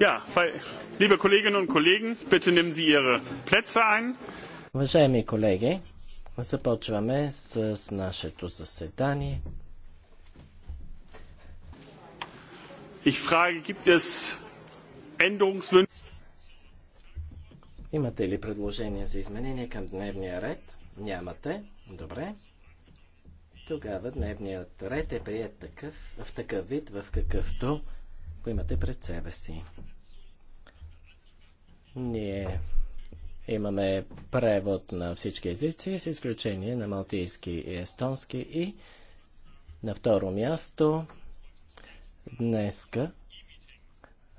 Ja, liebe Kolleginnen und Kollegen, bitte nehmen Sie Ihre Plätze ein. Уважаеми колеги, започваме с, нашето заседание. Ich frage, gibt es Änderungswünsche? Имате ли предложения за изменение към дневния ред? Нямате. Добре. Тогава дневният ред е прият такъв, в такъв вид, в какъвто го имате пред себе си. Ние имаме превод на всички езици, с изключение на малтийски и естонски и на второ място днеска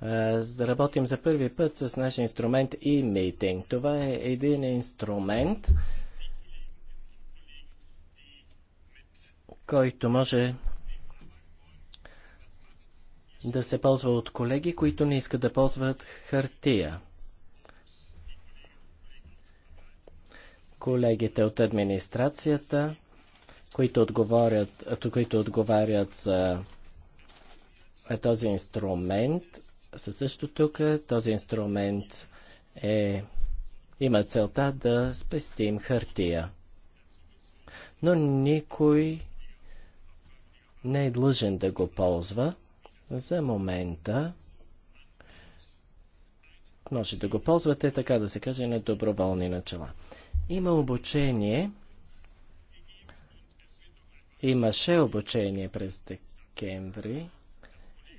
работим за първи път с нашия инструмент e-meeting. Това е един инструмент, който може да се ползва от колеги, които не искат да ползват хартия. Колегите от администрацията, които, отговарят, които отговарят за този инструмент, са също тук. Този инструмент е, има целта да спестим хартия. Но никой не е длъжен да го ползва. За момента може да го ползвате, така да се каже, на доброволни начала. Има обучение. Имаше обучение през декември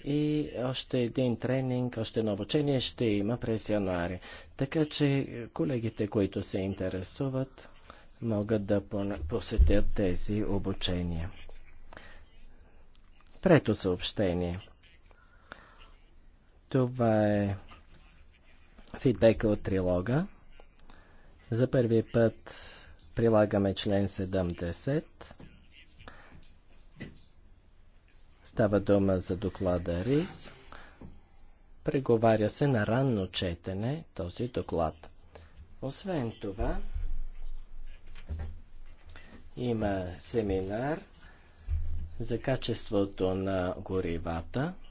и още един тренинг, още едно обучение ще има през януари. Така че колегите, които се интересуват, могат да посетят тези обучения. Трето съобщение. Това е фидбека от трилога. За първи път прилагаме член 70. Става дума за доклада РИС. Преговаря се на ранно четене този доклад. Освен това, има семинар за качеството на горивата –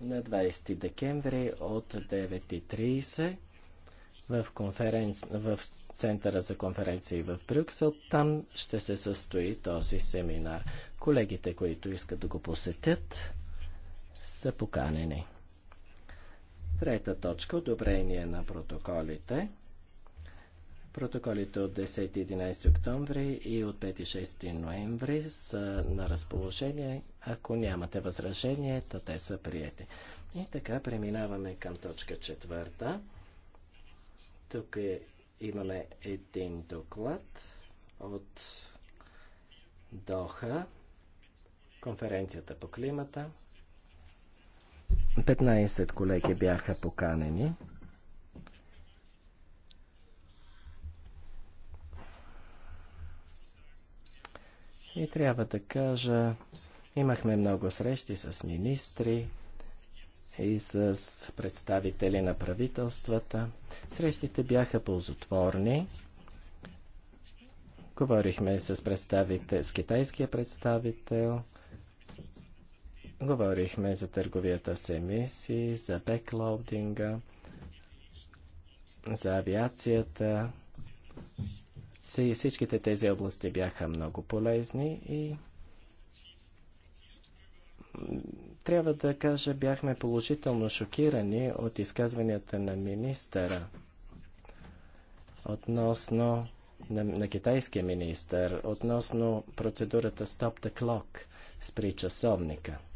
на 20 декември от 9.30 в, конференц... в Центъра за конференции в Брюксел. Там ще се състои този семинар. Колегите, които искат да го посетят, са поканени. Трета точка – одобрение на протоколите. Протоколите от 10-11 октомври и от 5-6 ноември са на разположение. Ако нямате възражение, то те са приети. И така преминаваме към точка четвърта. Тук е, имаме един доклад от Доха, конференцията по климата. 15 колеги бяха поканени. И трябва да кажа, имахме много срещи с министри и с представители на правителствата. Срещите бяха ползотворни. Говорихме с, представител, с китайския представител, говорихме за търговията с емисии, за беклоудинга, за авиацията си, всичките тези области бяха много полезни и трябва да кажа, бяхме положително шокирани от изказванията на министъра относно на, на китайския министър относно процедурата Stop the Clock, спри часовника –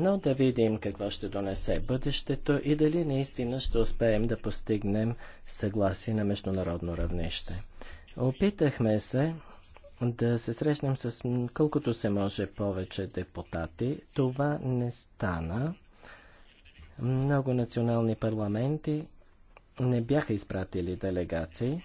но да видим какво ще донесе бъдещето и дали наистина ще успеем да постигнем съгласие на международно равнище. Опитахме се да се срещнем с колкото се може повече депутати. Това не стана. Много национални парламенти не бяха изпратили делегации.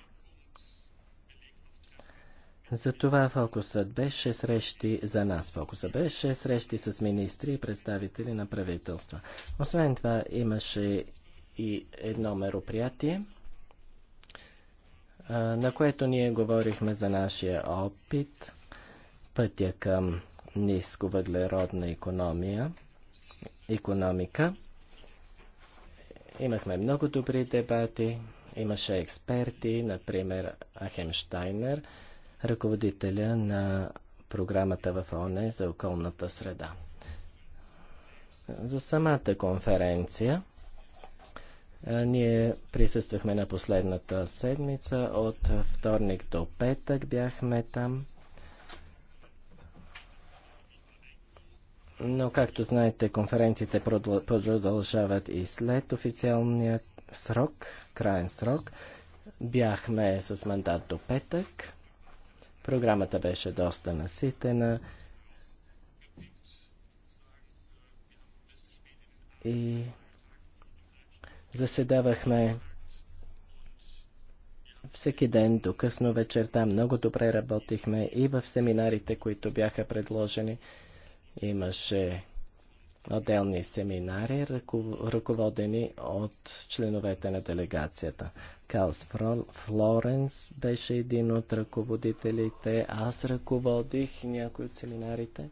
Затова фокусът беше срещи за нас. Фокусът беше срещи с министри и представители на правителства. Освен това имаше и едно мероприятие, на което ние говорихме за нашия опит, пътя към ниско въглеродна економия, економика. Имахме много добри дебати, имаше експерти, например Ахемштайнер, Штайнер, ръководителя на програмата в ОНЕ за околната среда. За самата конференция ние присъствахме на последната седмица. От вторник до петък бяхме там. Но, както знаете, конференциите продължават и след официалния срок, краен срок. Бяхме с мандат до петък. Програмата беше доста наситена. И заседавахме всеки ден до късно вечерта. Много добре работихме и в семинарите, които бяха предложени. Имаше отделни семинари, ръководени от членовете на делегацията. Калс Флоренс беше един от ръководителите. Аз ръководих някои от семинарите.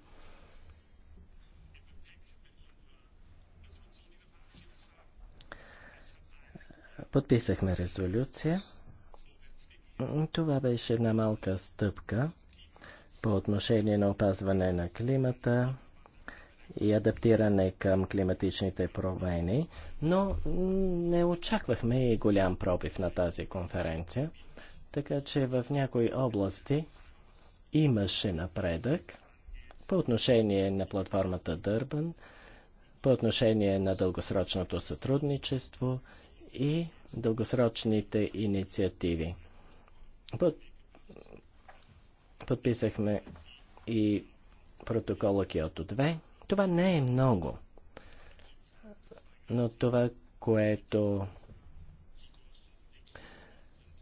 Подписахме резолюция. Това беше една малка стъпка по отношение на опазване на климата, и адаптиране към климатичните промени, но не очаквахме и голям пробив на тази конференция, така че в някои области имаше напредък по отношение на платформата Дърбан, по отношение на дългосрочното сътрудничество и дългосрочните инициативи. Под... Подписахме и протокола Киото 2. Това не е много. Но това, което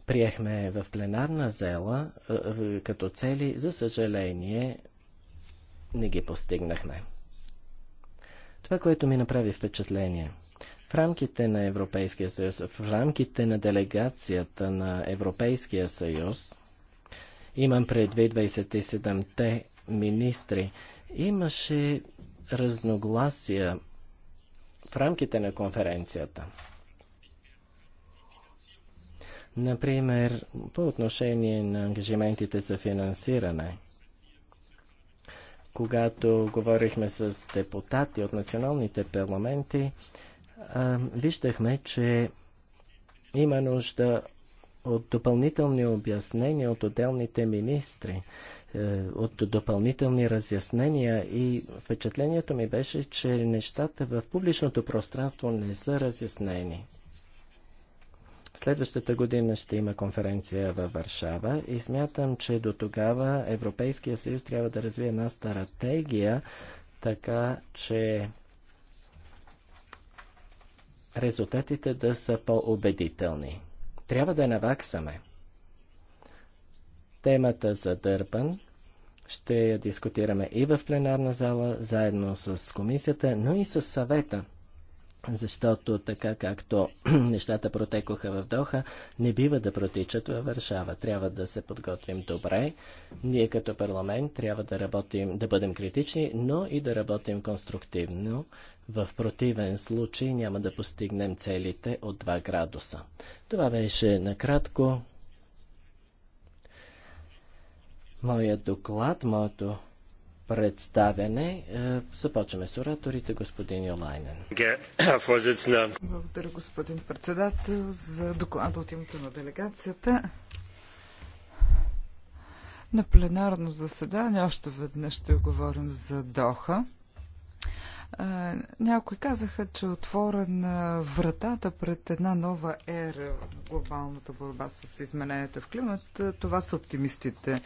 приехме в пленарна зала е, е, като цели, за съжаление, не ги постигнахме. Това, което ми направи впечатление, в рамките на Европейския съюз, в рамките на делегацията на Европейския съюз, имам предвид 27-те министри, имаше разногласия в рамките на конференцията. Например, по отношение на ангажиментите за финансиране. Когато говорихме с депутати от националните парламенти, виждахме, че има нужда от допълнителни обяснения от отделните министри, е, от допълнителни разяснения и впечатлението ми беше, че нещата в публичното пространство не са разяснени. Следващата година ще има конференция във Варшава и смятам, че до тогава Европейския съюз трябва да развие една стратегия, така че резултатите да са по-убедителни. Трябва да наваксаме. Темата за Дърбан ще я дискутираме и в пленарна зала, заедно с комисията, но и с съвета. Защото така както нещата протекоха в Доха, не бива да протичат във Варшава. Трябва да се подготвим добре. Ние като парламент трябва да работим, да бъдем критични, но и да работим конструктивно, в противен случай няма да постигнем целите от 2 градуса. Това беше накратко моят доклад, моето представяне. Е, започваме с ораторите, господин Йолайнен. Благодаря, господин председател, за доклада от името на делегацията. На пленарно заседание още веднъж ще говорим за Доха. Някои казаха, че отворена вратата пред една нова ера в глобалната борба с измененията в климата, това са оптимистите.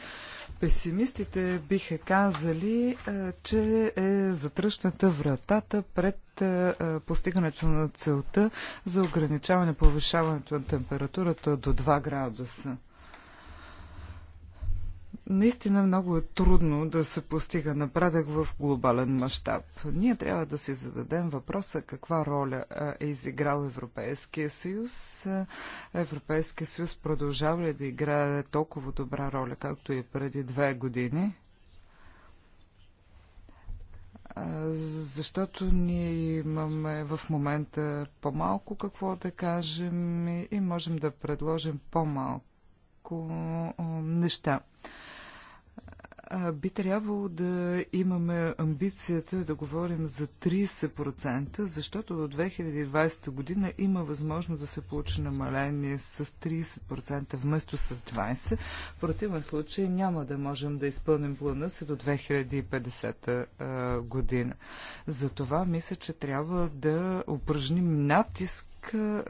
Песимистите биха казали, че е затръщната вратата пред постигането на целта за ограничаване повишаването на температурата до 2 градуса. Наистина много е трудно да се постига напредък в глобален мащаб. Ние трябва да си зададем въпроса каква роля е изиграл Европейския съюз. Европейския съюз продължава ли да играе толкова добра роля, както и преди две години? защото ние имаме в момента по-малко какво да кажем и можем да предложим по-малко неща би трябвало да имаме амбицията да говорим за 30%, защото до 2020 година има възможност да се получи намаление с 30% вместо с 20%. В противен случай няма да можем да изпълним плана си до 2050 година. Затова мисля, че трябва да упражним натиск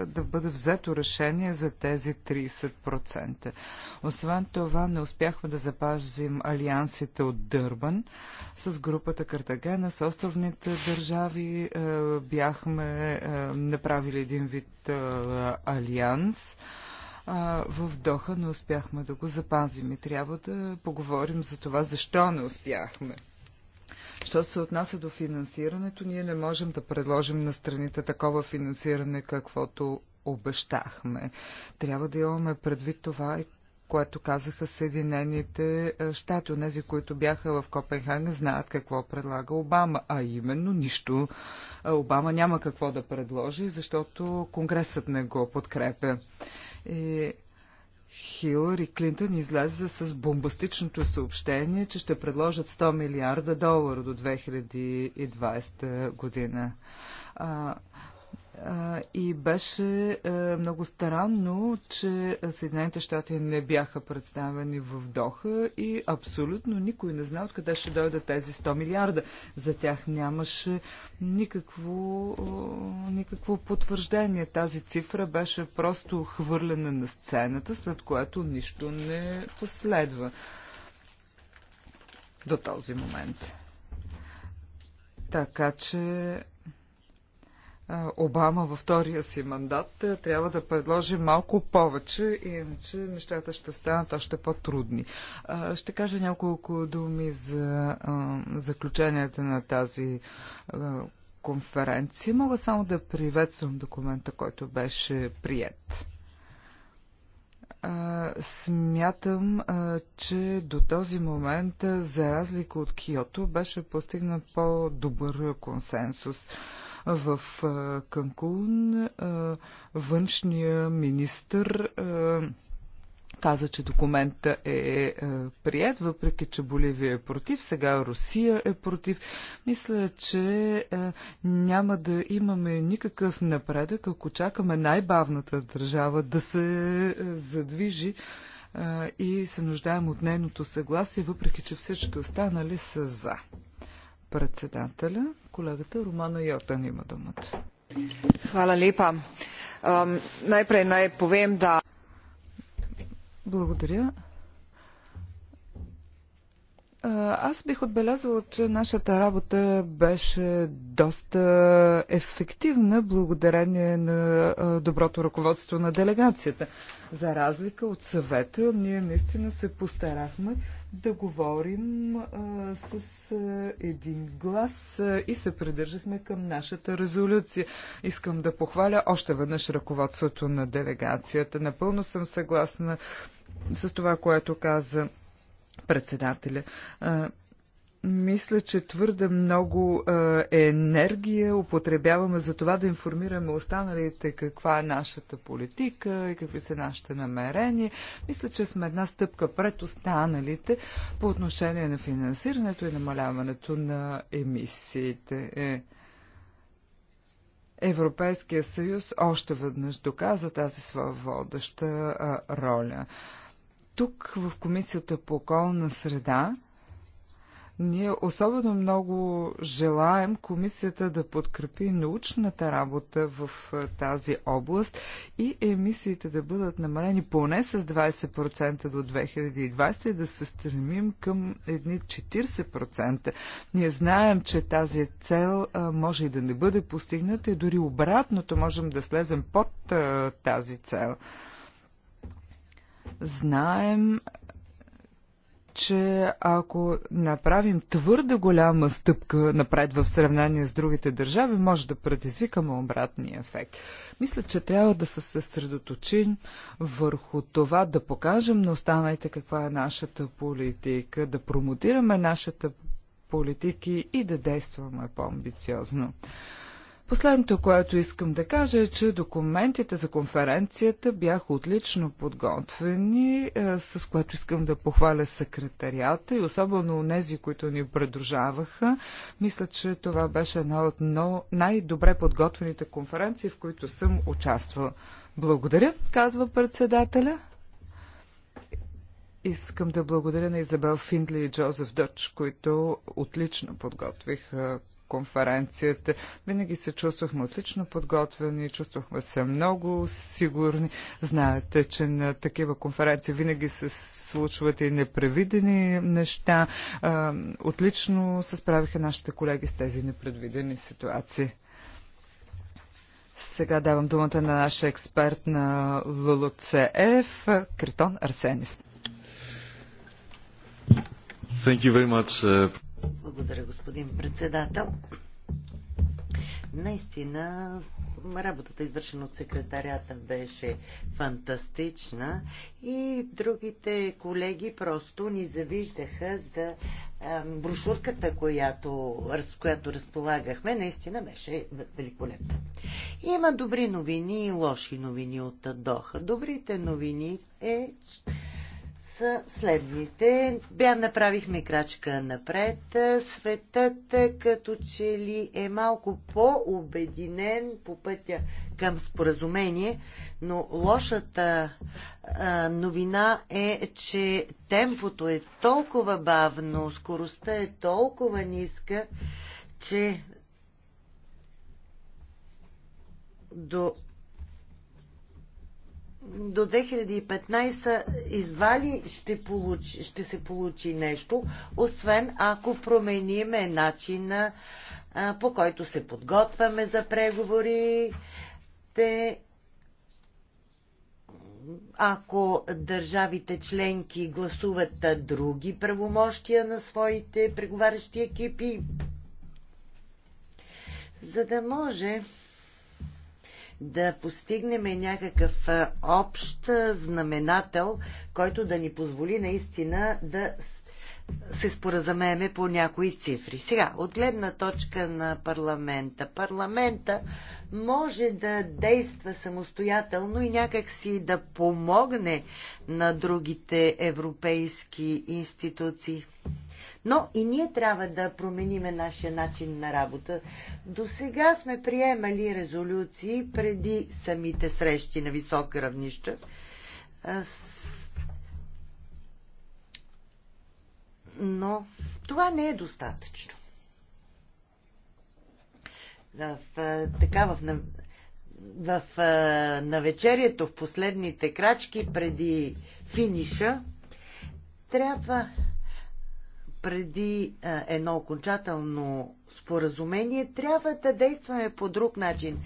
да бъде взето решение за тези 30%. Освен това, не успяхме да запазим алиансите от Дърбан с групата Картагена, с островните държави. Е, бяхме е, направили един вид е, алианс в Доха не успяхме да го запазим и трябва да поговорим за това, защо не успяхме. Що се отнася до финансирането, ние не можем да предложим на страните такова финансиране, каквото обещахме. Трябва да имаме предвид това и което казаха Съединените е, щати. Онези, които бяха в Копенхаген, знаят какво предлага Обама, а именно нищо. Е, Обама няма какво да предложи, защото Конгресът не го подкрепя. И Хилари Клинтън излезе с бомбастичното съобщение, че ще предложат 100 милиарда долара до 2020 година. А, и беше е, много странно, че Съединените щати не бяха представени в Доха и абсолютно никой не знае откъде ще дойдат тези 100 милиарда. За тях нямаше никакво, е, никакво потвърждение. Тази цифра беше просто хвърлена на сцената, след което нищо не последва до този момент. Така че Обама във втория си мандат, е, трябва да предложи малко повече, иначе нещата ще станат още по-трудни. Ще кажа няколко думи за заключенията на тази конференция. Мога само да приветствам документа, който беше прият. Смятам, че до този момент, за разлика от Киото, беше постигнат по-добър консенсус. В Канкун външния министр каза, че документа е, е, е, прият, въпреки че Боливия е против, сега Русия е против. Мисля, че няма да имаме никакъв напредък, ако чакаме най-бавната държава да се е, задвижи и се нуждаем от нейното съгласие, въпреки че всички останали са за председателя. Колегата Романа Йордан има думата. Хвала лепа. Най-пре най повем да... Благодаря. Аз бих отбелязала, че нашата работа беше доста ефективна благодарение на доброто ръководство на делегацията. За разлика от съвета, ние наистина се постарахме да говорим а, с а, един глас а, и се придържахме към нашата резолюция. Искам да похваля още веднъж ръководството на делегацията. Напълно съм съгласна с това, което каза председателя. Мисля, че твърде много е, енергия употребяваме за това да информираме останалите каква е нашата политика и какви са нашите намерения. Мисля, че сме една стъпка пред останалите по отношение на финансирането и намаляването на емисиите. Е, Европейския съюз още веднъж доказа тази своя водеща роля. Тук в Комисията по околна среда ние особено много желаем комисията да подкрепи научната работа в тази област и емисиите да бъдат намалени поне с 20% до 2020 и да се стремим към едни 40%. Ние знаем, че тази цел може и да не бъде постигната и дори обратното можем да слезем под тази цел. Знаем, че ако направим твърде голяма стъпка напред в сравнение с другите държави, може да предизвикаме обратния ефект. Мисля, че трябва да се съсредоточим върху това да покажем на останалите каква е нашата политика, да промотираме нашата политики и да действаме по-амбициозно. Последното, което искам да кажа е, че документите за конференцията бяха отлично подготвени, е, с което искам да похваля секретарията и особено тези, които ни предружаваха. Мисля, че това беше една от най-добре подготвените конференции, в които съм участвала. Благодаря, казва председателя. Искам да благодаря на Изабел Финдли и Джозеф Дъч, които отлично подготвиха конференцията. Винаги се чувствахме отлично подготвени, чувствахме се много сигурни. Знаете, че на такива конференции винаги се случват и непредвидени неща. Отлично се справиха нашите колеги с тези непредвидени ситуации. Сега давам думата на нашия експерт на ЛЛЦФ, Критон Арсенис. Much, uh, благодаря, господин председател. Наистина, работата, извършена от секретарята, беше фантастична и другите колеги просто ни завиждаха за брошурката, която, раз, която разполагахме. Наистина беше великолепна. Има добри новини и лоши новини от Доха. Добрите новини е, са следните. Бя направихме крачка напред. Светът като че ли е малко по-обединен по пътя към споразумение, но лошата а, новина е, че темпото е толкова бавно, скоростта е толкова ниска, че до до 2015 извали ли ще, получи, ще се получи нещо, освен ако промениме начина по който се подготвяме за преговори. Те, ако държавите членки гласуват други правомощия на своите преговарящи екипи, за да може да постигнем някакъв общ знаменател, който да ни позволи наистина да се споразумееме по някои цифри. Сега, от гледна точка на парламента. Парламента може да действа самостоятелно и някакси да помогне на другите европейски институции. Но и ние трябва да промениме нашия начин на работа. До сега сме приемали резолюции преди самите срещи на висока равнища. Но това не е достатъчно. В, така, в, в навечерието, в последните крачки преди финиша, трябва преди е, едно окончателно споразумение, трябва да действаме по друг начин.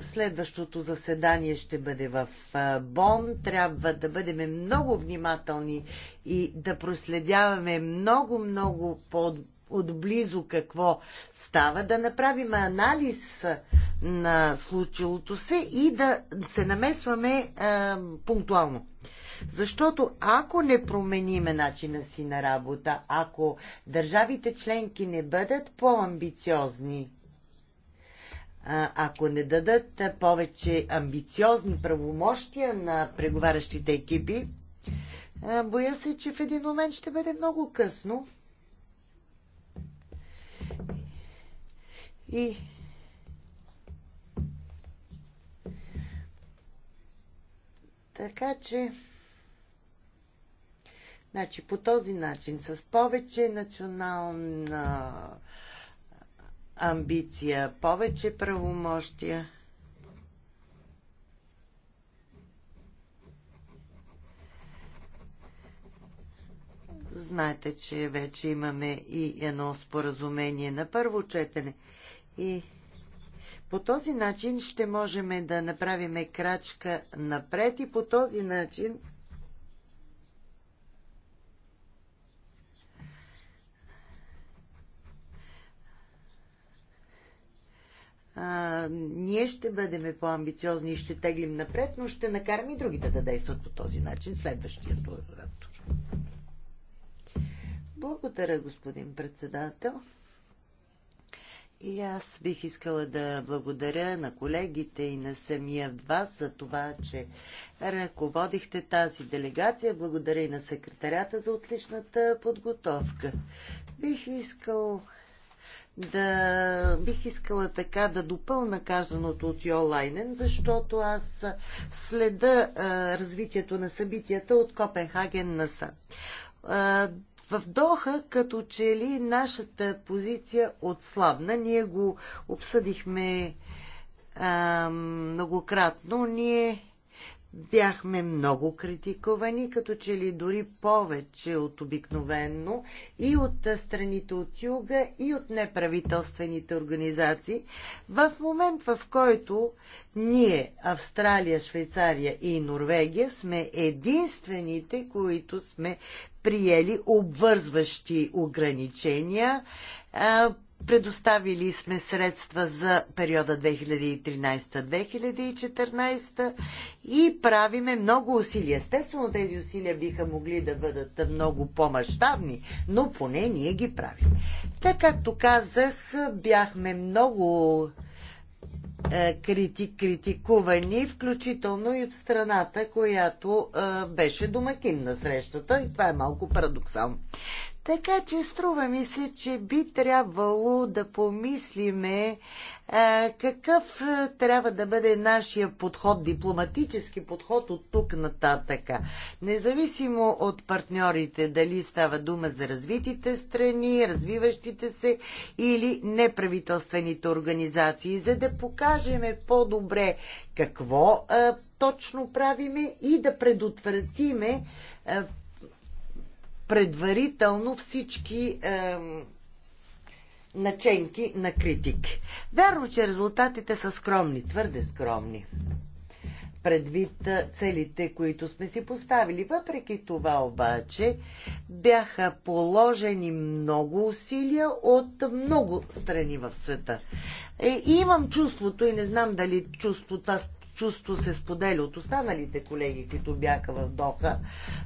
Следващото заседание ще бъде в е, Бон. Трябва да бъдем много внимателни и да проследяваме много-много по-отблизо какво става, да направим анализ на случилото се и да се намесваме а, пунктуално. Защото ако не промениме начина си на работа, ако държавите членки не бъдат по-амбициозни, ако не дадат повече амбициозни правомощия на преговарящите екипи, боя се, че в един момент ще бъде много късно. И Така че значи, по този начин, с повече национална амбиция, повече правомощия, Знаете, че вече имаме и едно споразумение на първо четене. И по този начин ще можем да направим крачка напред и по този начин а, ние ще бъдем по-амбициозни и ще теглим напред, но ще накараме и другите да действат по този начин. Следващия оратор. Благодаря, господин председател. И аз бих искала да благодаря на колегите и на самия вас за това, че ръководихте тази делегация. Благодаря и на секретарята за отличната подготовка. Бих искал да бих искала така да допълна казаното от Йолайнен, защото аз следа а, развитието на събитията от Копенхаген на САД в Доха, като че ли нашата позиция отслабна, ние го обсъдихме а, многократно, ние бяхме много критикувани, като че ли дори повече от обикновенно и от страните от юга, и от неправителствените организации. В момент, в който ние, Австралия, Швейцария и Норвегия, сме единствените, които сме приели обвързващи ограничения Предоставили сме средства за периода 2013-2014 и правиме много усилия. Естествено, тези усилия биха могли да бъдат много по-масштабни, но поне ние ги правим. Така, както казах, бяхме много е, критик, критикувани, включително и от страната, която а, е, беше домакин на срещата. И това е малко парадоксално. Така че струва ми се, че би трябвало да помислиме а, какъв трябва да бъде нашия подход, дипломатически подход от тук нататък. Независимо от партньорите, дали става дума за развитите страни, развиващите се или неправителствените организации, за да покажеме по-добре какво а, точно правиме и да предотвратиме а, предварително всички е, наченки на критики. Вярно, че резултатите са скромни, твърде скромни, предвид е, целите, които сме си поставили. Въпреки това обаче бяха положени много усилия от много страни в света. Е, и имам чувството, и не знам дали чувство, това чувство се споделя от останалите колеги, които бяха в Доха,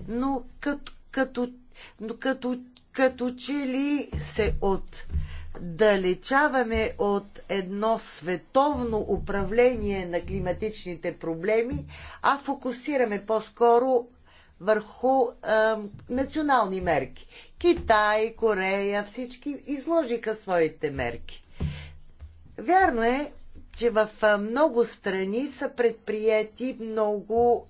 но като, като но като, като че ли се отдалечаваме от едно световно управление на климатичните проблеми, а фокусираме по-скоро върху е, национални мерки. Китай, Корея, всички изложиха своите мерки. Вярно е, че в много страни са предприяти много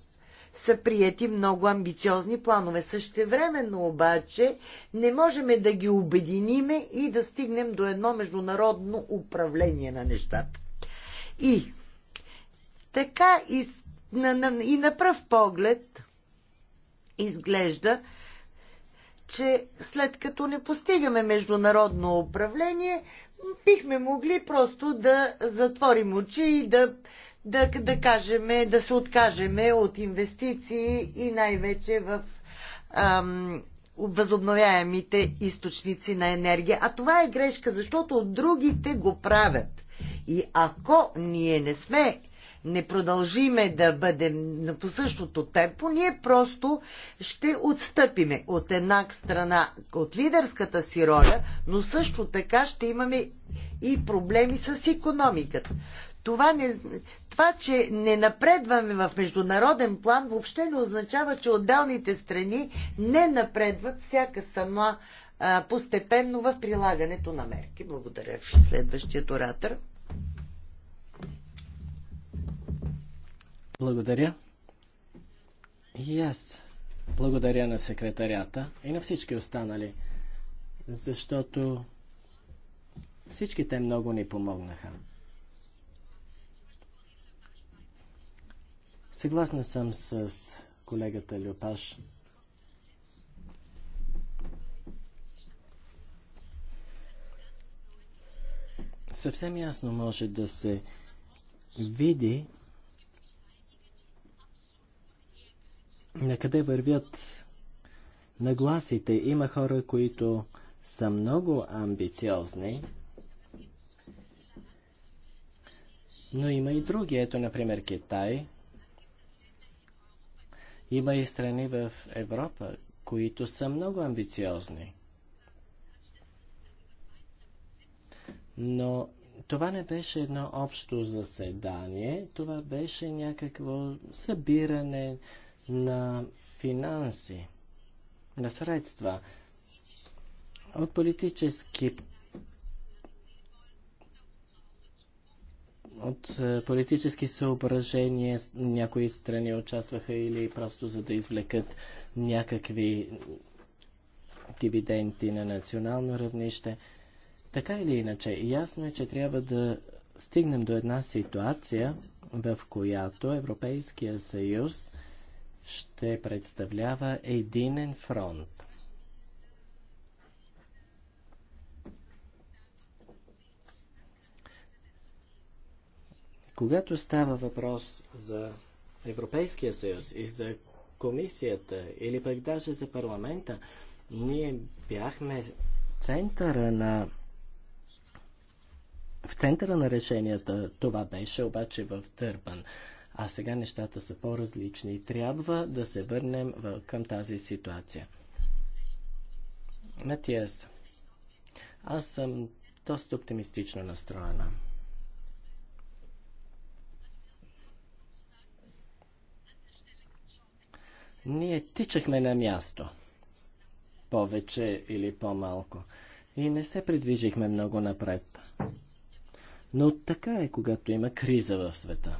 са прияти много амбициозни планове. Същевременно обаче не можем да ги обединиме и да стигнем до едно международно управление на нещата. И така и на, на, и на пръв поглед изглежда, че след като не постигаме международно управление, бихме могли просто да затворим очи и да, да, да, кажеме, да се откажеме от инвестиции и най-вече в ам, възобновяемите източници на енергия. А това е грешка, защото другите го правят. И ако ние не сме не продължиме да бъдем по същото темпо, ние просто ще отстъпиме от една страна от лидерската си роля, но също така ще имаме и проблеми с економиката. Това, не, това, че не напредваме в международен план, въобще не означава, че отделните страни не напредват всяка сама а, постепенно в прилагането на мерки. Благодаря ви. Следващият оратор. Благодаря. И аз благодаря на секретарята и на всички останали, защото всички те много ни помогнаха. Съгласна съм с колегата Люпаш. Съвсем ясно може да се види Накъде вървят нагласите. Има хора, които са много амбициозни, но има и други. Ето, например, Китай. Има и страни в Европа, които са много амбициозни. Но това не беше едно общо заседание, това беше някакво събиране, на финанси, на средства от политически от е, политически съображения някои страни участваха или просто за да извлекат някакви дивиденти на национално равнище. Така или иначе, ясно е, че трябва да стигнем до една ситуация, в която Европейския съюз ще представлява единен фронт. Когато става въпрос за Европейския съюз и за комисията или пък даже за парламента, ние бяхме центъра на в центъра на решенията това беше обаче в Търпан. А сега нещата са по-различни и трябва да се върнем към тази ситуация. Матиас, аз съм доста оптимистично настроена. Ние тичахме на място, повече или по-малко, и не се придвижихме много напред. Но така е, когато има криза в света.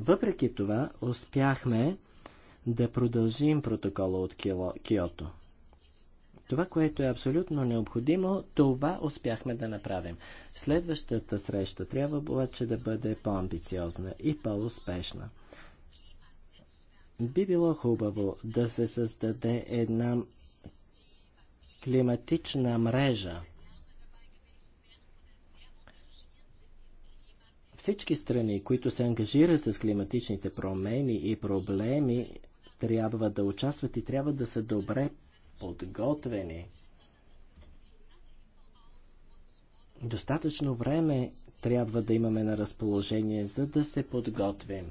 Въпреки това, успяхме да продължим протокола от Киото. Това, което е абсолютно необходимо, това успяхме да направим. Следващата среща трябва обаче да бъде по-амбициозна и по-успешна. Би било хубаво да се създаде една климатична мрежа – Всички страни, които се ангажират с климатичните промени и проблеми, трябва да участват и трябва да са добре подготвени. Достатъчно време трябва да имаме на разположение, за да се подготвим.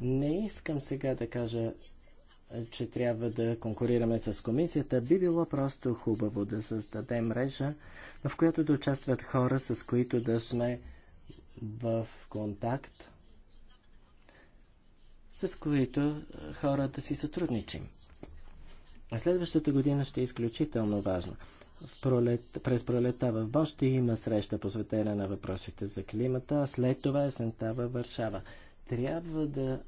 Не искам сега да кажа, че трябва да конкурираме с комисията. Би било просто хубаво да създадем мрежа, в която да участват хора, с които да сме в контакт, с които е, хората си сътрудничим. А следващата година ще е изключително важна. В пролет, през пролета в Бош ще има среща посветена на въпросите за климата, а след това есента във Варшава. Трябва да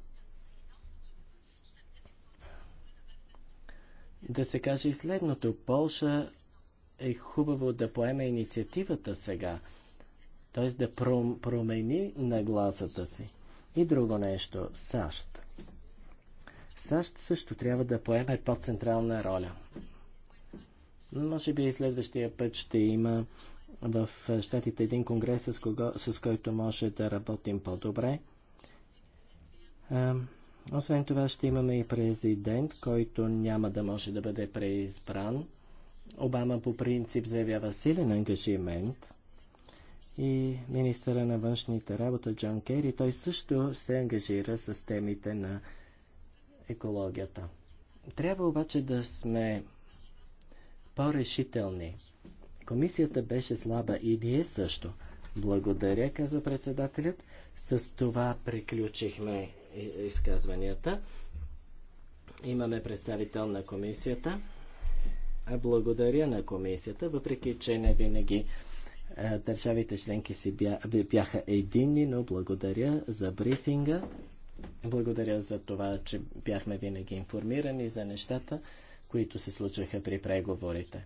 да се каже и следното. Полша е хубаво да поеме инициативата сега т.е. да промени нагласата си. И друго нещо, САЩ. САЩ също трябва да поеме по-централна роля. Може би и следващия път ще има в щатите един конгрес, с, кого, с който може да работим по-добре. Освен това ще имаме и президент, който няма да може да бъде преизбран. Обама по принцип заявява силен ангажимент – и министъра на външните работа Джон Кери. Той също се ангажира с темите на екологията. Трябва обаче да сме по-решителни. Комисията беше слаба и ние също. Благодаря, казва председателят. С това приключихме изказванията. Имаме представител на комисията. Благодаря на комисията, въпреки че не винаги е, държавите членки си бяха единни, но благодаря за брифинга. Благодаря за това, че бяхме винаги информирани за нещата, които се случваха при преговорите.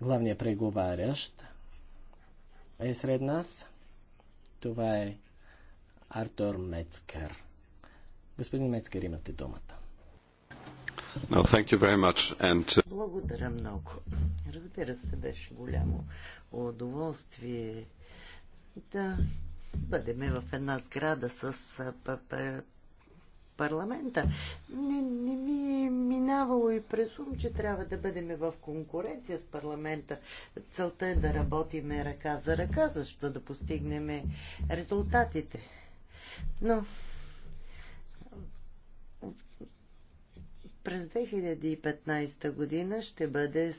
Главният преговарящ е сред нас. Това е Артур Мецкър. Господин Мецкър, имате думата. Uh, Благодаря много. Разбира се, беше голямо удоволствие да бъдеме в една сграда с парламента. Не, не ми е минавало и през ум, че трябва да бъдем в конкуренция с парламента. Целта е да работим ръка за ръка, защото да постигнем резултатите. Но През 2015 година ще бъде,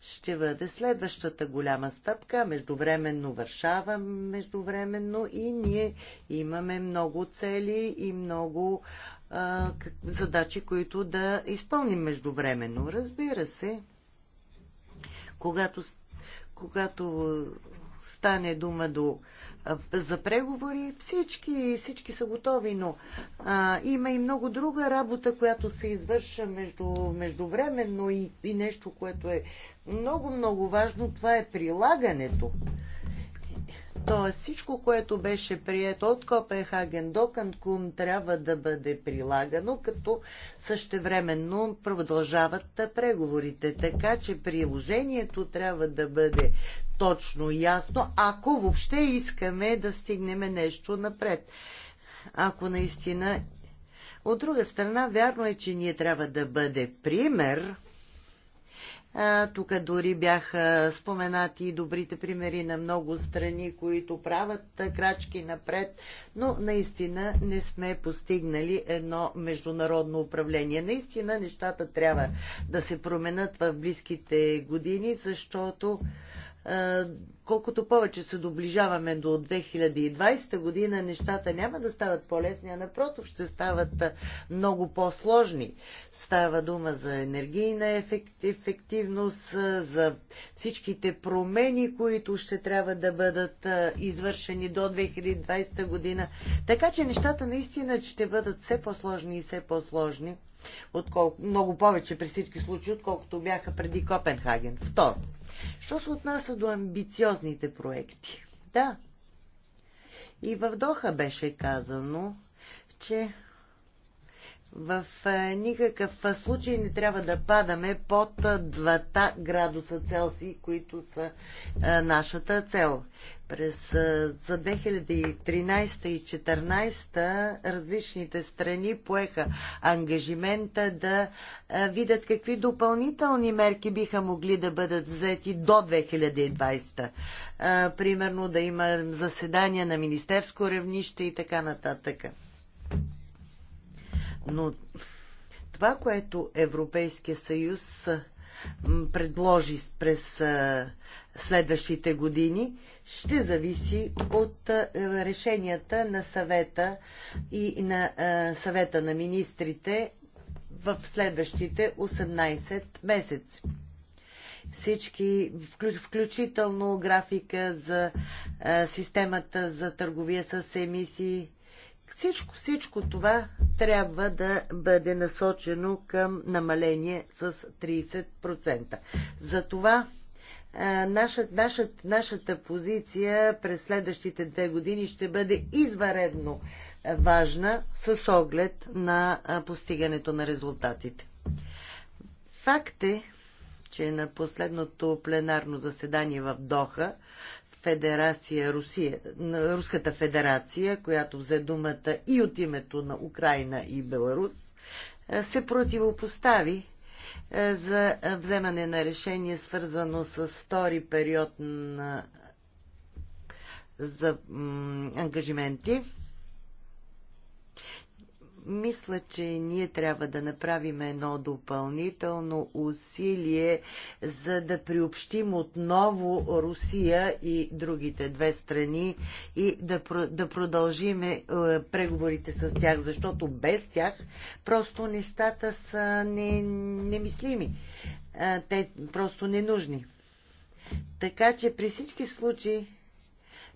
ще бъде следващата голяма стъпка, междувременно Варшава, междувременно и ние имаме много цели и много а, задачи, които да изпълним междувременно. Разбира се, когато когато стане дума до, за преговори, всички, всички са готови, но а, има и много друга работа, която се извърша между, междувременно и, и нещо, което е много-много важно. Това е прилагането Тоест всичко, което беше прието от Копенхаген до Канкун трябва да бъде прилагано, като същевременно продължават преговорите. Така че приложението трябва да бъде точно ясно, ако въобще искаме да стигнем нещо напред. Ако наистина от друга страна, вярно е, че ние трябва да бъде пример тук дори бяха споменати добрите примери на много страни, които правят крачки напред, но наистина не сме постигнали едно международно управление. Наистина нещата трябва да се променят в близките години, защото колкото повече се доближаваме до 2020 година, нещата няма да стават по-лесни, а напротив ще стават много по-сложни. Става дума за енергийна ефективност, за всичките промени, които ще трябва да бъдат извършени до 2020 година. Така че нещата наистина ще бъдат все по-сложни и все по-сложни отколко, много повече при всички случаи, отколкото бяха преди Копенхаген. Второ, що се отнася до амбициозните проекти? Да, и в Доха беше казано, че в е, никакъв е, случай не трябва да падаме под 2 е, градуса Целсий, които са нашата цел. През за 2013 и 2014 различните страни поеха ангажимента да видят какви допълнителни мерки биха могли да бъдат взети до 2020. Примерно да има заседания на министерско равнище и така нататък. Но това, което Европейския съюз предложи през следващите години, ще зависи от решенията на съвета и на съвета на министрите в следващите 18 месеца. Всички, включително графика за системата за търговия с емисии, всичко, всичко това трябва да бъде насочено към намаление с 30%. Затова наша, наша, нашата позиция през следващите две години ще бъде изваредно важна с оглед на постигането на резултатите. Факт е, че на последното пленарно заседание в Доха федерация Русия, на Руската федерация, която взе думата и от името на Украина и Беларус, е, се противопостави е, за вземане на решение, свързано с втори период на за ангажименти мисля, че ние трябва да направим едно допълнително усилие, за да приобщим отново Русия и другите две страни и да, да продължиме преговорите с тях, защото без тях просто нещата са не, немислими. Е, те просто ненужни. Така че при всички случаи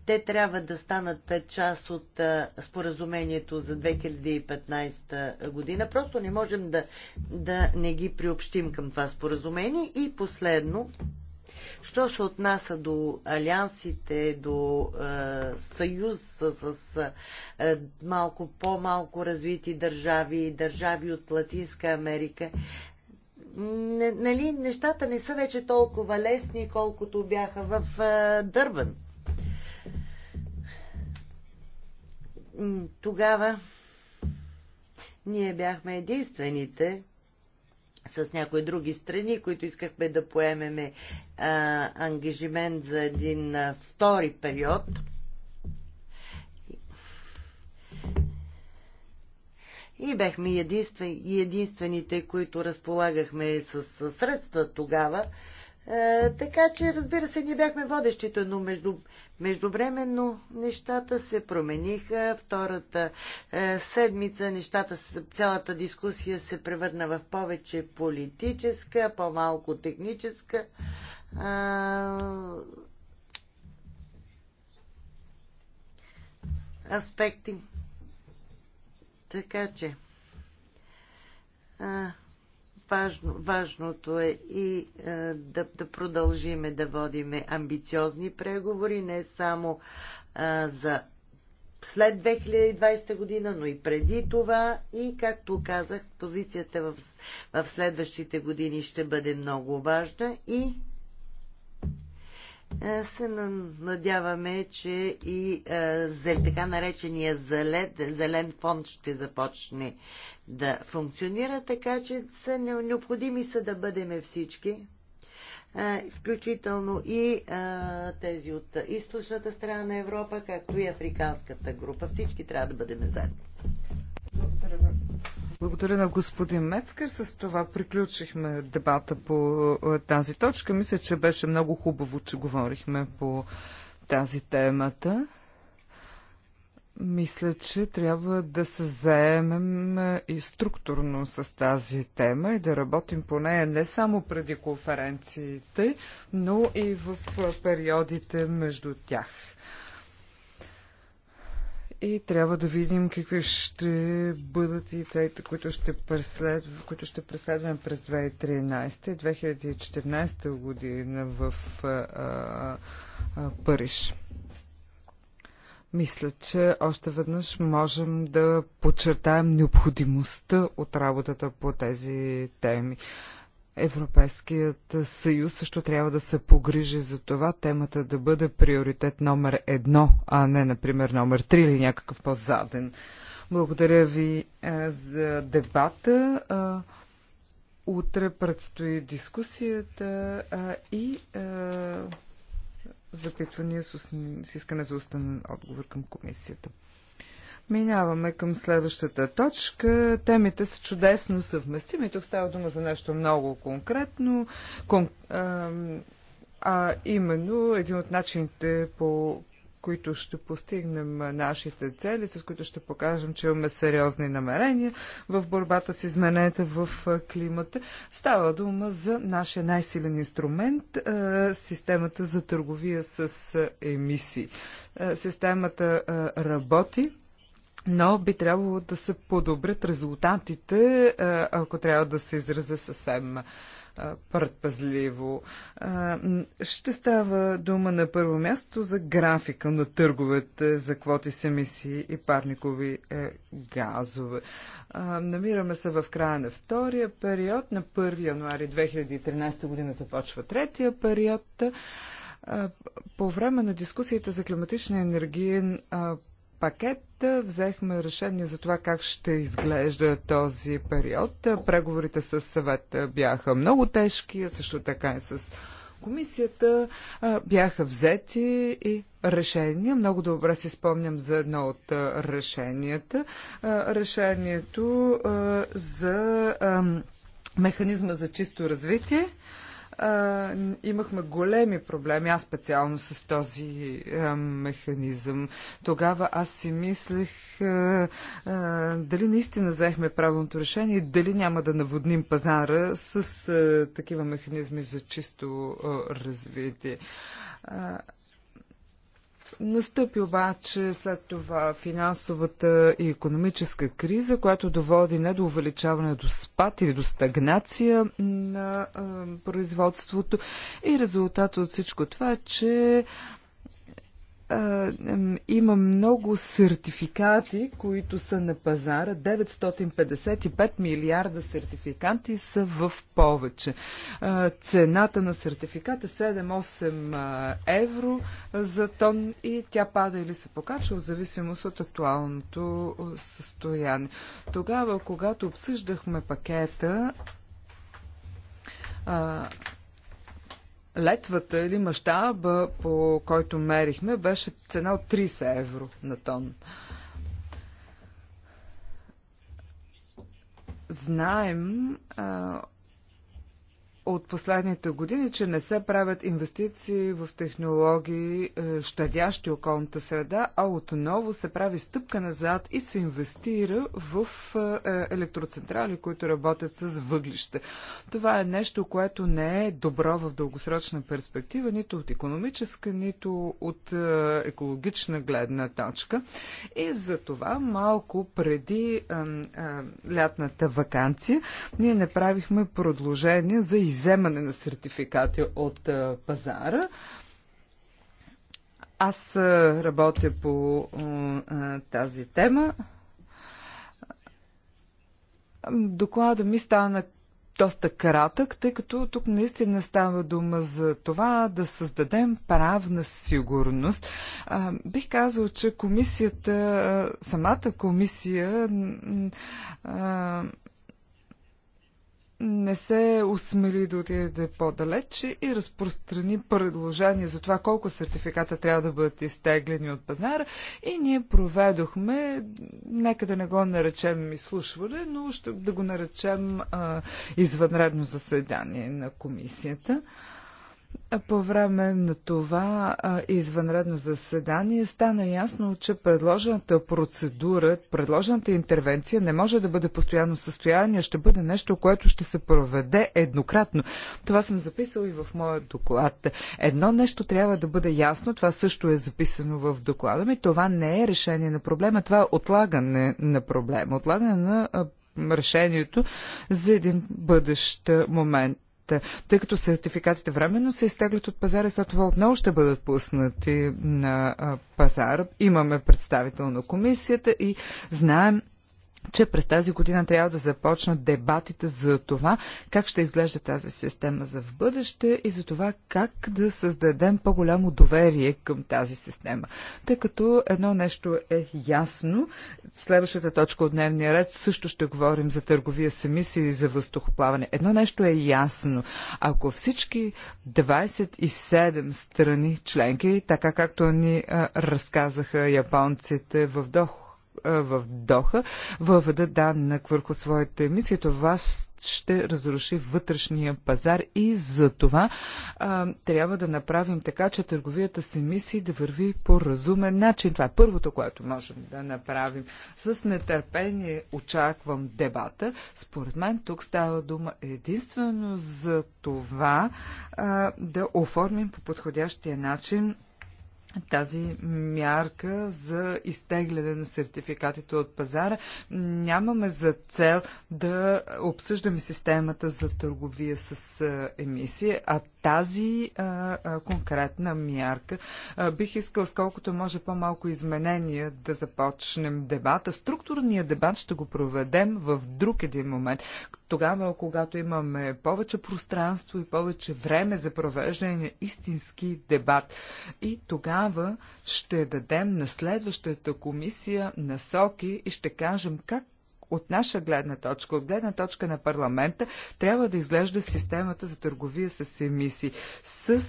те трябва да станат част от споразумението за 2015 година. Просто не можем да, да не ги приобщим към това споразумение. И последно, Що се отнася до алиансите, до е, съюз с, с е, малко по-малко развити държави, държави от Латинска Америка, не, нали, нещата не са вече толкова лесни, колкото бяха в е, Дърбан. Тогава ние бяхме единствените с някои други страни, които искахме да поемеме а, ангажимент за един а, втори период. И бяхме единствените, които разполагахме с средства тогава. Е, така че, разбира се, ние бяхме водещите, но между, междувременно нещата се промениха. Втората е, седмица нещата, цялата дискусия се превърна в повече политическа, по-малко техническа. А, е, аспекти. Така че. Е, важно, важното е и е, да, да продължиме да водиме амбициозни преговори, не само е, за след 2020 година, но и преди това. И, както казах, позицията в, в следващите години ще бъде много важна и е, се надяваме, че и е, за така наречения зелен, зелен фонд ще започне да функционира, така че са необходими са да бъдем всички, е, включително и тези от източната страна на Европа, както и африканската група. Всички трябва да бъдем заедно. Благодаря на господин Мецкър. С това приключихме дебата по е, тази точка. Мисля, че беше много хубаво, че говорихме по тази темата. Мисля, че трябва да се заемем е, и структурно с тази тема и да работим по нея не само преди конференциите, но и в е, периодите между тях. И трябва да видим какви ще бъдат и целите, които ще, преследв... които ще преследваме през 2013 и 2014 година в а, а, Париж. Мисля, че още веднъж можем да подчертаем необходимостта от работата по тези теми. Европейският съюз също трябва да се погрижи за това темата да бъде приоритет номер едно, а не, например, номер три или някакъв по-заден. Благодаря ви е, за дебата. Е, утре предстои дискусията е, и запитвания с, с искане за устен отговор към комисията. Минаваме към следващата точка. Темите са чудесно съвместими. Тук става дума за нещо много конкретно, кон, а, а именно един от начините по които ще постигнем нашите цели, с които ще покажем, че имаме сериозни намерения в борбата с измененията в климата. Става дума за нашия най-силен инструмент системата за търговия с емисии. Системата работи но би трябвало да се подобрят резултатите, ако трябва да се изразя съвсем предпазливо. Ще става дума на първо място за графика на търговете за квоти с емисии и парникови е, газове. Намираме се в края на втория период. На 1 януари 2013 година започва третия период. По време на дискусията за климатичния енергия пакет взехме решение за това как ще изглежда този период. Преговорите с съвета бяха много тежки, също така и с комисията бяха взети и решения. Много добре си спомням за едно от решенията. Решението за механизма за чисто развитие а, имахме големи проблеми, аз специално с този а, механизъм. Тогава аз си мислех а, а, дали наистина взехме правилното решение, дали няма да наводним пазара с а, такива механизми за чисто а, развитие. А, Настъпи обаче след това финансовата и економическа криза, която доводи не до увеличаване до спад или до стагнация на а, производството. И резултатът от всичко това е, че има много сертификати, които са на пазара. 955 милиарда сертификати са в повече. Цената на сертификат е 7-8 евро за тон и тя пада или се покачва в зависимост от актуалното състояние. Тогава, когато обсъждахме пакета, летвата или мащаба, по който мерихме, беше цена от 30 евро на тон. Знаем а, от последните години, че не се правят инвестиции в технологии, е, щадящи околната среда, а отново се прави стъпка назад и се инвестира в е, електроцентрали, които работят с въглище. Това е нещо, което не е добро в дългосрочна перспектива, нито от економическа, нито от е, екологична гледна точка. И за това малко преди лятната вакансия ние направихме продължение за иземане на сертификати от пазара. Аз работя по тази тема. Доклада ми стана доста кратък, тъй като тук наистина става дума за това да създадем правна сигурност. А, бих казал, че комисията, самата комисия а, не се осмели да отиде по-далеч и разпространи предложение за това колко сертификата трябва да бъдат изтеглени от пазара и ние проведохме, нека да не го наречем изслушване, но ще да го наречем а, извънредно заседание на комисията. По време на това извънредно заседание стана ясно, че предложената процедура, предложената интервенция не може да бъде постоянно състояние, ще бъде нещо, което ще се проведе еднократно. Това съм записал и в моя доклад. Едно нещо трябва да бъде ясно, това също е записано в доклада ми. Това не е решение на проблема, това е отлагане на проблема, отлагане на решението за един бъдещ момент. Е, тъй като сертификатите временно се изтеглят от пазара, след това отново ще бъдат пуснати на пазара. Имаме представител на комисията и знаем че през тази година трябва да започнат дебатите за това как ще изглежда тази система за в бъдеще и за това как да създадем по-голямо доверие към тази система. Тъй като едно нещо е ясно, в следващата точка от дневния ред също ще говорим за търговия с емисии и за въздухоплаване. Едно нещо е ясно. Ако всички 27 страни членки, така както ни а, разказаха японците в Дохо, в Доха въведа данък върху своите емисии, това ще разруши вътрешния пазар и за това а, трябва да направим така, че търговията с емисии да върви по разумен начин. Това е първото, което можем да направим. С нетърпение очаквам дебата. Според мен тук става дума единствено за това а, да оформим по подходящия начин тази мярка за изтегляне на сертификатите от пазара. Нямаме за цел да обсъждаме системата за търговия с е, емисии, а тази а, а, конкретна мярка. А, бих искал, сколкото може по-малко изменения, да започнем дебата. Структурния дебат ще го проведем в друг един момент. Тогава, когато имаме повече пространство и повече време за провеждане на истински дебат. И тогава ще дадем на следващата комисия насоки и ще кажем как от наша гледна точка, от гледна точка на парламента, трябва да изглежда системата за търговия с емисии, с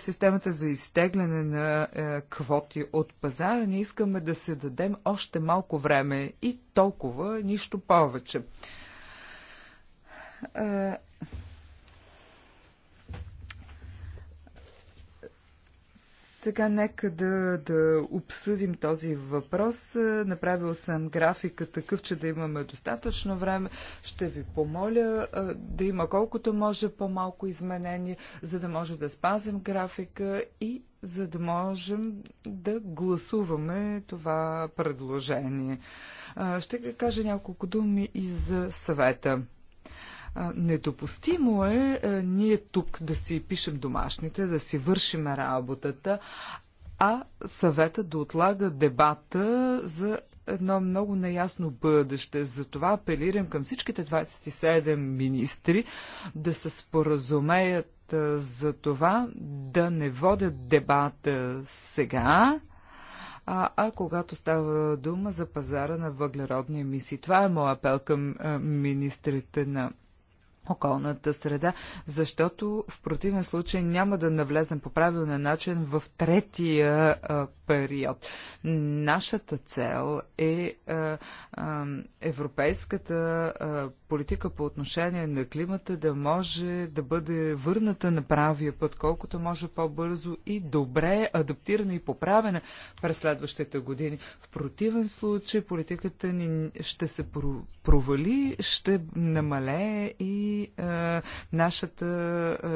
системата за изтегляне на квоти от пазара. Не искаме да се дадем още малко време и толкова, нищо повече Сега нека да, да обсъдим този въпрос. Е, направил съм графика такъв, че да имаме достатъчно време. Ще ви помоля е, да има колкото може по-малко изменения, за да може да спазим графика и за да можем да гласуваме това предложение. Е, ще кажа няколко думи и за съвета. Недопустимо е, е ние тук да си пишем домашните, да си вършим работата, а съвета да отлага дебата за едно много неясно бъдеще. Затова апелирам към всичките 27 министри да се споразумеят е, за това да не водят дебата сега, а, а когато става дума за пазара на въглеродни емисии. Това е моят апел към е, министрите на околната среда, защото в противен случай няма да навлезем по правилния начин в третия а, период. Нашата цел е а, а, европейската а, политика по отношение на климата да може да бъде върната на правия път, колкото може по-бързо и добре адаптирана и поправена през следващите години. В противен случай политиката ни ще се провали, ще намалее и е, нашата,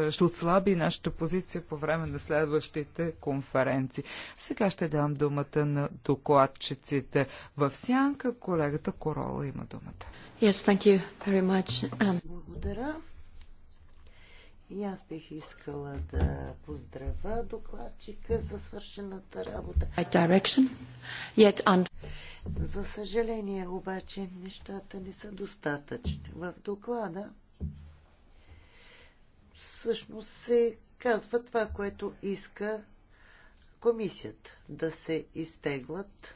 е, ще отслаби нашата позиция по време на следващите конференции. Сега ще дам думата на докладчиците в сянка. Колегата Корола има думата. Yes, thank you very much. Um... Благодаря. И аз бих искала да поздравя докладчика за свършената работа. За съжаление обаче нещата не са достатъчни. В доклада всъщност се казва това, което иска комисията да се изтеглят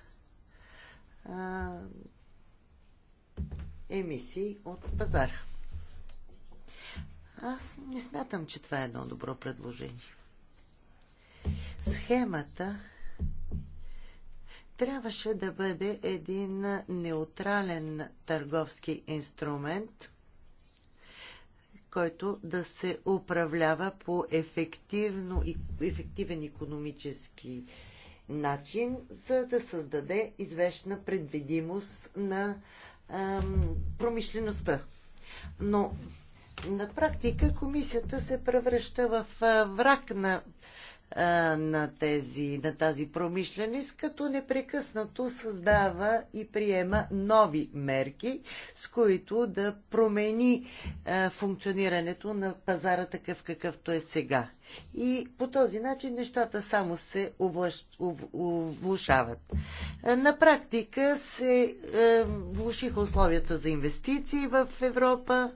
а, емисии от пазара. Аз не смятам, че това е едно добро предложение. Схемата трябваше да бъде един неутрален търговски инструмент, който да се управлява по ефективно, ефективен економически начин, за да създаде известна предвидимост на ам, промишлеността. Но на практика комисията се превръща в враг на на, тези, на тази промишленост, като непрекъснато създава и приема нови мерки, с които да промени а, функционирането на пазара такъв какъвто е сега. И по този начин нещата само се влушават. На практика се а, влушиха условията за инвестиции в Европа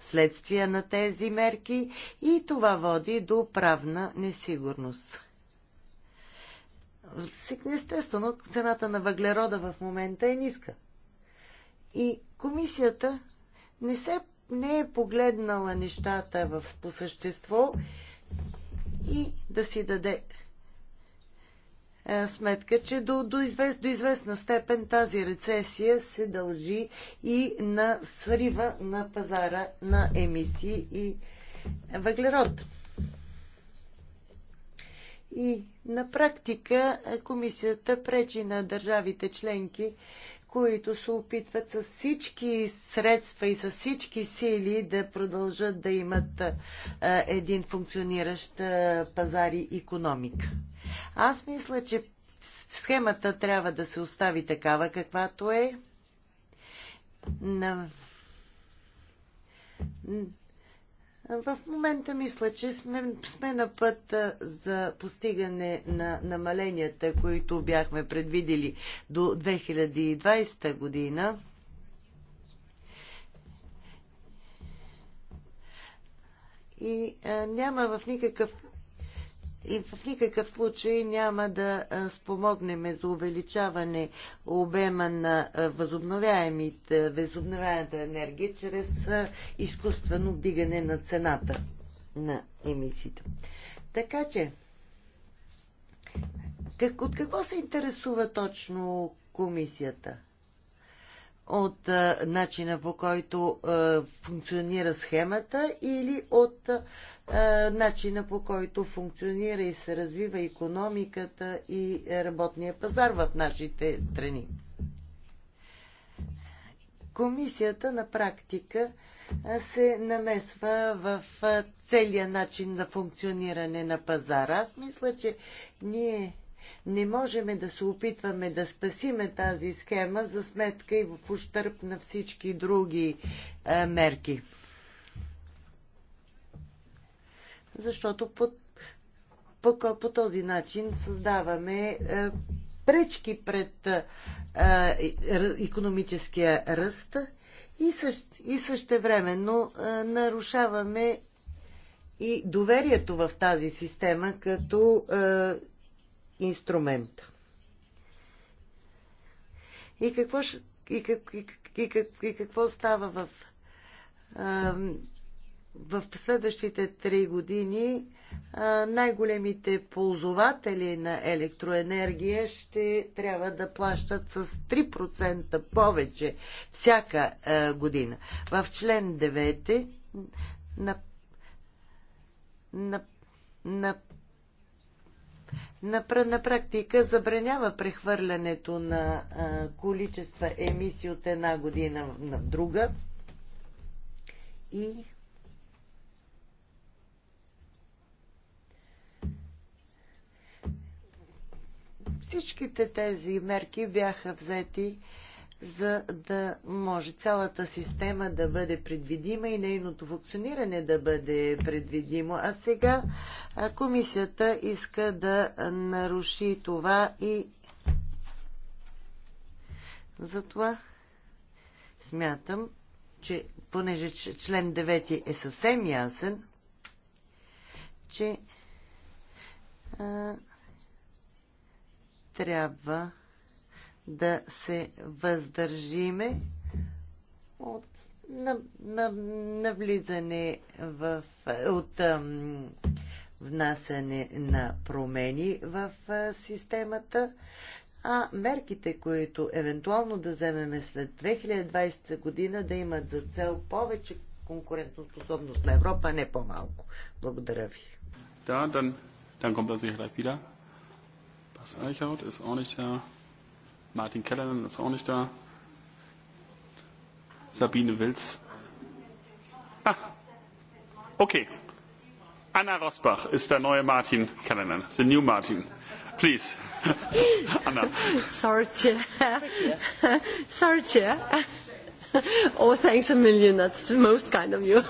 следствие на тези мерки и това води до правна несигурност. Естествено, цената на въглерода в момента е ниска. И комисията не, се, не е погледнала нещата в, по същество и да си даде е, сметка, че до, до, извест, до известна степен тази рецесия се дължи и на срива на пазара на емисии и въглерод. И на практика е, комисията пречи на държавите членки които се опитват с всички средства и с всички сили да продължат да имат един функциониращ пазар и економика. Аз мисля, че схемата трябва да се остави такава, каквато е. На в момента мисля, че сме, сме на път за постигане на намаленията, които бяхме предвидели до 2020 година. И а, няма в никакъв и в никакъв случай няма да спомогнем за увеличаване обема на възобновяемите, възобновяемата енергия чрез изкуствено вдигане на цената на емисиите. Така че, как, от какво се интересува точно комисията? от а, начина по който а, функционира схемата или от а, начина по който функционира и се развива економиката и работния пазар в нашите страни. Комисията на практика се намесва в целия начин на функциониране на пазара. Аз мисля, че ние не можем да се опитваме да спасиме тази схема за сметка и в ущърп на всички други а, е, мерки. Защото по, по, по този начин създаваме а, е, пречки пред е, економическия ръст и, също, и същевременно а, е, нарушаваме и доверието в тази система като а, инструмента. И какво, и как, и, как, и, какво става в, а, в следващите три години? най-големите ползователи на електроенергия ще трябва да плащат с 3% повече всяка а, година. В член 9 на, на, на, на, практика забранява прехвърлянето на количества емисии от една година на друга и всичките тези мерки бяха взети за да може цялата система да бъде предвидима и нейното функциониране да бъде предвидимо. А сега комисията иска да наруши това и затова смятам, че понеже член 9 е съвсем ясен, че а, трябва да се въздържиме от навлизане в, от внасяне на промени в системата, а мерките, които евентуално да вземеме след 2020 година, да имат за цел повече конкурентоспособност на Европа, а не по-малко. Благодаря ви. Да, dann, dann kommt er sicherlich wieder. Bas ist auch nicht da. Äh, Martin Keller ist auch nicht da. Sabine Wills. Ah, okay. Anna Rosbach ist der neue Martin Callanan, the new Martin. Please, Anna. Sorry, Chair. Sorry, Chair. Oh, thanks a million. That's the most kind of you.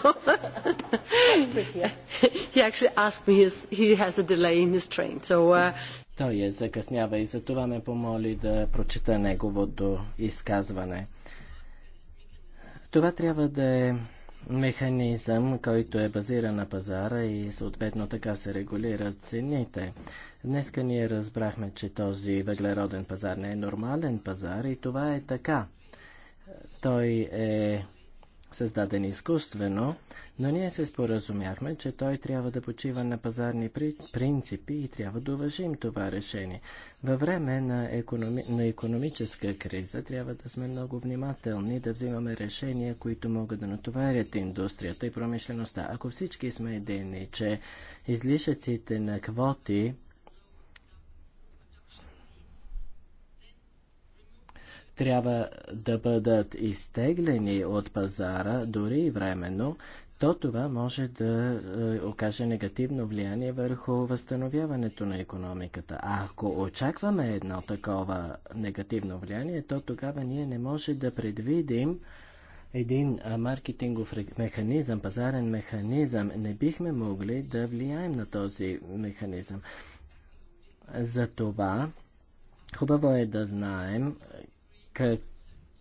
he actually asked me. His, he has a delay in his train, so. Uh, той я закъснява и за това ме помоли да прочета неговото изказване. Това трябва да е механизъм, който е базиран на пазара и съответно така се регулират цените. Днеска ние разбрахме, че този въглероден пазар не е нормален пазар и това е така. Той е създаден изкуствено, но ние се споразумяхме, че той трябва да почива на пазарни принципи и трябва да уважим това решение. Във време на, економи... на економическа криза трябва да сме много внимателни да взимаме решения, които могат да натоварят индустрията и промишлеността. Ако всички сме едини, че излишъците на квоти трябва да бъдат изтеглени от пазара, дори и временно, то това може да е, окаже негативно влияние върху възстановяването на економиката. А ако очакваме едно такова негативно влияние, то тогава ние не може да предвидим един маркетингов механизъм, пазарен механизъм. Не бихме могли да влияем на този механизъм. Затова хубаво е да знаем как,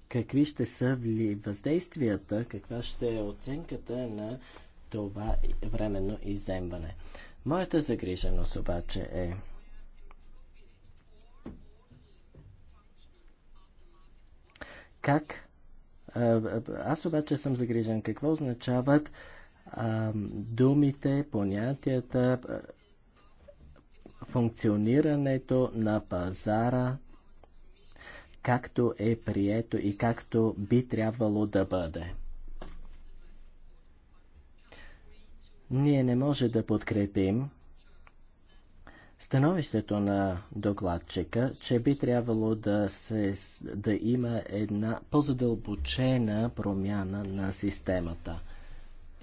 какви ще са въздействията, каква ще е оценката на това временно иземване. Моята загриженост обаче е как аз обаче съм загрижен какво означават а, думите, понятията, функционирането на пазара, както е прието и както би трябвало да бъде. Ние не може да подкрепим становището на докладчика, че би трябвало да, се, да има една по-задълбочена промяна на системата.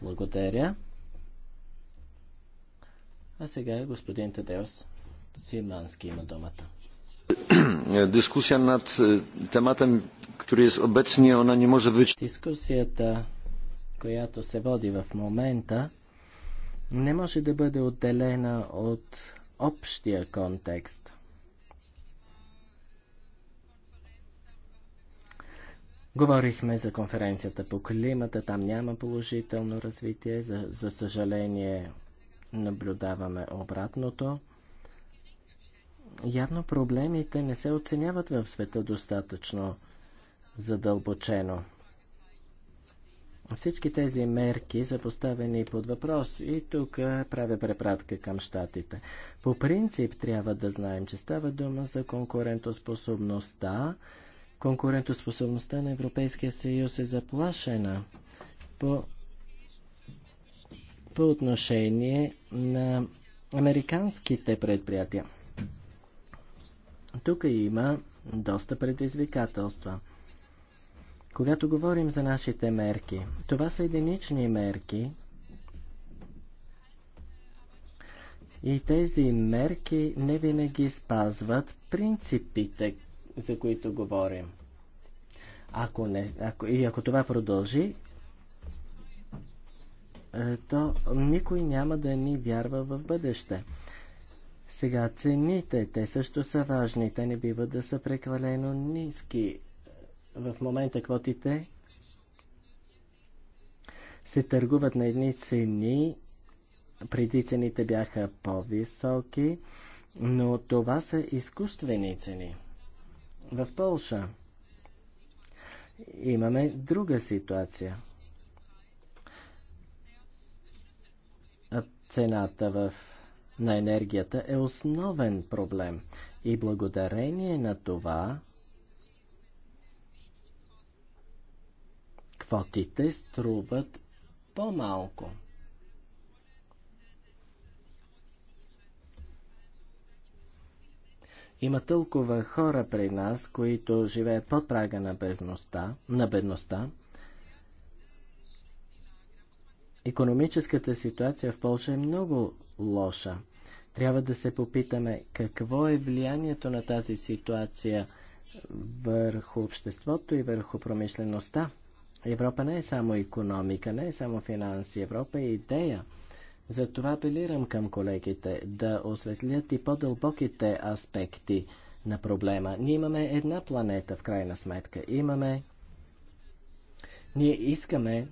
Благодаря. А сега господин Тадеос Симански има думата. Dyskusja nad e, tematem, który jest obecnie, ona nie może być... Дискусията, която се води в момента, не може да бъде отделена от общия контекст. Говорихме за конференцията по климата, там няма положително развитие, за, за съжаление наблюдаваме обратното явно проблемите не се оценяват в света достатъчно задълбочено. Всички тези мерки са поставени под въпрос и тук правя препратка към щатите. По принцип трябва да знаем, че става дума за конкурентоспособността. Конкурентоспособността на Европейския съюз е заплашена по, по отношение на американските предприятия. Тук има доста предизвикателства. Когато говорим за нашите мерки, това са единични мерки, И тези мерки не винаги спазват принципите, за които говорим. Ако не, ако, и ако това продължи, е, то никой няма да ни вярва в бъдеще. Сега цените, те също са важни, те не бива да са прекалено ниски. В момента квотите се търгуват на едни цени, преди цените бяха по-високи, но това са изкуствени цени. В Полша имаме друга ситуация. Цената в на енергията е основен проблем. И благодарение на това квотите струват по-малко. Има толкова хора при нас, които живеят под прага на бедността, на бедността. Економическата ситуация в Польша е много лоша. Трябва да се попитаме какво е влиянието на тази ситуация върху обществото и върху промишлеността. Европа не е само економика, не е само финанси. Европа е идея. Затова апелирам към колегите да осветлят и по-дълбоките аспекти на проблема. Ние имаме една планета, в крайна сметка. Имаме. Ние искаме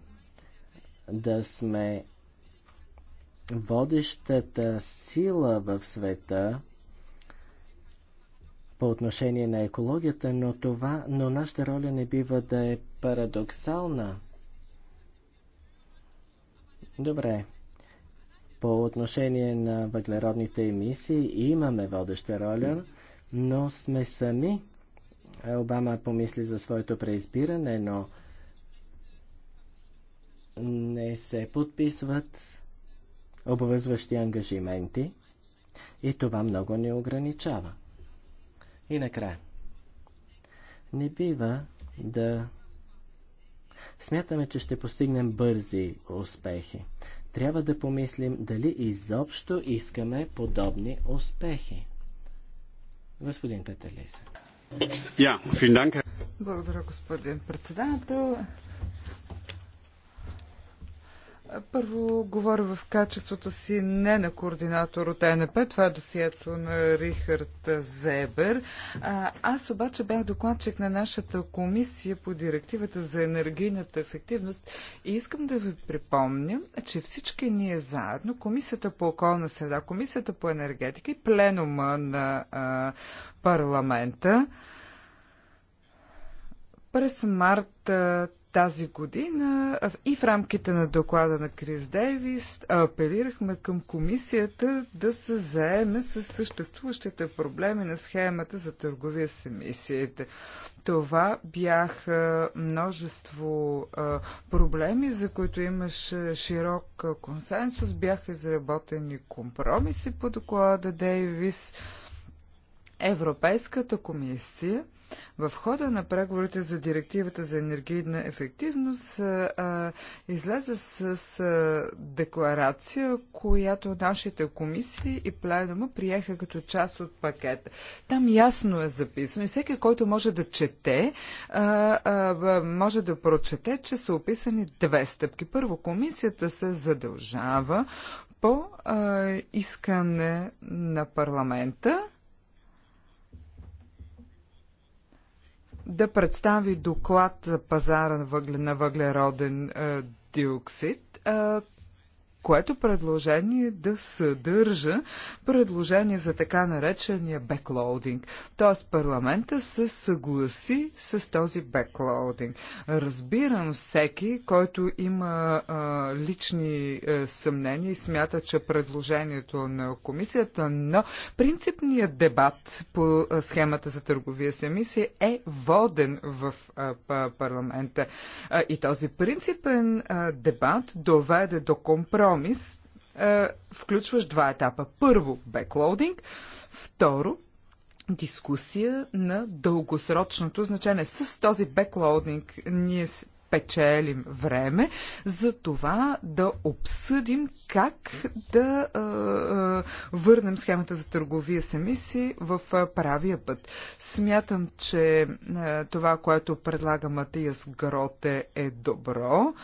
да сме водещата сила в света по отношение на екологията, но, това, но нашата роля не бива да е парадоксална. Добре. По отношение на въглеродните емисии имаме водеща роля, но сме сами. Обама помисли за своето преизбиране, но не се подписват обвързващи ангажименти и това много ни ограничава. И накрая. Не бива да смятаме, че ще постигнем бързи успехи. Трябва да помислим дали изобщо искаме подобни успехи. Господин Петелиса. Благодаря, господин председател. Първо говоря в качеството си не на координатор от ЕНП, това е досието на Рихард Зебер. Аз обаче бях докладчик на нашата комисия по директивата за енергийната ефективност и искам да ви припомня, че всички ние заедно, комисията по околна среда, комисията по енергетика и пленума на а, парламента, през март тази година и в рамките на доклада на Крис Дейвис апелирахме към комисията да се заеме с съществуващите проблеми на схемата за търговия с емисиите. Това бяха множество а, проблеми, за които имаше широк консенсус, бяха изработени компромиси по доклада Дейвис. Европейската комисия в хода на преговорите за директивата за енергийна ефективност излезе с, с декларация, която нашите комисии и пленума приеха като част от пакета. Там ясно е записано и всеки, който може да чете, а, а, може да прочете, че са описани две стъпки. Първо, комисията се задължава по а, искане на парламента да представи доклад за пазара на въглероден е, диоксид, е, което предложение да съдържа предложение за така наречения беклоудинг. Т.е. парламента се съгласи с този беклоудинг. Разбирам всеки, който има а, лични а, съмнения и смята, че предложението на комисията, но принципният дебат по схемата за търговия с емисии е воден в а, парламента. А, и този принципен а, дебат доведе до компромис компромис, е, включващ два етапа. Първо, беклоудинг. Второ, дискусия на дългосрочното значение. С този беклоудинг ние печелим време за това да обсъдим как да а, е, а, е, върнем схемата за търговия с емисии в а, е, правия път. Смятам, че а, това, което предлага Матиас Гроте е добро.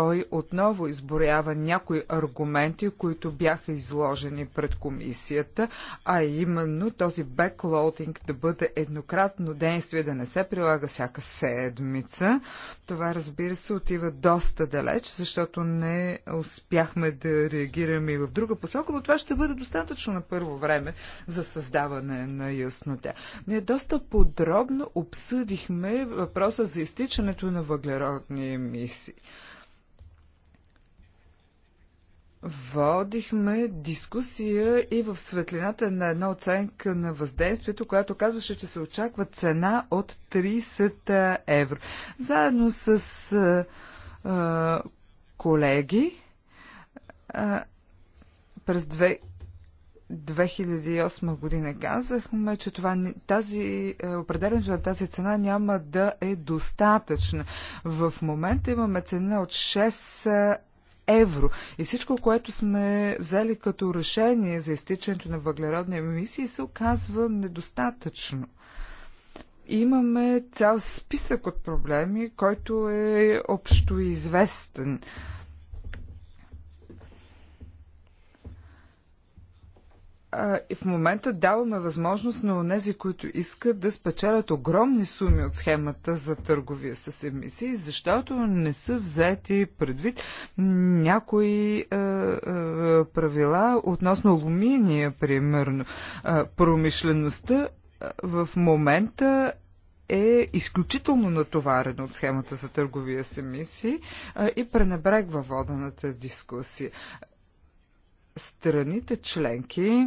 Той отново изборява някои аргументи, които бяха изложени пред комисията, а именно този беклоудинг да бъде еднократно действие, да не се прилага всяка седмица. Това, разбира се, отива доста далеч, защото не успяхме да реагираме и в друга посока, но това ще бъде достатъчно на първо време за създаване на яснота. Ние доста подробно обсъдихме въпроса за изтичането на въглеродни емисии. Водихме дискусия и в светлината на една оценка на въздействието, която казваше, че се очаква цена от 30 евро. Заедно с а, колеги а, през две 2008 година казахме, че това, тази, е, определенето на тази цена няма да е достатъчна. В момента имаме цена от 6 евро. И всичко, което сме взели като решение за изтичането на въглеродни емисии, се оказва недостатъчно имаме цял списък от проблеми, който е общо известен. и в момента даваме възможност на онези, които искат да спечелят огромни суми от схемата за търговия с емисии, защото не са взети предвид някои е, е, правила относно алуминия, примерно. промишлеността е, в момента е изключително натоварен от схемата за търговия с емисии а, и пренебрегва водената дискусия страните членки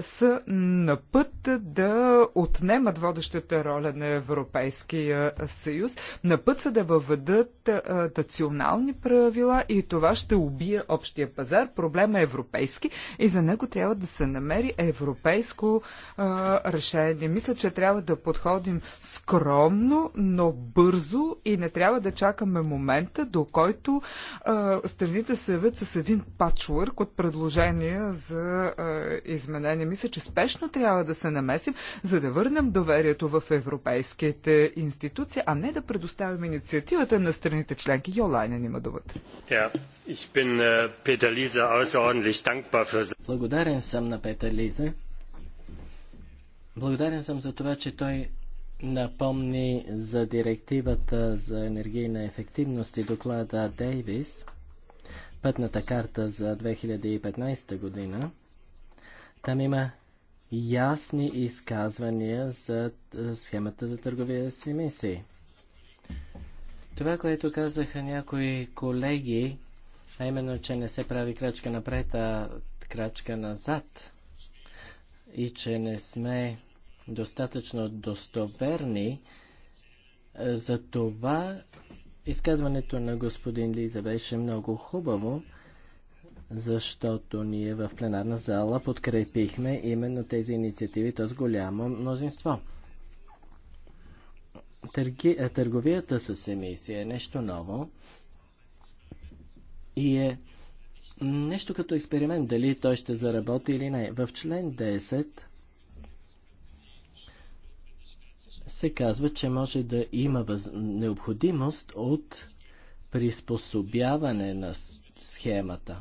са на път да отнемат водещата роля на Европейския съюз. На път са да въведат национални правила и това ще убие общия пазар. Проблема е европейски и за него трябва да се намери европейско а, решение. Мисля, че трябва да подходим скромно, но бързо и не трябва да чакаме момента, до който а, страните се явят с един пачворк от предложения за изменение не Мисля, че спешно трябва да се намесим, за да върнем доверието в европейските институции, а не да предоставим инициативата на страните членки. Йолайнен има думата. Äh, Благодарен съм на Петър Лиза. Благодарен съм за това, че той напомни за директивата за енергийна ефективност и доклада Дейвис, пътната карта за 2015 година. Там има ясни изказвания за е, схемата за търговия с емисии. Това, което казаха някои колеги, а именно, че не се прави крачка напред, а крачка назад и че не сме достатъчно достоверни, е, за това изказването на господин Лиза беше много хубаво защото ние в пленарна зала подкрепихме именно тези инициативи, т.е. голямо мнозинство. Търги, е, търговията с емисия е нещо ново и е нещо като експеримент, дали той ще заработи или не. В член 10 се казва, че може да има въз... необходимост от приспособяване на схемата.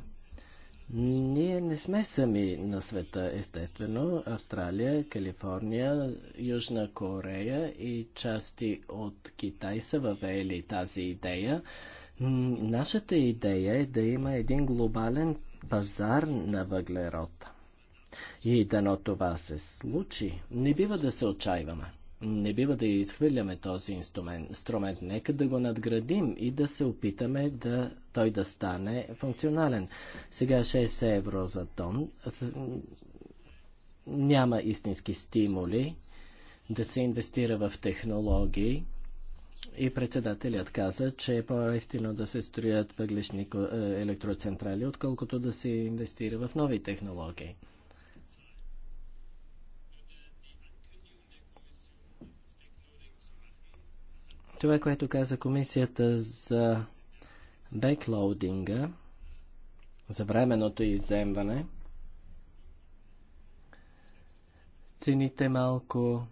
Ние не сме сами на света, естествено. Австралия, Калифорния, Южна Корея и части от Китай са въвели тази идея. Нашата идея е да има един глобален пазар на въглерода. И дано това се случи, не бива да се отчаиваме не бива да изхвърляме този инструмент. инструмент. Нека да го надградим и да се опитаме да, той да стане функционален. Сега 60 евро за тон. Няма истински стимули да се инвестира в технологии. И председателят каза, че е по-ефтино да се строят въглешни е, електроцентрали, отколкото да се инвестира в нови технологии. Това, което каза комисията за беклоудинга, за временното иземване, цените малко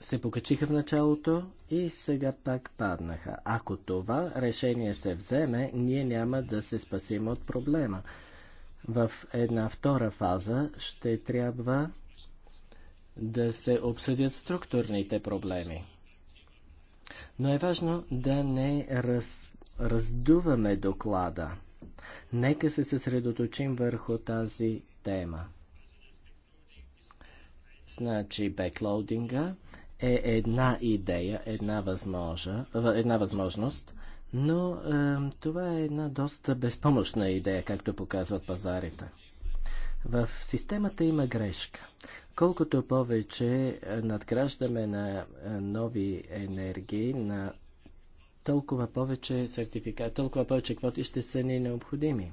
се покачиха в началото и сега пак паднаха. Ако това решение се вземе, ние няма да се спасим от проблема. В една втора фаза ще трябва да се обсъдят структурните проблеми. Но е важно да не раз, раздуваме доклада. Нека се съсредоточим върху тази тема. Значи, беклоудинга е една идея, една, възможа, една възможност, но е, това е една доста безпомощна идея, както показват пазарите. В системата има грешка. Колкото повече е, надграждаме на е, нови енергии, на толкова повече сертификат, толкова повече квоти ще са ни необходими.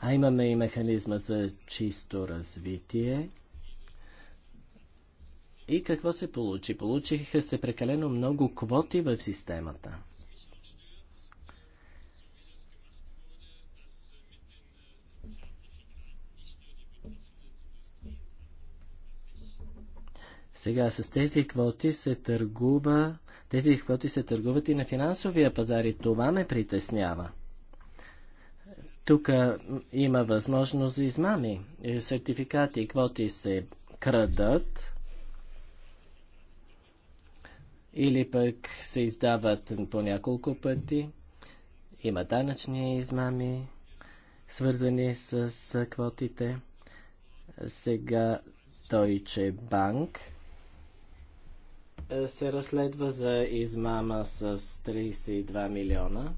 А имаме и механизма за чисто развитие. И какво се получи? Получиха се прекалено много квоти в системата. Сега с тези квоти се търгува, тези квоти се търгуват и на финансовия пазар и това ме притеснява. Тук има възможност за измами. Е, сертификати и квоти се крадат или пък се издават по няколко пъти. Има данъчни измами, свързани с квотите. Сега Deutsche Bank се разследва за измама с 32 милиона.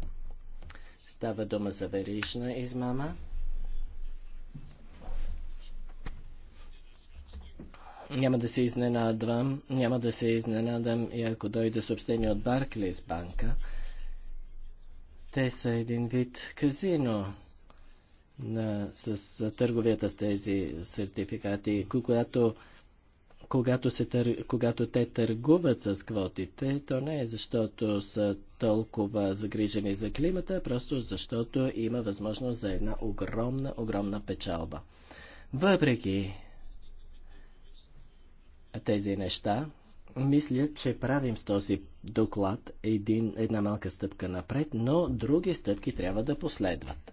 Става дума за верижна измама. Няма да се изненадвам, няма да се изненадам и ако дойде съобщение от Барклис банка. Те са един вид казино на, с, с търговията с тези сертификати, когато когато, се тър... когато те търгуват с квотите, то не е защото са толкова загрижени за климата, а просто защото има възможност за една огромна, огромна печалба. Въпреки тези неща, мисля, че правим с този доклад един, една малка стъпка напред, но други стъпки трябва да последват.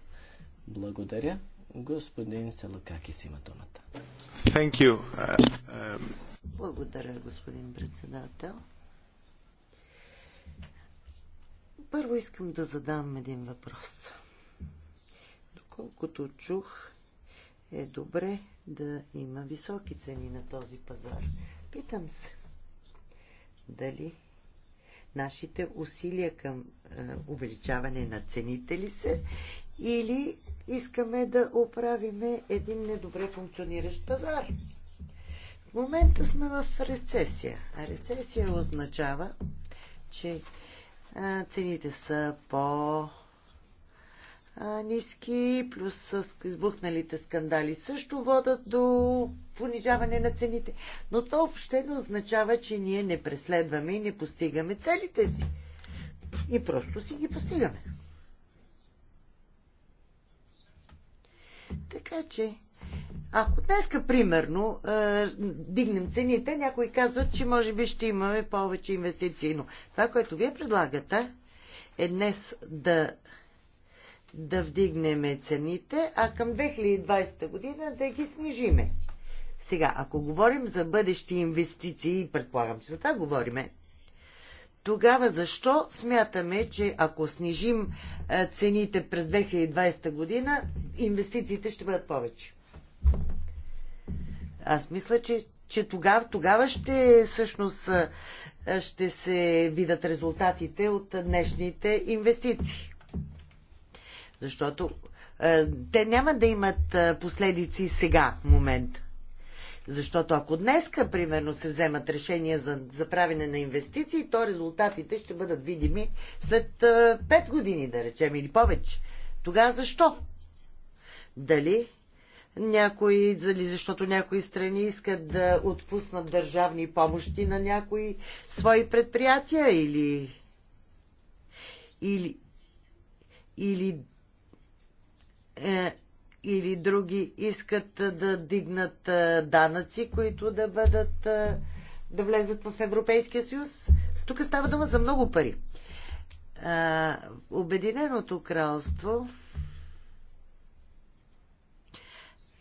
Благодаря. Господин Селокакис има думата. Thank you. Uh, uh, благодаря, господин председател. Първо искам да задам един въпрос. Доколкото чух, е добре да има високи цени на този пазар. Питам се, дали нашите усилия към е, увеличаване на цените ли се или искаме да оправиме един недобре функциониращ пазар? В момента сме в рецесия. А рецесия означава, че а, цените са по ниски, плюс с избухналите скандали също водат до понижаване на цените. Но това въобще не означава, че ние не преследваме и не постигаме целите си. И просто си ги постигаме. Така че ако днеска, примерно, е, дигнем цените, някои казват, че може би ще имаме повече инвестиции. Но това, което вие предлагате, е днес да, да вдигнем цените, а към 2020 година да ги снижиме. Сега, ако говорим за бъдещи инвестиции, предполагам, че за това говориме, тогава защо смятаме, че ако снижим е, цените през 2020 година, инвестициите ще бъдат повече? Аз мисля, че, че тогава, тогава ще всъщност ще се видят резултатите от днешните инвестиции. Защото те няма да имат последици сега, в Защото ако днеска, примерно, се вземат решения за, за правене на инвестиции, то резултатите ще бъдат видими след 5 години, да речем, или повече. Тогава защо? Дали някои, нали, защото някои страни искат да отпуснат държавни помощи на някои свои предприятия или или или е, или други искат да дигнат е, данъци, които да бъдат е, да влезат в Европейския съюз. Тук става дума за много пари. Е, Обединеното кралство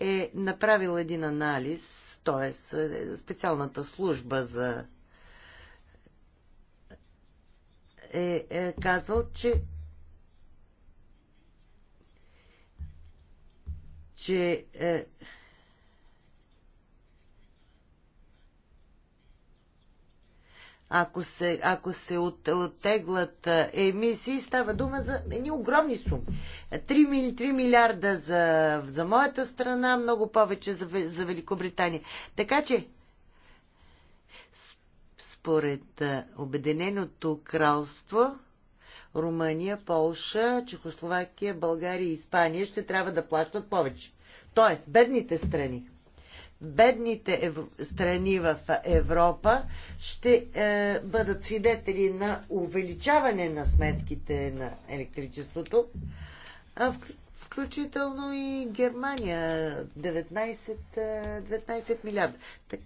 е направил един анализ, т.е. специалната служба за е, е казал, че че е, ако се, ако се от, оттеглят емисии, става дума за едни огромни суми. 3, 3 милиарда за, за моята страна, много повече за, за Великобритания. Така че, според Обединеното кралство, Румъния, Полша, Чехословакия, България и Испания ще трябва да плащат повече. Тоест, бедните страни бедните ев... страни в Европа ще е, бъдат свидетели на увеличаване на сметките на електричеството, а в... включително и Германия 19, 19 е, милиарда. Так,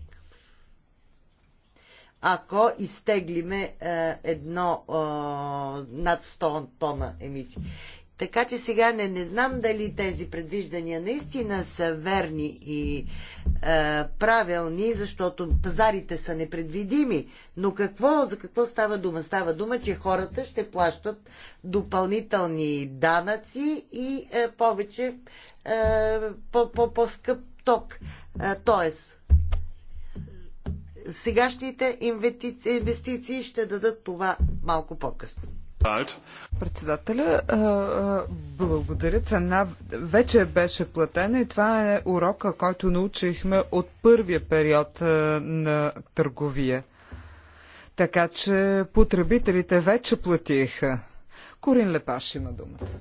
ако изтеглиме е, едно е, над 100 тона емисии. Така че сега не, не знам дали тези предвиждания наистина са верни и е, правилни, защото пазарите са непредвидими. Но какво, за какво става дума? Става дума, че хората ще плащат допълнителни данъци и е, повече е, по-скъп -по ток. Е, тоест, сегашните инвестиции ще дадат това малко по-късно. Председателя, благодаря. Цена вече беше платена и това е урока, който научихме от първия период на търговия. Така че потребителите вече платиха. Корин Лепаш има думата.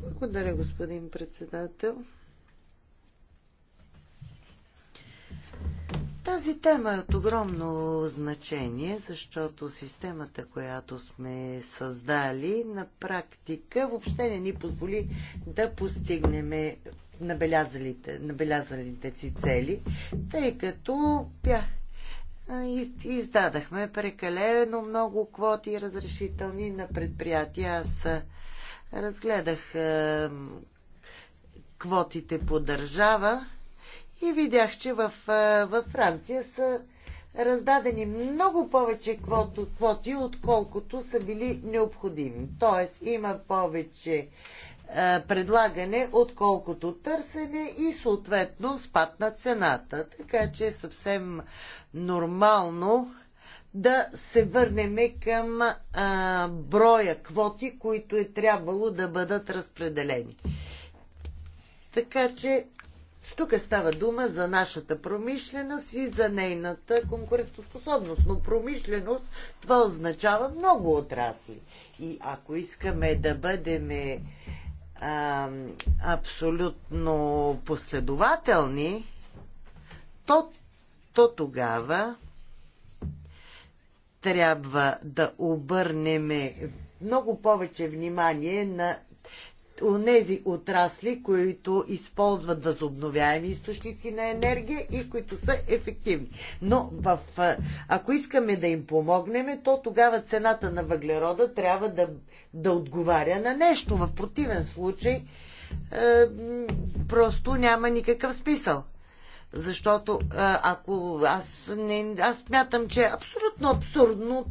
Благодаря, господин председател. Тази тема е от огромно значение, защото системата, която сме създали, на практика въобще не ни позволи да постигнем набелязаните, набелязалите си цели, тъй като бях издадахме прекалено много квоти разрешителни на предприятия. Аз разгледах квотите по държава и видях, че в, във Франция са раздадени много повече квоти, квоти, отколкото са били необходими. Тоест има повече предлагане, отколкото търсене и съответно спад на цената. Така че е съвсем нормално да се върнем към а, броя квоти, които е трябвало да бъдат разпределени. Така че тук е става дума за нашата промишленост и за нейната конкурентоспособност. Но промишленост това означава много отрасли. И ако искаме да бъдем а, абсолютно последователни, то, то тогава трябва да обърнем много повече внимание на онези отрасли, които използват възобновяеми източници на енергия и които са ефективни. Но в, ако искаме да им помогнем, то тогава цената на въглерода трябва да, да отговаря на нещо. В противен случай е, просто няма никакъв смисъл. Защото е, ако аз, не, аз мятам, че е абсолютно абсурдно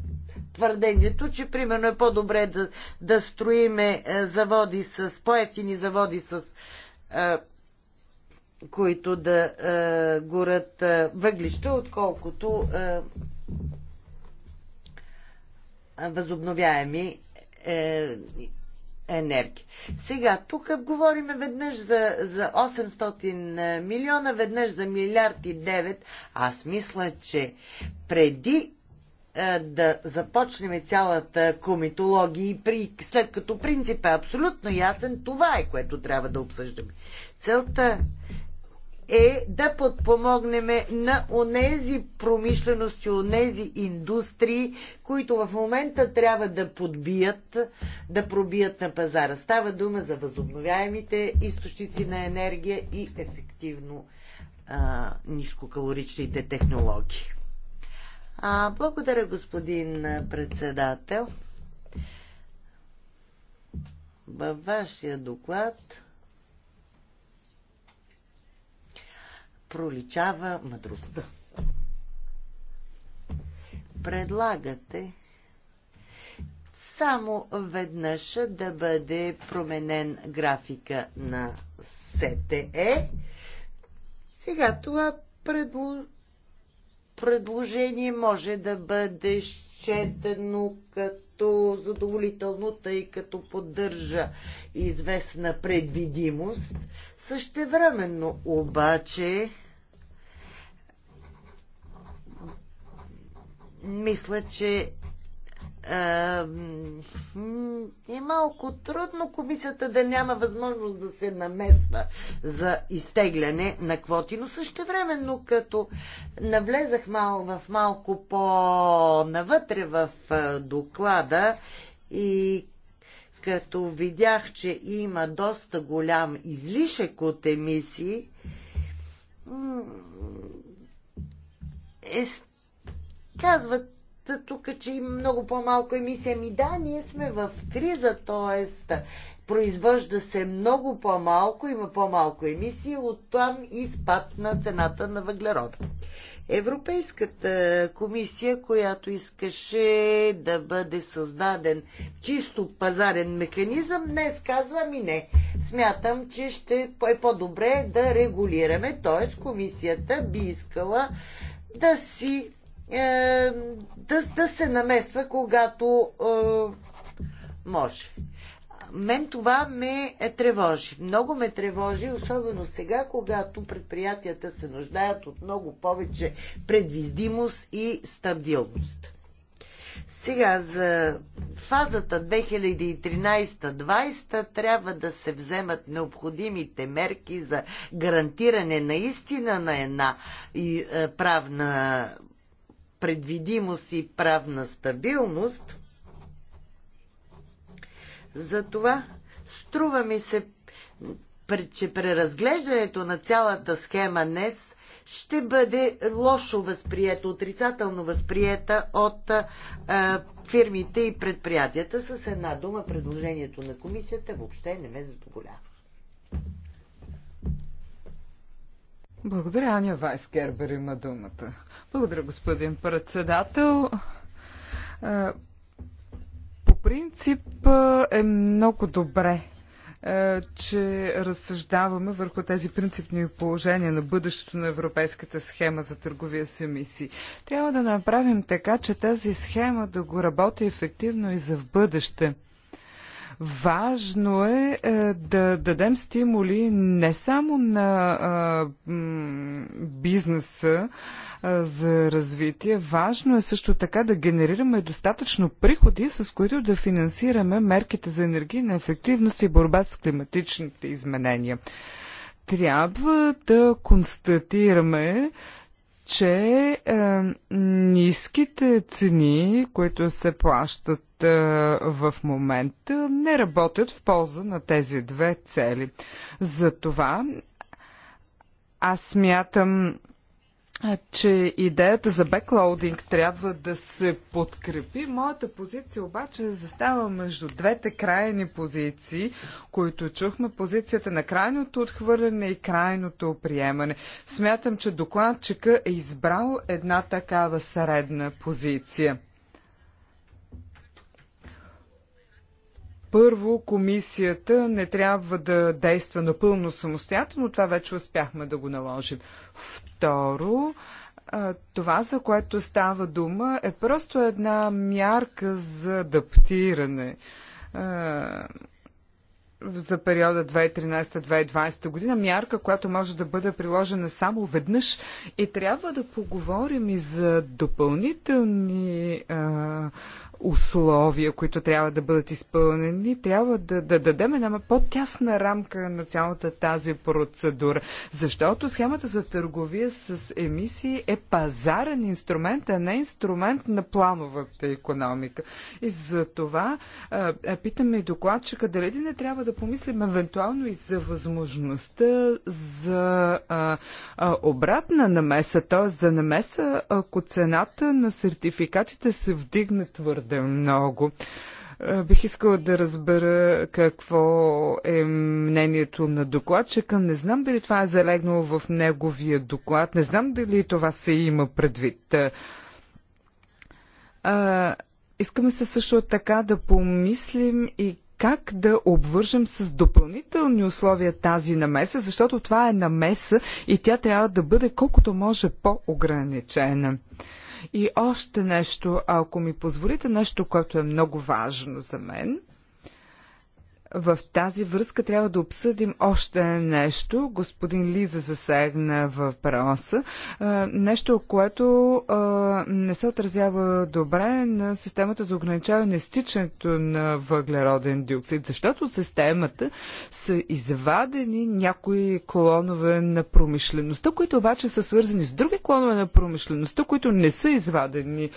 твърдението, че примерно е по-добре да, да строиме е, заводи с по-ефтини заводи с а, е, които да а, е, горят а, въглища, отколкото а, възобновяеми е, енергии. Сега, тук говориме веднъж за, за 800 милиона, веднъж за милиард и 9. Аз мисля, че преди е, да започнем цялата комитология при, след като принцип е абсолютно ясен, това е което трябва да обсъждаме. Целта е да подпомогнем на онези промишлености, онези индустрии, които в момента трябва да подбият, да пробият на пазара. Става дума за възобновяемите източници на енергия и ефективно а, нискокалоричните технологии. А, благодаря, господин председател. Във вашия доклад проличава мъдростта. Предлагате само веднъж да бъде променен графика на СТЕ. Сега това предложение предложение може да бъде счетено като задоволително, тъй като поддържа известна предвидимост. Същевременно обаче мисля, че е, е малко трудно комисията да няма възможност да се намесва за изтегляне на квоти, но също времено като навлезах мал, в малко по-навътре в е, доклада и като видях, че има доста голям излишък от емисии, е, казват, тук, че има много по-малко емисия. Ми да, ние сме в криза, т.е. произвежда се много по-малко, има по-малко емисии, там и спад на цената на въглерода. Европейската комисия, която искаше да бъде създаден чисто пазарен механизъм, днес казва ми не. Смятам, че ще е по-добре да регулираме, т.е. комисията би искала да си е, да, да се намесва, когато е, може. Мен това ме е тревожи. Много ме тревожи, особено сега, когато предприятията се нуждаят от много повече предвиздимост и стабилност. Сега за фазата 2013-2020 трябва да се вземат необходимите мерки за гарантиране наистина на една и е, правна предвидимост и правна стабилност. Затова струва ми се, че преразглеждането на цялата схема днес ще бъде лошо възприето, отрицателно възприета от а, фирмите и предприятията. С една дума, предложението на комисията въобще не ме задоволява. Благодаря, Аня Вайскербер има думата. Благодаря, господин председател. Е, по принцип е много добре е, че разсъждаваме върху тези принципни положения на бъдещето на европейската схема за търговия с емисии. Трябва да направим така, че тази схема да го работи ефективно и за в бъдеще. Важно е, е да дадем стимули не само на бизнеса за развитие, важно е също така да генерираме достатъчно приходи, с които да финансираме мерките за енергийна ефективност и борба с климатичните изменения трябва да констатираме, че е, ниските цени, които се плащат е, в момента, не работят в полза на тези две цели. Затова аз смятам, че идеята за беклоудинг трябва да се подкрепи. Моята позиция обаче застава между двете крайни позиции, които чухме. Позицията на крайното отхвърляне и крайното приемане. Смятам, че докладчика е избрал една такава средна позиция. Първо, комисията не трябва да действа напълно самостоятелно, това вече успяхме да го наложим. Второ, това, за което става дума, е просто една мярка за адаптиране за периода 2013-2020 година, мярка, която може да бъде приложена само веднъж и трябва да поговорим и за допълнителни а, условия, които трябва да бъдат изпълнени, трябва да, да дадем една по-тясна рамка на цялата тази процедура. Защото схемата за търговия с емисии е пазарен инструмент, а не инструмент на плановата економика. И за това а, питаме докладчика дали не трябва да помислим евентуално и за възможността за а, а, обратна намеса, т.е. за намеса, ако цената на сертификатите се вдигне твърде твърде много. Е, бих искала да разбера какво е мнението на докладчика. Не знам дали това е залегнало в неговия доклад. Не знам дали това се има предвид. Е, а, искаме се също така да помислим и как да обвържем с допълнителни условия тази намеса, защото това е намеса и тя трябва да бъде колкото може по-ограничена. И още нещо, ако ми позволите, нещо, което е много важно за мен. В тази връзка трябва да обсъдим още нещо. Господин Лиза засегна въпроса. Е, нещо, което е, не се отразява добре на системата за ограничаване стичането на въглероден диоксид, защото от системата са извадени някои клонове на промишлеността, които обаче са свързани с други клонове на промишлеността, които не са извадени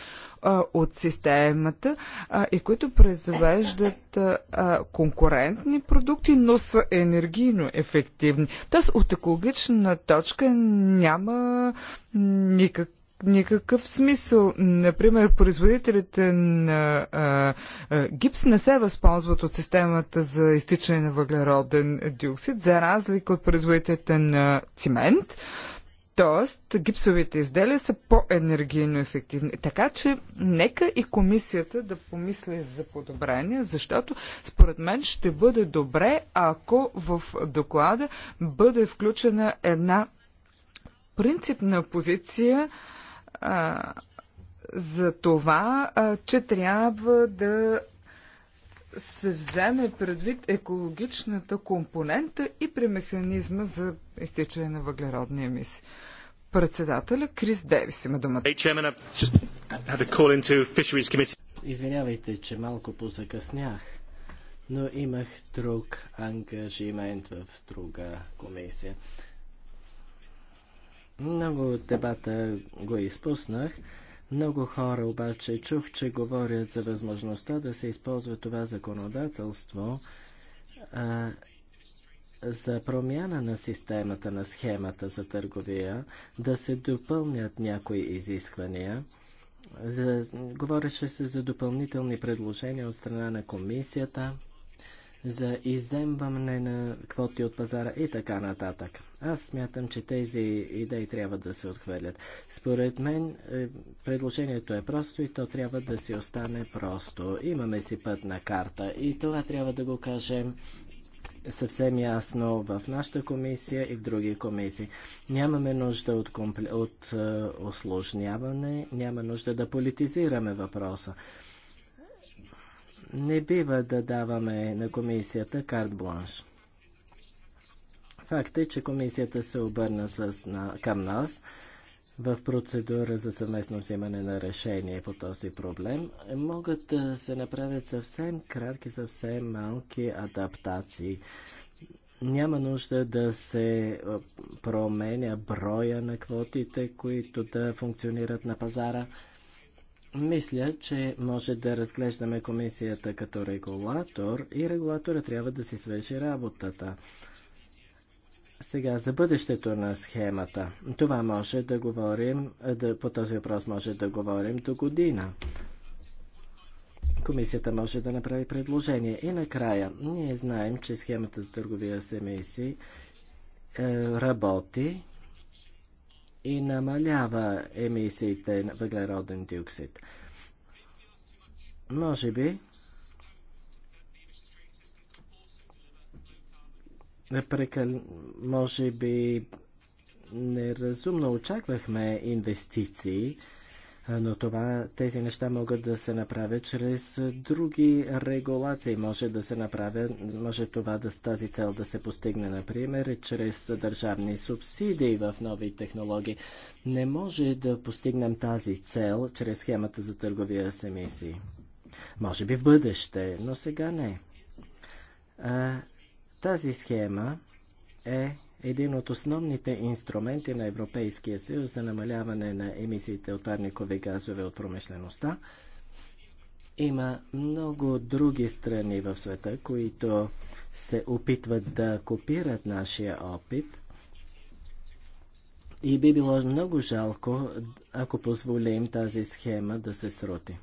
а, от системата а, и които произвеждат а, конкурентни продукти, но са енергийно ефективни. Тоест от екологична точка няма никак никакъв смисъл. Например, производителите на а, а, гипс не се възползват от системата за изтичане на въглероден диоксид, за разлика от производителите на цимент. Тоест, гипсовите изделия са по-енергийно ефективни. Така че, нека и комисията да помисли за подобрение, защото според мен ще бъде добре, ако в доклада бъде включена една принципна позиция а, за това, а, че трябва да се вземе предвид екологичната компонента и при механизма за изтичане на въглеродни емисии. Председателя Крис Девис има думата. Извинявайте, че малко позакъснях, но имах друг ангажимент в друга комисия. Много дебата го изпуснах. Много хора обаче чух, че говорят за възможността да се използва това законодателство а, за промяна на системата, на схемата за търговия, да се допълнят някои изисквания. За, говореше се за допълнителни предложения от страна на комисията, за иземване на квоти от пазара и така нататък. Аз смятам, че тези идеи трябва да се отхвърлят. Според мен е, предложението е просто и то трябва да си остане просто. Имаме си път на карта и това трябва да го кажем съвсем ясно в нашата комисия и в други комисии. Нямаме нужда от, компл... от е, осложняване, няма нужда да политизираме въпроса. Не бива да даваме на комисията карт бланш. Факт е, че комисията се обърна с, на, към нас в процедура за съвместно взимане на решение по този проблем. Могат да се направят съвсем кратки, съвсем малки адаптации. Няма нужда да се променя броя на квотите, които да функционират на пазара. Мисля, че може да разглеждаме комисията като регулатор и регулатора трябва да си свърши работата. Сега за бъдещето на схемата. Това може да говорим, да, по този въпрос може да говорим до година. Комисията може да направи предложение. И накрая, ние знаем, че схемата за търговия с емисии е, работи и намалява емисиите на въглероден диоксид. Може би прекал... може би неразумно очаквахме инвестиции, но това, тези неща могат да се направят чрез други регулации. Може да се направя, може това да с тази цел да се постигне, например, чрез държавни субсидии в нови технологии. Не може да постигнем тази цел чрез схемата за търговия с емисии. Може би в бъдеще, но сега не. А, тази схема е един от основните инструменти на Европейския съюз за намаляване на емисиите от парникови газове от промишлеността. Има много други страни в света, които се опитват да копират нашия опит. И би било много жалко, ако позволим тази схема да се срути.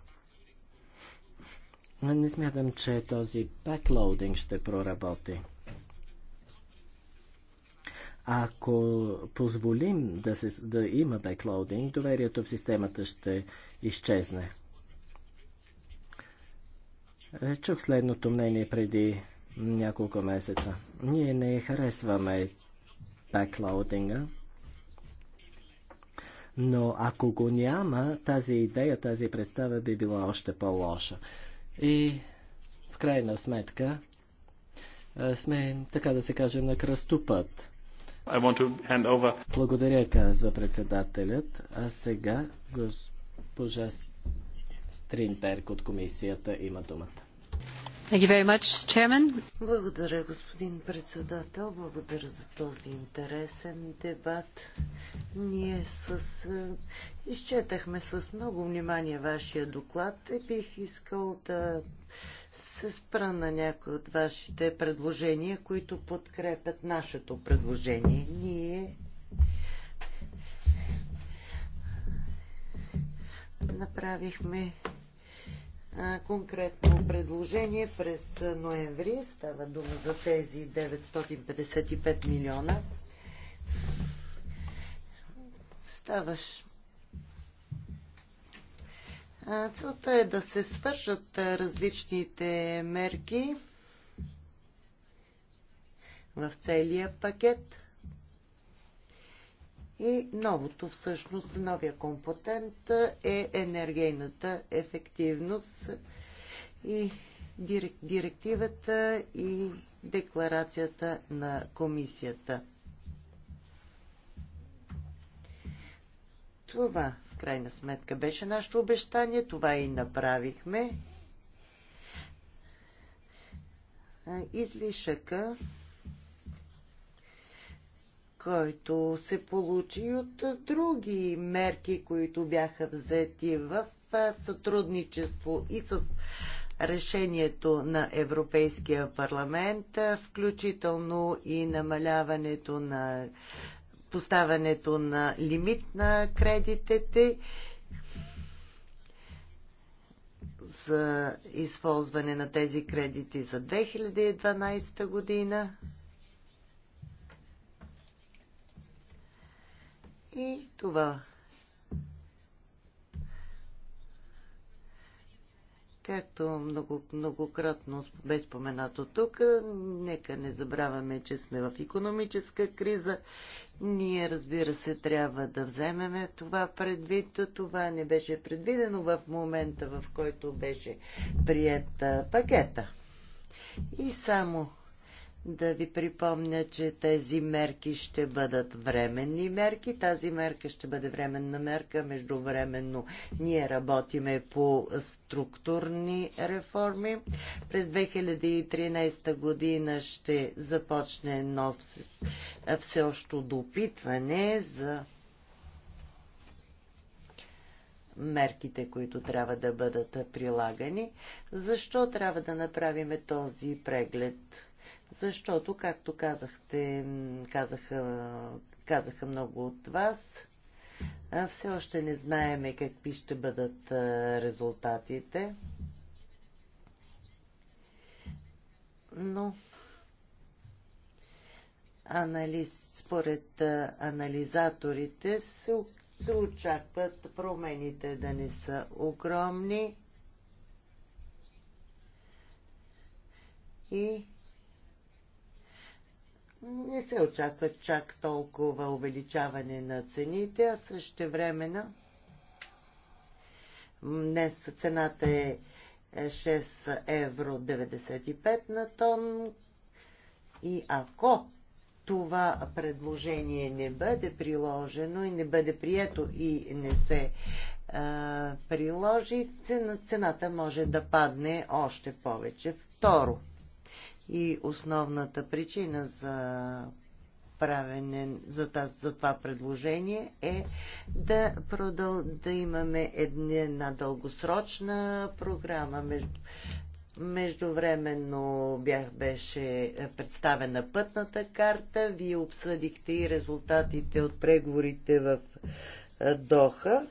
Не смятам, че този баклоудинг ще проработи. Ако позволим да, се, да има беклоудинг, доверието в системата ще изчезне. Е, чух следното мнение преди няколко месеца. Ние не харесваме беклоудинга, но ако го няма, тази идея, тази представа би била още по-лоша. И в крайна сметка е, сме, така да се кажем, на кръстопът. Благодаря, казва председателят. А сега госпожа Стринберг от комисията има думата. Much, Благодаря, господин председател. Благодаря за този интересен дебат. Ние с... Е, изчетахме с много внимание вашия доклад и е, бих искал да се спра на някои от вашите предложения, които подкрепят нашето предложение. Ние направихме конкретно предложение през ноември. Става дума за тези 955 милиона. Ставаш. Целта е да се свършат различните мерки в целия пакет – и новото, всъщност, новия компонент е енергийната ефективност и директивата и декларацията на комисията. Това, в крайна сметка, беше нашето обещание. Това и направихме. Излишъка който се получи от други мерки, които бяха взети в сътрудничество и с решението на Европейския парламент, включително и намаляването на поставянето на лимит на кредитите за използване на тези кредити за 2012 година. И това. Както много, многократно бе споменато тук, нека не забравяме, че сме в економическа криза. Ние, разбира се, трябва да вземеме това предвид. Това не беше предвидено в момента, в който беше прият пакета. И само да ви припомня, че тези мерки ще бъдат временни мерки. Тази мерка ще бъде временна мерка. Междувременно ние работиме по структурни реформи. През 2013 година ще започне едно всеобщо допитване за мерките, които трябва да бъдат прилагани. Защо трябва да направим този преглед? защото, както казахте, казаха, казаха много от вас, все още не знаеме какви ще бъдат резултатите. Но анализ, според анализаторите се, се очакват промените да не са огромни и не се очаква чак толкова увеличаване на цените, а също времена днес цената е 6 е евро 95 на тон и ако това предложение не бъде приложено и не бъде прието и не се е, приложи, цената може да падне още повече. Второ, и основната причина за правене за, таз, за това предложение е да, продъл, да имаме една, една дългосрочна програма. Между, междувременно бях, беше представена пътната карта. Вие обсъдихте и резултатите от преговорите в е, Доха.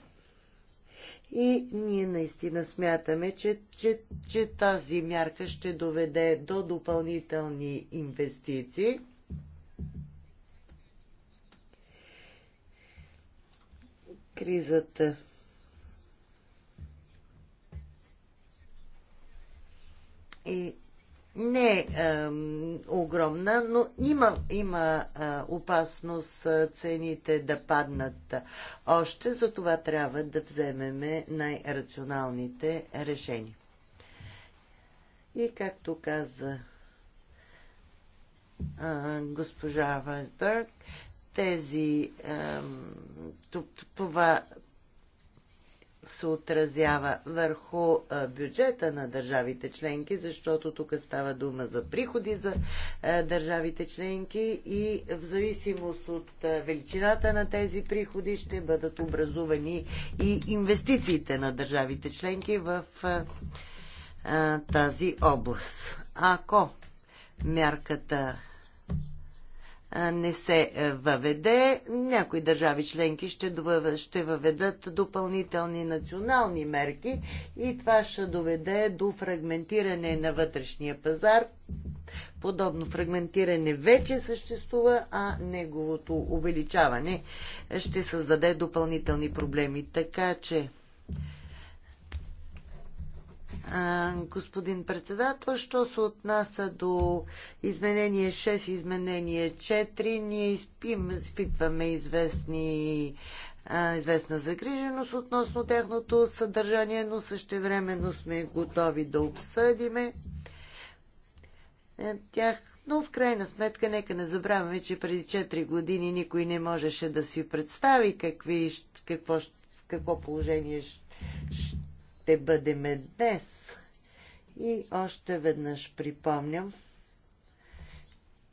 И ние наистина смятаме, че, че, че тази мярка ще доведе до допълнителни инвестиции. Кризата и не е, е огромна, но има, има е, опасност цените да паднат още, за това трябва да вземеме най-рационалните решения. И както каза е, госпожа Вайсберг, тези, това, се отразява върху бюджета на държавите членки, защото тук става дума за приходи за държавите членки и в зависимост от величината на тези приходи ще бъдат образувани и инвестициите на държавите членки в тази област. Ако мярката не се е, въведе, някои държави членки ще, ще въведат допълнителни национални мерки и това ще доведе до фрагментиране на вътрешния пазар. Подобно фрагментиране вече съществува, а неговото увеличаване ще създаде допълнителни проблеми. Така че господин председател. Що се отнася до изменение 6, изменение 4, ние изпим, изпитваме известни известна загриженост относно техното съдържание, но също времено сме готови да обсъдиме е, тях. Но в крайна сметка, нека не забравяме, че преди 4 години никой не можеше да си представи какви, какво, какво положение ще бъдеме днес. И още веднъж припомням,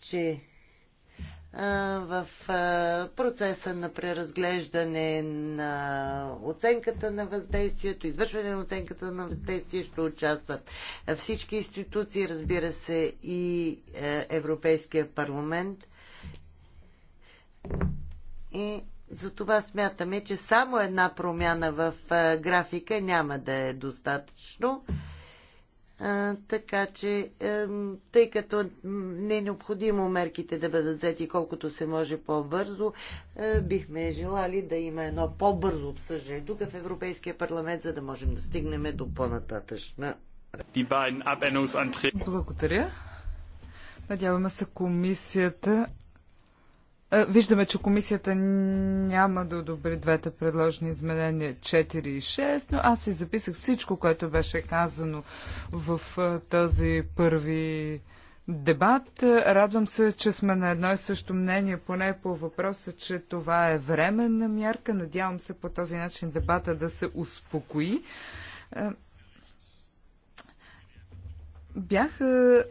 че в процеса на преразглеждане на оценката на въздействието, извършване на оценката на въздействие ще участват всички институции, разбира се и е, Европейския парламент. И за това смятаме, че само една промяна в е, графика няма да е достатъчно така че, тъй като не е необходимо мерките да бъдат взети колкото се може по-бързо, е, бихме желали да има едно по-бързо обсъждане тук в Европейския парламент, за да можем да стигнем до по-нататъчна. Благодаря. Надяваме се комисията е, виждаме, че комисията няма да одобри двете предложени изменения 4 и 6, но аз си записах всичко, което беше казано в е, този първи дебат. Е, радвам се, че сме на едно и също мнение, поне по въпроса, че това е временна мярка. Надявам се по този начин дебата да се успокои. Бяха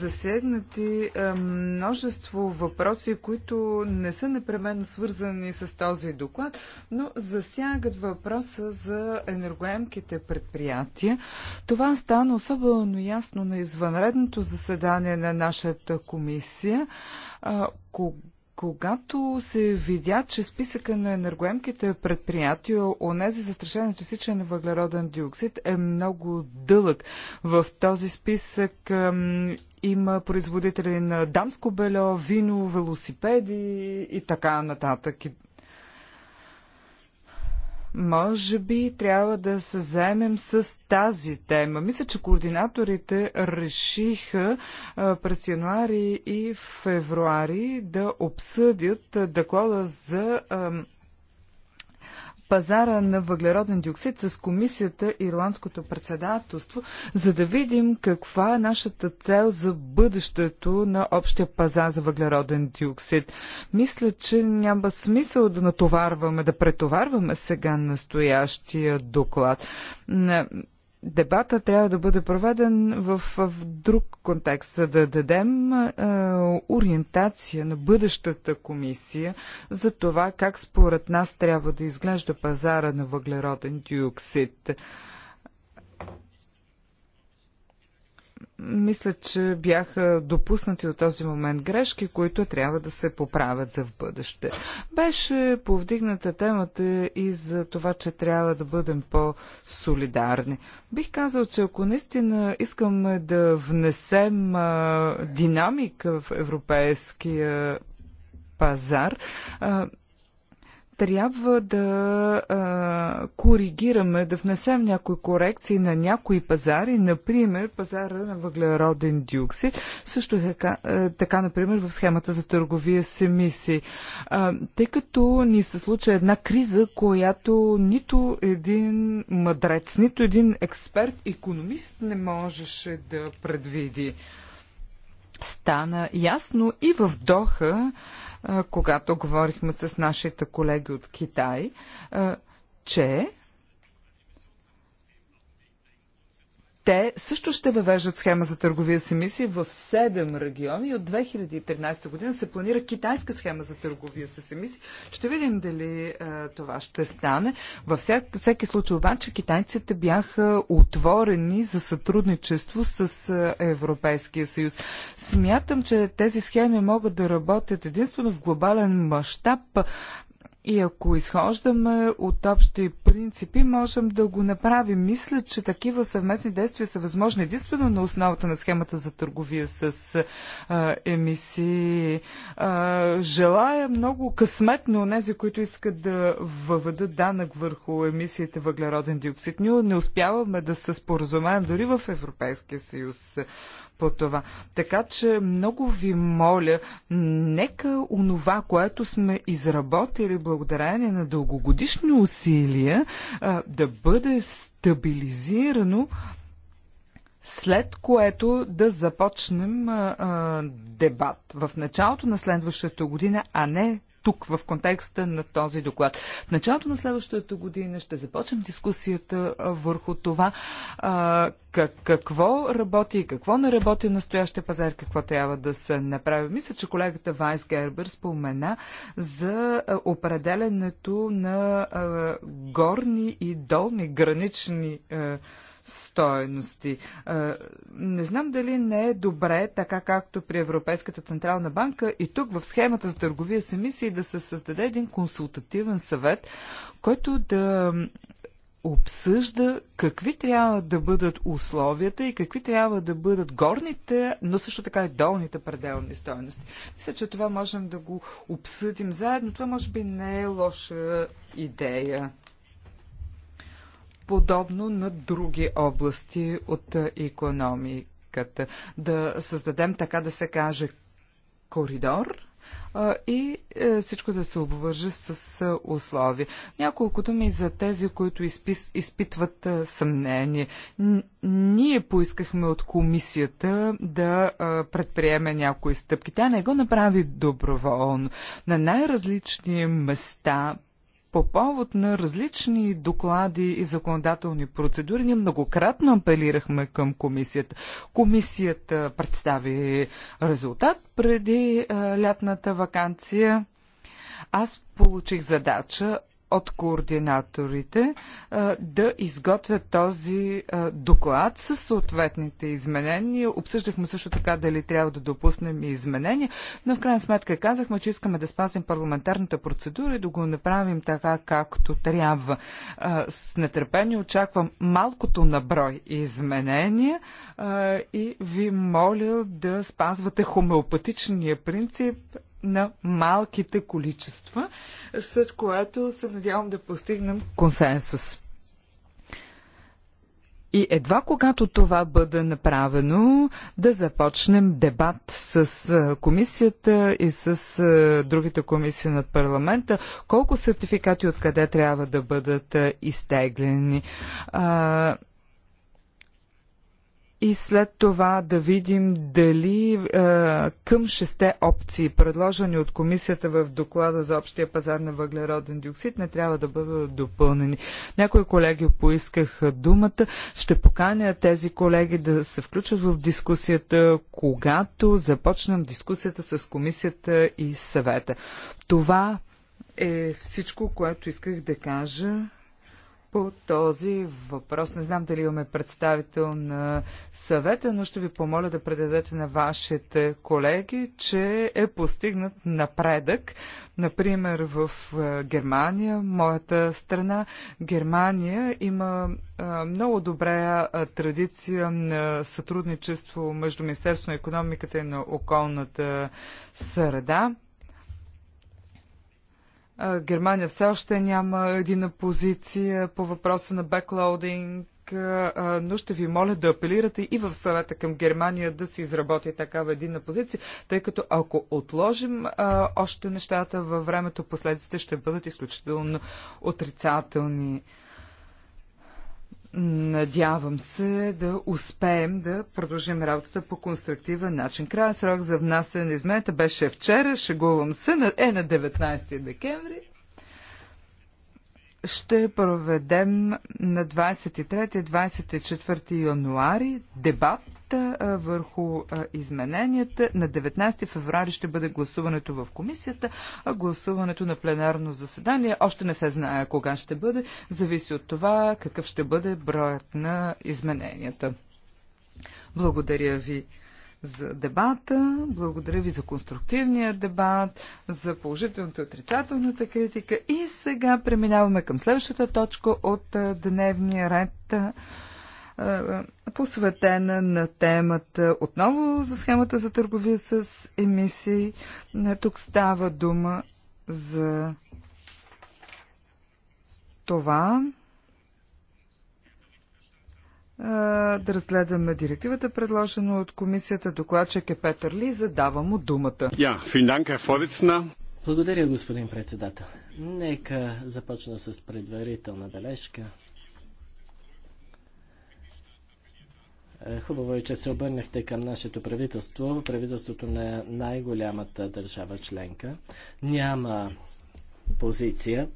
засегнати е, множество въпроси, които не са непременно свързани с този доклад, но засягат въпроса за енергоемките предприятия. Това стана особено ясно на извънредното заседание на нашата комисия, когато се видя, че списъка на енергоемките предприятия, онези застрашени от изсичане на въглероден диоксид е много дълъг. В този списък ем, има производители на дамско бельо, вино, велосипеди и така нататък. И може би трябва да се заемем с тази тема. Мисля, че координаторите решиха през януари и февруари да обсъдят доклада за пазара на въглероден диоксид с комисията Ирландското председателство, за да видим каква е нашата цел за бъдещето на общия пазар за въглероден диоксид. Мисля, че няма смисъл да натоварваме, да претоварваме сега настоящия доклад дебата трябва да бъде проведен в, в друг контекст, за да дадем е, ориентация на бъдещата комисия за това как според нас трябва да изглежда пазара на въглероден диоксид. мисля, че бяха допуснати от този момент грешки, които трябва да се поправят за в бъдеще. Беше повдигната темата и за това, че трябва да бъдем по-солидарни. Бих казал, че ако наистина искаме да внесем а, динамика в европейския пазар, а, трябва да а, коригираме, да внесем някои корекции на някои пазари, например пазара на въглероден диоксид, също така, а, така например в схемата за търговия с емисии. А, тъй като ни се случва една криза, която нито един мъдрец, нито един експерт, економист не можеше да предвиди. Стана ясно и в Доха, когато говорихме с нашите колеги от Китай, че те също ще въвеждат схема за търговия с емисии в 7 региони. От 2013 година се планира китайска схема за търговия с емисии. Ще видим дали а, е, това ще стане. Във всяк, всеки случай обаче китайците бяха отворени за сътрудничество с а, е, Европейския съюз. Смятам, че тези схеми могат да работят единствено в глобален мащаб. И ако изхождаме от общи принципи можем да го направим. Мисля, че такива съвместни действия са възможни единствено на основата на схемата за търговия с а, емисии. А, желая много късмет на тези, които искат да въведат данък върху емисиите въглероден диоксид. Ние не успяваме да се споразумеем дори в Европейския съюз по това. Така че много ви моля, нека онова, което сме изработили благодарение на дългогодишни усилия, а, да бъде стабилизирано след което да започнем а, а, дебат в началото на следващата година, а не тук в контекста на този доклад. В началото на следващата година ще започнем дискусията върху това а, как, какво работи и какво не работи настоящия пазар, какво трябва да се направи. Мисля, че колегата Вайс Гербер спомена за определенето на а, горни и долни гранични а, стоености. Не знам дали не е добре, така както при Европейската Централна банка и тук в схемата за търговия с емисии да се създаде един консултативен съвет, който да обсъжда какви трябва да бъдат условията и какви трябва да бъдат горните, но също така и долните пределни стоености. Мисля, че това можем да го обсъдим заедно. Това може би не е лоша идея подобно на други области от економиката. Да създадем, така да се каже, коридор и е, всичко да се обвърже с условия. Няколко думи за тези, които изпитват съмнение. Ние поискахме от комисията да предприеме някои стъпки. Тя не го направи доброволно. На най-различни места по повод на различни доклади и законодателни процедури ние многократно апелирахме към комисията. Комисията представи резултат преди лятната вакансия. Аз получих задача от координаторите да изготвят този доклад с съответните изменения. Обсъждахме също така дали трябва да допуснем и изменения, но в крайна сметка казахме, че искаме да спазим парламентарната процедура и да го направим така, както трябва. С нетърпение очаквам малкото наброй изменения и ви моля да спазвате хомеопатичния принцип на малките количества, с което се надявам да постигнем консенсус. И едва когато това бъде направено, да започнем дебат с комисията и с другите комисии на парламента, колко сертификати откъде трябва да бъдат изтеглени и след това да видим дали е, към шесте опции, предложени от комисията в доклада за общия пазар на въглероден диоксид, не трябва да бъдат допълнени. Някои колеги поискаха думата. Ще поканя тези колеги да се включат в дискусията, когато започнем дискусията с комисията и съвета. Това е всичко, което исках да кажа по този въпрос. Не знам дали имаме представител на съвета, но ще ви помоля да предадете на вашите колеги, че е постигнат напредък. Например, в е, Германия, моята страна, Германия има е, много добра е, традиция на сътрудничество между Министерството на економиката и на околната среда. Германия все още няма едина позиция по въпроса на беклоудинг, но ще ви моля да апелирате и в съвета към Германия да се изработи такава единна позиция, тъй като ако отложим още нещата във времето, последиците ще бъдат изключително отрицателни. Надявам се да успеем да продължим работата по конструктивен начин. Краен срок за внасяне на измените беше вчера, шегувам се, е на 19 декември. Ще проведем на 23-24 януари дебат дебата върху измененията. На 19 феврари ще бъде гласуването в комисията, а гласуването на пленарно заседание още не се знае кога ще бъде. Зависи от това какъв ще бъде броят на измененията. Благодаря ви за дебата, благодаря ви за конструктивния дебат, за положителната и отрицателната критика и сега преминаваме към следващата точка от дневния ред посветена на темата отново за схемата за търговия с емисии. Тук става дума за това да разгледаме директивата, предложена от комисията. Докладчик е Петър Ли. Задава му думата. Yeah, Благодаря, господин председател. Нека започна с предварителна бележка. Е, хубаво е, че се обърнахте към нашето правителство, правителството на най-голямата държава членка. Няма позиция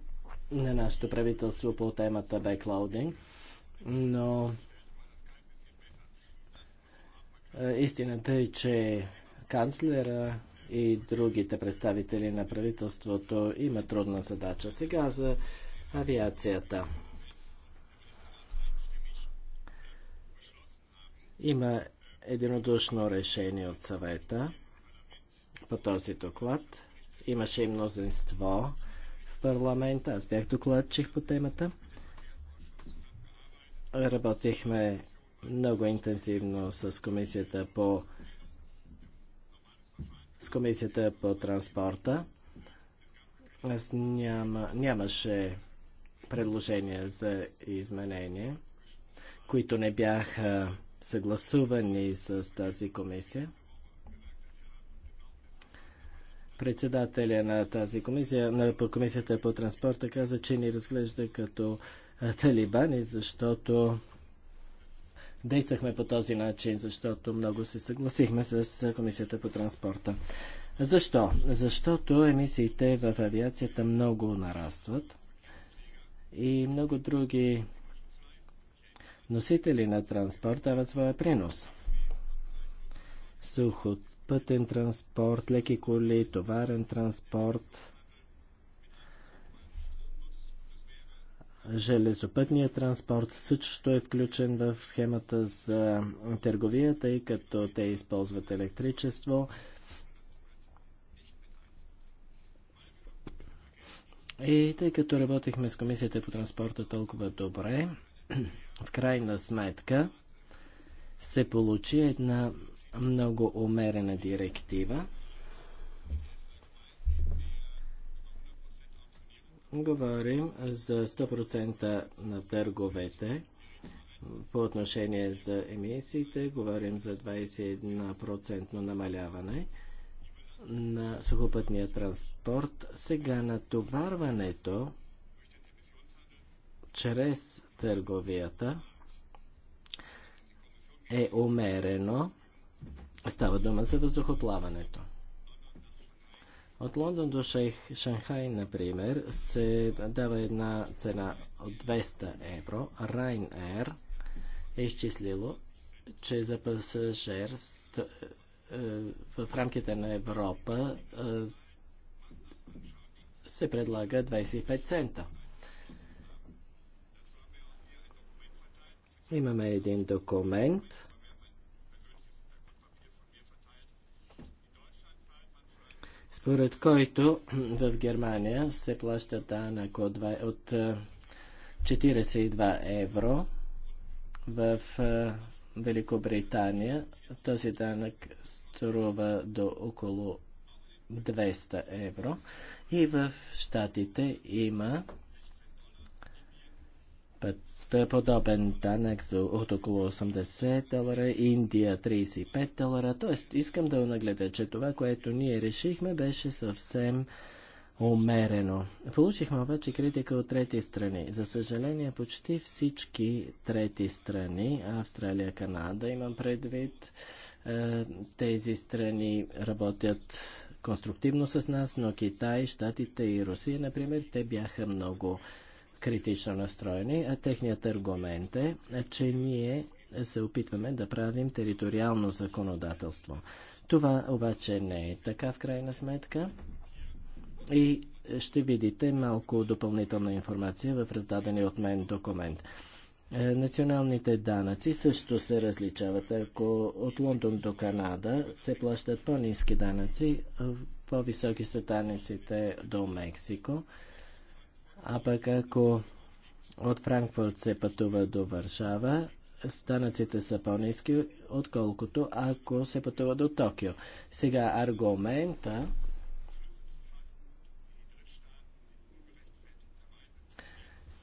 на нашето правителство по темата беклаудинг, но е, истината е, че канцлера и другите представители на правителството има трудна задача сега за авиацията. Има единодушно решение от съвета по този доклад. Имаше и мнозинство в парламента. Аз бях докладчих по темата. Работихме много интензивно с комисията по с комисията по транспорта. Аз няма, нямаше предложения за изменение, които не бяха съгласувани с тази комисия. Председателя на тази комисия, на комисията по транспорта каза, че ни разглежда като талибани, защото действахме по този начин, защото много се съгласихме с комисията по транспорта. Защо? Защото емисиите в авиацията много нарастват и много други носители на транспорт дават своя принос. Сухопътен транспорт, леки коли, товарен транспорт, Железопътният транспорт също е включен в схемата за търговията, тъй като те използват електричество. И тъй като работихме с Комисията по транспорта толкова добре, в крайна сметка се получи една много умерена директива. Говорим за 100% на търговете по отношение за емисиите, говорим за 21% намаляване на сухопътния транспорт. Сега натоварването чрез търговията е умерено. Става дума за въздухоплаването. От Лондон до Шейх, Шанхай, например, се дава една цена от 200 евро. Ryanair е изчислило, че за пасажир е, в рамките на Европа е, се предлага 25 цента. Имаме един документ. Според който в Германия се плаща данък от 42 е, евро. В е, Великобритания този данък струва до около 200 евро. И в Штатите има е подобен данък за от около 80 долара, Индия 35 долара. Тоест, искам да нагледа, че това, което ние решихме, беше съвсем умерено. Получихме обаче критика от трети страни. За съжаление, почти всички трети страни, Австралия, Канада, имам предвид, е, тези страни работят конструктивно с нас, но Китай, Штатите и Русия, например, те бяха много критично настроени, а техният аргумент е, че ние се опитваме да правим териториално законодателство. Това обаче не е така в крайна сметка. И ще видите малко допълнителна информация в раздадения от мен документ. Националните данъци също се различават. Ако от Лондон до Канада се плащат по-низки данъци, по-високи са данъците до Мексико. А пък ако от Франкфурт се пътува до Варшава, станъците са по-низки, отколкото ако се пътува до Токио. Сега аргумента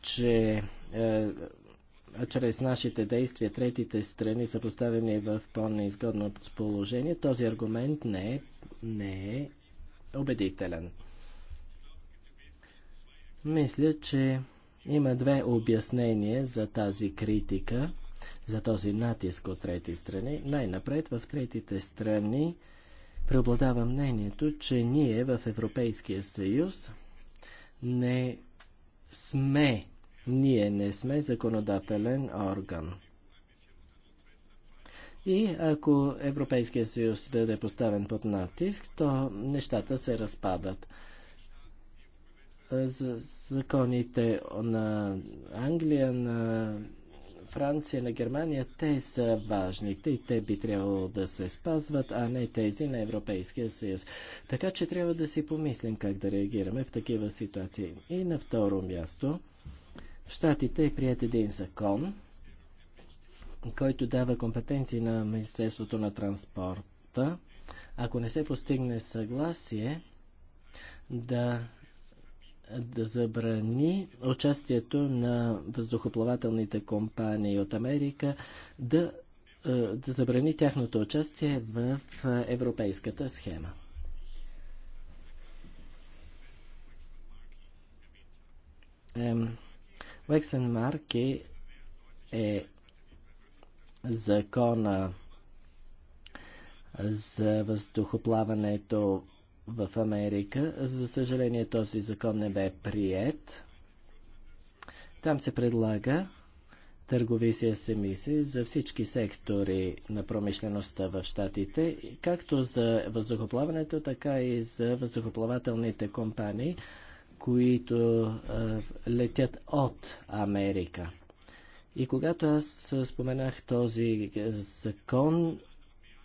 че е, чрез нашите действия третите страни са поставени в по-неизгодно положение, този аргумент не е, не е убедителен. Мисля, че има две обяснения за тази критика, за този натиск от трети страни. Най-напред в третите страни преобладава мнението, че ние в Европейския съюз не сме, ние не сме законодателен орган. И ако Европейския съюз бъде поставен под натиск, то нещата се разпадат законите на Англия, на Франция, на Германия, те са важните и те би трябвало да се спазват, а не тези на Европейския съюз. Така че трябва да си помислим как да реагираме в такива ситуации. И на второ място, в Штатите е прият един закон, който дава компетенции на Министерството на транспорта, ако не се постигне съгласие, да да забрани участието на въздухоплавателните компании от Америка да, е, да забрани тяхното участие в европейската схема. Вексен Марки е закона за въздухоплаването в Америка. За съжаление този закон не бе прият. Там се предлага търгови с емисии за всички сектори на промишлеността в Штатите, както за въздухоплаването, така и за въздухоплавателните компании, които е, летят от Америка. И когато аз споменах този закон,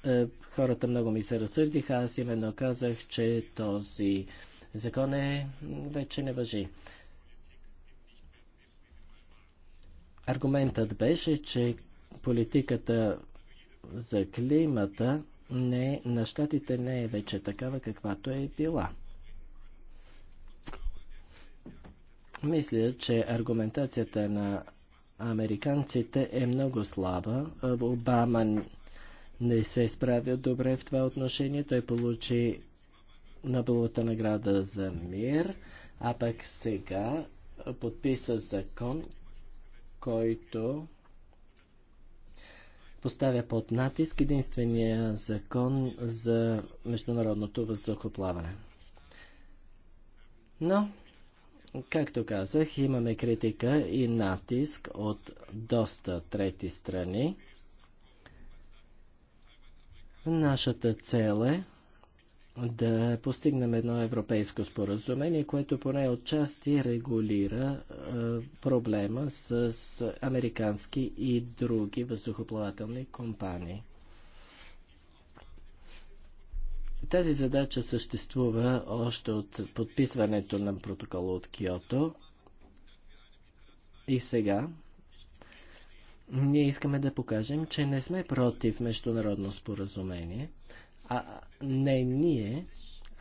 е, хората много ми се разсърдиха. Аз именно казах, че този закон е, вече не въжи. Аргументът беше, че политиката за климата не, на щатите не е вече такава, каквато е била. Мисля, че аргументацията на американците е много слаба. Обама не се справя добре в това отношение. Той получи Нобеловата награда за мир, а пък сега подписа закон, който поставя под натиск единствения закон за международното въздухоплаване. Но, както казах, имаме критика и натиск от доста трети страни. Нашата цел е да постигнем едно европейско споразумение, което поне отчасти регулира е, проблема с американски и други въздухоплавателни компании. Тази задача съществува още от подписването на протокола от Киото и сега ние искаме да покажем, че не сме против международно споразумение, а не ние,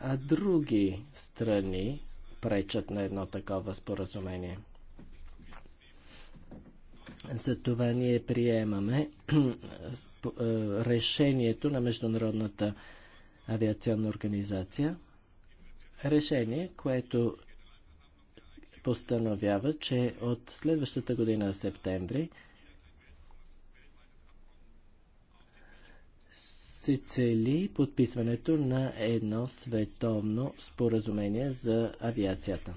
а други страни пречат на едно такова споразумение. Затова ние приемаме е, решението на Международната авиационна организация. Решение, което постановява, че от следващата година септември се цели подписването на едно световно споразумение за авиацията.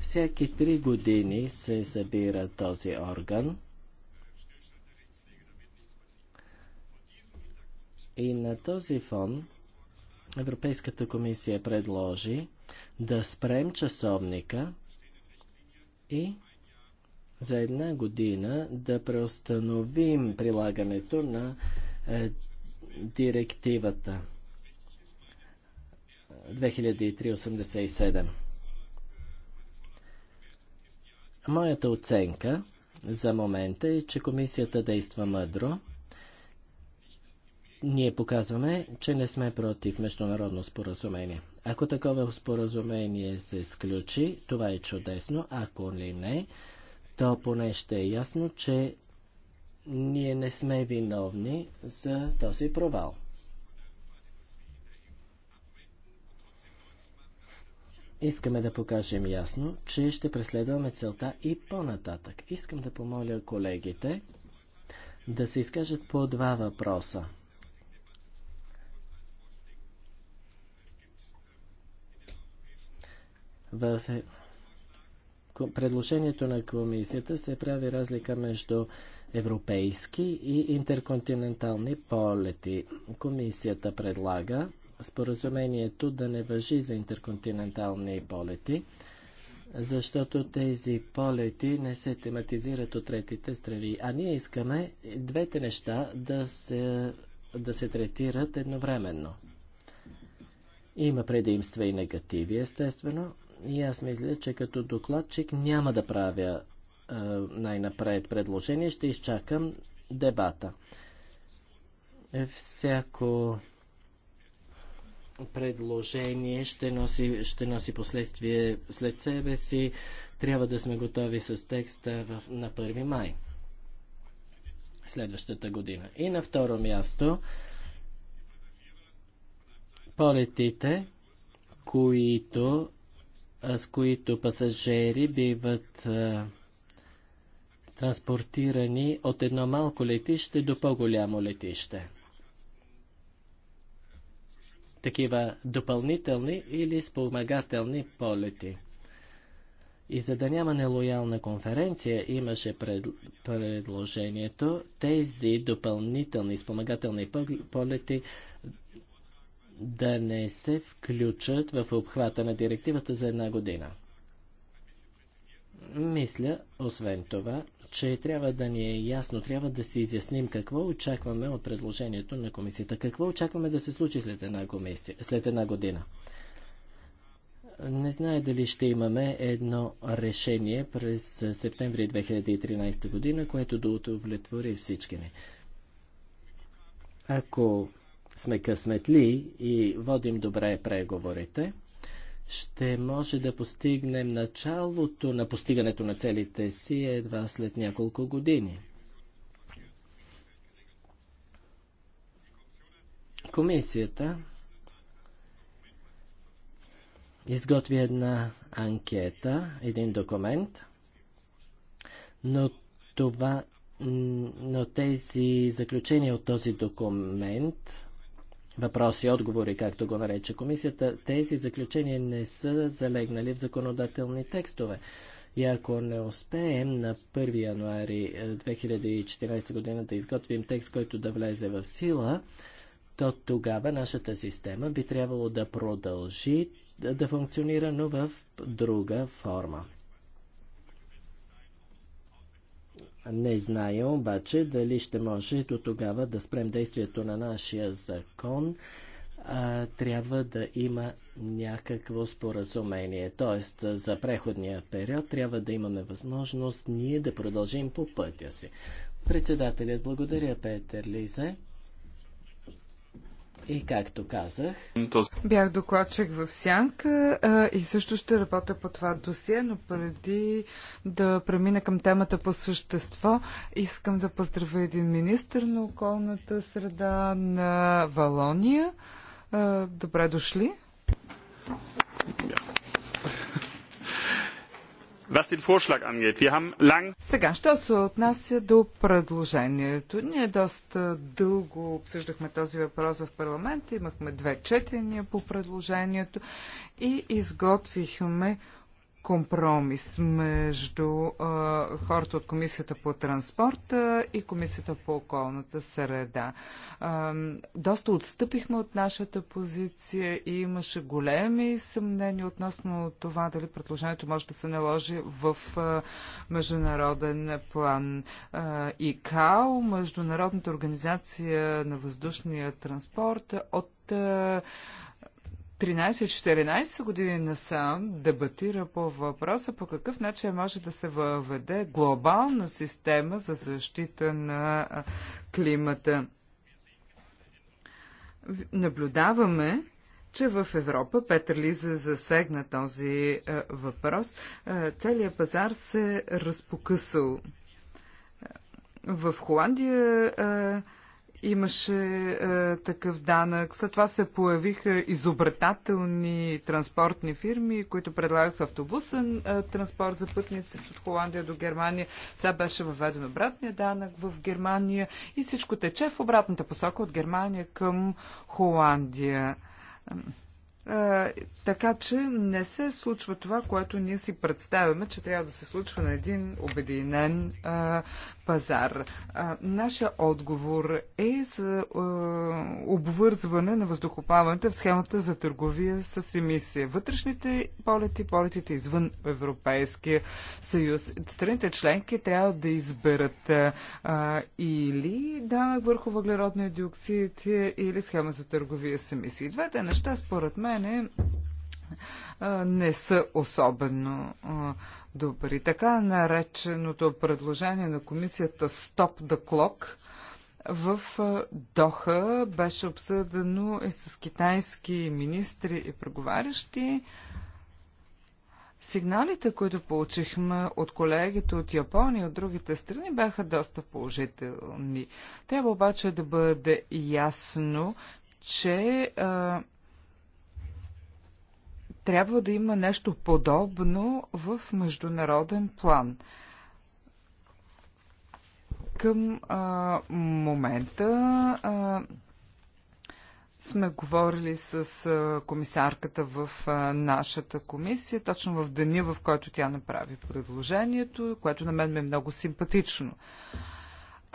Всяки три години се събира този орган и на този фон Европейската комисия предложи да спрем часовника и за една година да преустановим прилагането на е, директивата 2387. Моята оценка за момента е, че комисията действа мъдро. Ние показваме, че не сме против международно споразумение. Ако такова споразумение се сключи, това е чудесно. Ако ли не, то поне ще е ясно, че ние не сме виновни за този провал. Искаме да покажем ясно, че ще преследваме целта и по-нататък. Искам да помоля колегите да се изкажат по два въпроса. В е- предложението на комисията се прави разлика между европейски и интерконтинентални полети. Комисията предлага споразумението да не въжи за интерконтинентални полети, защото тези полети не се тематизират от третите страни. А ние искаме двете неща да се, да се третират едновременно. Има предимства и негативи, естествено, и аз мисля, че като докладчик няма да правя най-напред предложение. Ще изчакам дебата. Е, всяко предложение ще носи, ще носи последствие след себе си. Трябва да сме готови с текста в, на 1 май следващата година. И на второ място полетите, които, с които пасажери биват транспортирани от едно малко летище до по-голямо летище. Такива допълнителни или спомагателни полети. И за да няма нелоялна конференция, имаше пред, предложението тези допълнителни спомагателни полети да не се включат в обхвата на директивата за една година. Мисля, освен това, че трябва да ни е ясно, трябва да си изясним какво очакваме от предложението на комисията. Какво очакваме да се случи след една, комисия, след една година? Не знае дали ще имаме едно решение през септември 2013 година, което да удовлетвори всички ни. Ако сме късметли и водим добре преговорите, ще може да постигнем началото на постигането на целите си едва след няколко години. Комисията изготви една анкета, един документ, но това но тези заключения от този документ въпроси и отговори, както го нарече комисията, тези заключения не са залегнали в законодателни текстове. И ако не успеем на 1 януари 2014 е, година да изготвим текст, който да влезе в сила, то тогава нашата система би трябвало да продължи да функционира, но в друга форма. Не знаем, обаче дали ще може до тогава да спрем действието на нашия закон. А, трябва да има някакво споразумение. Тоест, за преходния период трябва да имаме възможност ние да продължим по пътя си. Председателят благодаря Петър Лизе. И както казах... Бях докладчик в Сянка а, и също ще работя по това досие, но преди да премина към темата по същество, искам да поздравя един министр на околната среда на Валония. А, добре дошли! Сега, що се отнася до предложението? Ние доста дълго обсъждахме този въпрос в парламента, имахме две четения по предложението и изготвихме компромис между а, хората от Комисията по транспорта и Комисията по околната среда. А, доста отстъпихме от нашата позиция и имаше големи съмнения относно това дали предложението може да се наложи в а, международен план. А, ИКАО, Международната организация на въздушния транспорт, от 13-14 години насам дебатира по въпроса по какъв начин може да се въведе глобална система за защита на климата. Наблюдаваме, че в Европа, Петър Лиза засегна този въпрос, целият пазар се разпокъсал. В Холандия имаше е, такъв данък. След това се появиха изобретателни транспортни фирми, които предлагаха автобусен е, транспорт за пътниците от Холандия до Германия. Сега беше въведен обратния данък в Германия и всичко тече в обратната посока от Германия към Холандия. А, е, така че не се случва това, което ние си представяме, че трябва да се случва на един обединен а, е, пазар. Нашия отговор е за обвързване на въздухоплаването в схемата за търговия с емисия. Вътрешните полети, полетите извън Европейския съюз. Страните членки трябва да изберат а, или данък върху въглеродния диоксид, или схема за търговия с емисии. Двете неща, според мен, е, не са особено Добре, Така нареченото предложение на комисията Stop the Clock в Доха беше обсъдено и с китайски министри и преговарящи. Сигналите, които получихме от колегите от Япония и от другите страни, бяха доста положителни. Трябва обаче да бъде ясно, че а, трябва да има нещо подобно в международен план. Към а, момента а, сме говорили с а, комисарката в а, нашата комисия, точно в деня, в който тя направи предложението, което на мен ми е много симпатично. А,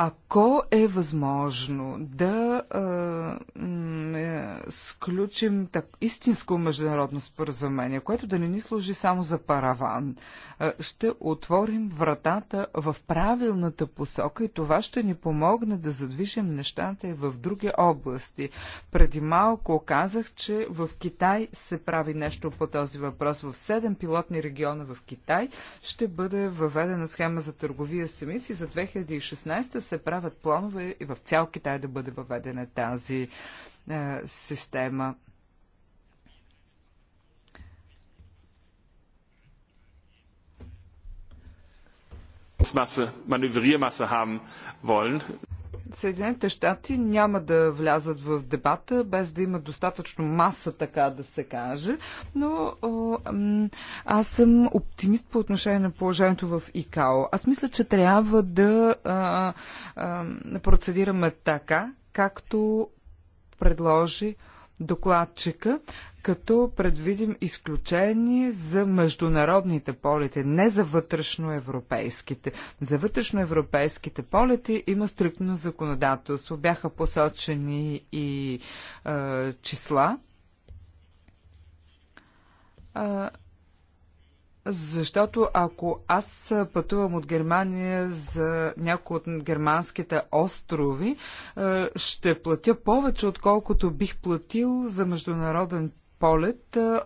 ако е възможно да а, е, сключим так, истинско международно споразумение, което да не ни служи само за параван, а, ще отворим вратата в правилната посока и това ще ни помогне да задвижим нещата и в други области. Преди малко казах, че в Китай се прави нещо по този въпрос. В 7 пилотни региона в Китай ще бъде въведена схема за търговия с емисии за 2016 се правят планове и в цял Китай да бъде въведена тази е, система. Manövriermasse haben wollen. Съединените щати няма да влязат в дебата, без да има достатъчно маса, така да се каже, но аз съм оптимист по отношение на положението в ИКАО. Аз мисля, че трябва да а, а, процедираме така, както предложи докладчика, като предвидим изключение за международните полети, не за вътрешноевропейските. За вътрешноевропейските полети има стриктно законодателство. Бяха посочени и е, числа. Е, защото ако аз пътувам от Германия за някои от германските острови, е, ще платя повече, отколкото бих платил за международен полет е,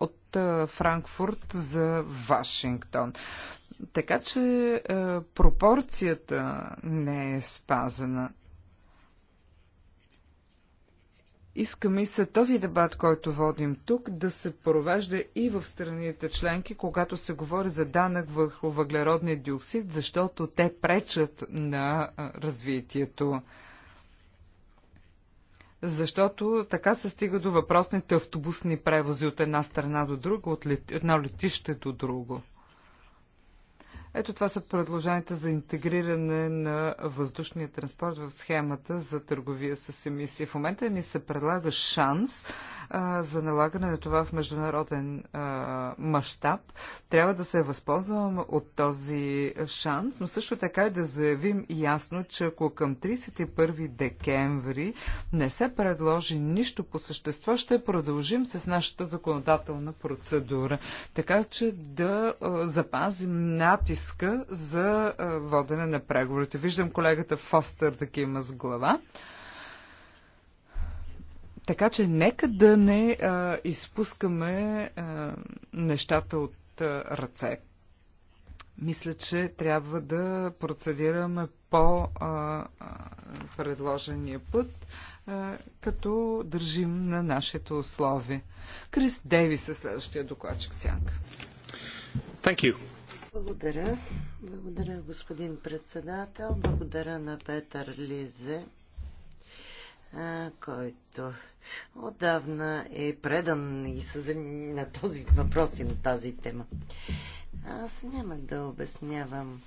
от е, Франкфурт за Вашингтон. Така че пропорцията не е спазена. Иска ми се този дебат, който водим тук, да се провежда и в страните членки, когато се говори за данък върху въглеродния диоксид, защото те пречат на развитието. Защото така се стига до въпросните автобусни превози от една страна до друга, от едно летище до друго. Ето това са предложенията за интегриране на въздушния транспорт в схемата за търговия с емисии. В момента ни се предлага шанс а, за налагане на това в международен мащаб. Трябва да се възползваме от този шанс, но също така и да заявим ясно, че ако към 31 декември не се предложи нищо по същество, ще продължим с нашата законодателна процедура. Така че да а, запазим натиск риска за водене на преговорите. Виждам колегата Фостър да има с глава. Така че нека да не а, изпускаме а, нещата от а, ръце. Мисля, че трябва да процедираме по а, предложения път, а, като държим на нашите условие. Крис Дейвис е следващия докладчик Сянка. Thank you. Благодаря. Благодаря, господин председател. Благодаря на Петър Лизе, който отдавна е предан и на този въпрос и на тази тема. Аз няма да обяснявам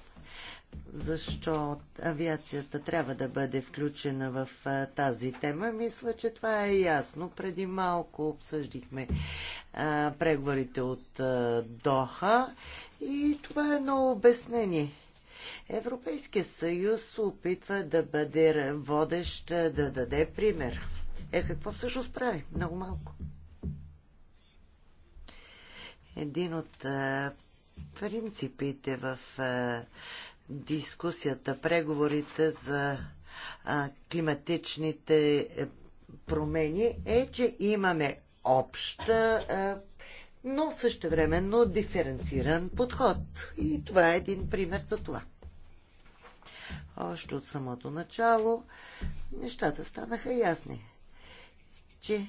защо авиацията трябва да бъде включена в тази тема. Мисля, че това е ясно. Преди малко обсъждихме а, преговорите от а, Доха и това е едно обяснение. Европейския съюз опитва да бъде водещ, да даде пример. Е, какво всъщност прави? Много малко. Един от а, принципите в а, дискусията, преговорите за а, климатичните е, промени е, че имаме обща, а, но същевременно диференциран подход. И това е един пример за това. Още от самото начало нещата станаха ясни, че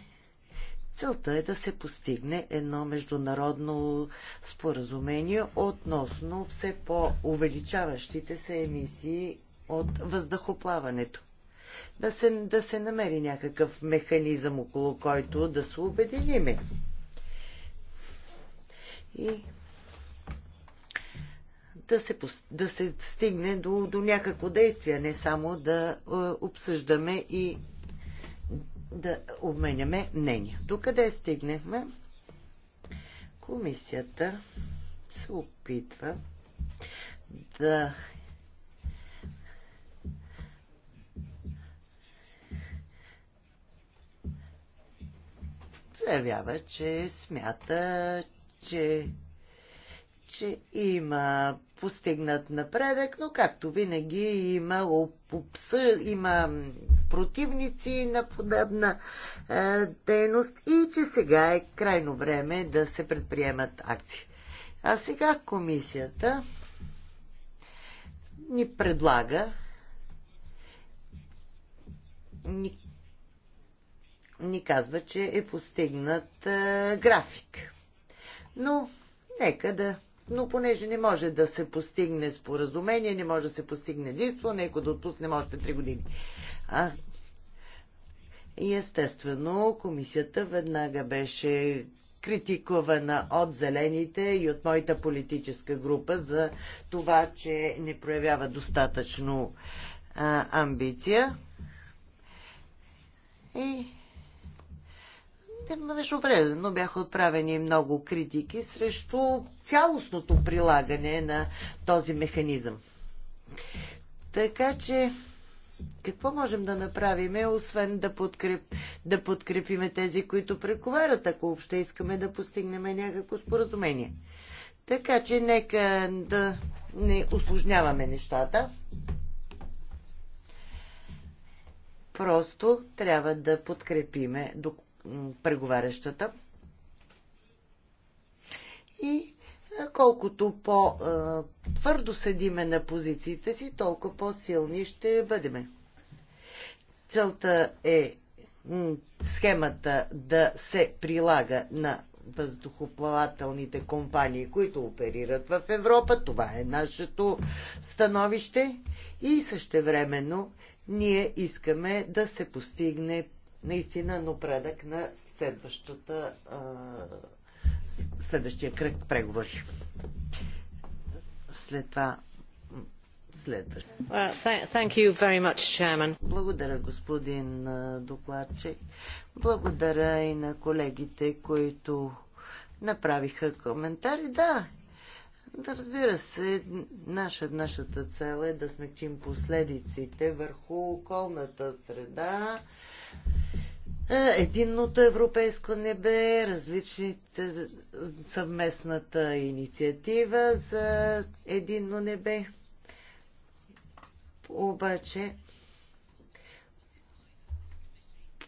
Целта е да се постигне едно международно споразумение относно все по-увеличаващите се емисии от въздухоплаването. Да се, да се намери някакъв механизъм, около който да се обединиме. И да се, да се стигне до, до някакво действие, не само да е, обсъждаме и да обменяме мнения. Докъде стигнахме? Комисията се опитва да заявява, че смята, че, че има постигнат напредък, но както винаги има, обсъ... има противници на подобна е, дейност и че сега е крайно време да се предприемат акции. А сега комисията ни предлага ни, ни казва, че е постигнат е, график. Но нека да но понеже не може да се постигне споразумение, не може да се постигне единство, нека да отпуснем още 3 години. А, и естествено, комисията веднага беше критикувана от зелените и от моята политическа група за това, че не проявява достатъчно а, амбиция. И междувременно бяха отправени много критики срещу цялостното прилагане на този механизъм. Така че какво можем да направим, освен да, подкреп, да подкрепиме тези, които преговарят, ако въобще искаме да постигнем някакво споразумение? Така че нека да не осложняваме нещата. Просто трябва да подкрепиме преговарящата. И колкото по-твърдо седиме на позициите си, толкова по-силни ще бъдеме. Целта е схемата да се прилага на въздухоплавателните компании, които оперират в Европа. Това е нашето становище. И същевременно ние искаме да се постигне наистина напредък на следващата а, следващия кръг преговори. След това следващ. Well, much, Благодаря, господин докладчик. Благодаря и на колегите, които направиха коментари. Да, да разбира се, наша, нашата цел е да смекчим последиците върху околната среда, е, единното европейско небе, различните съвместната инициатива за единно небе. Обаче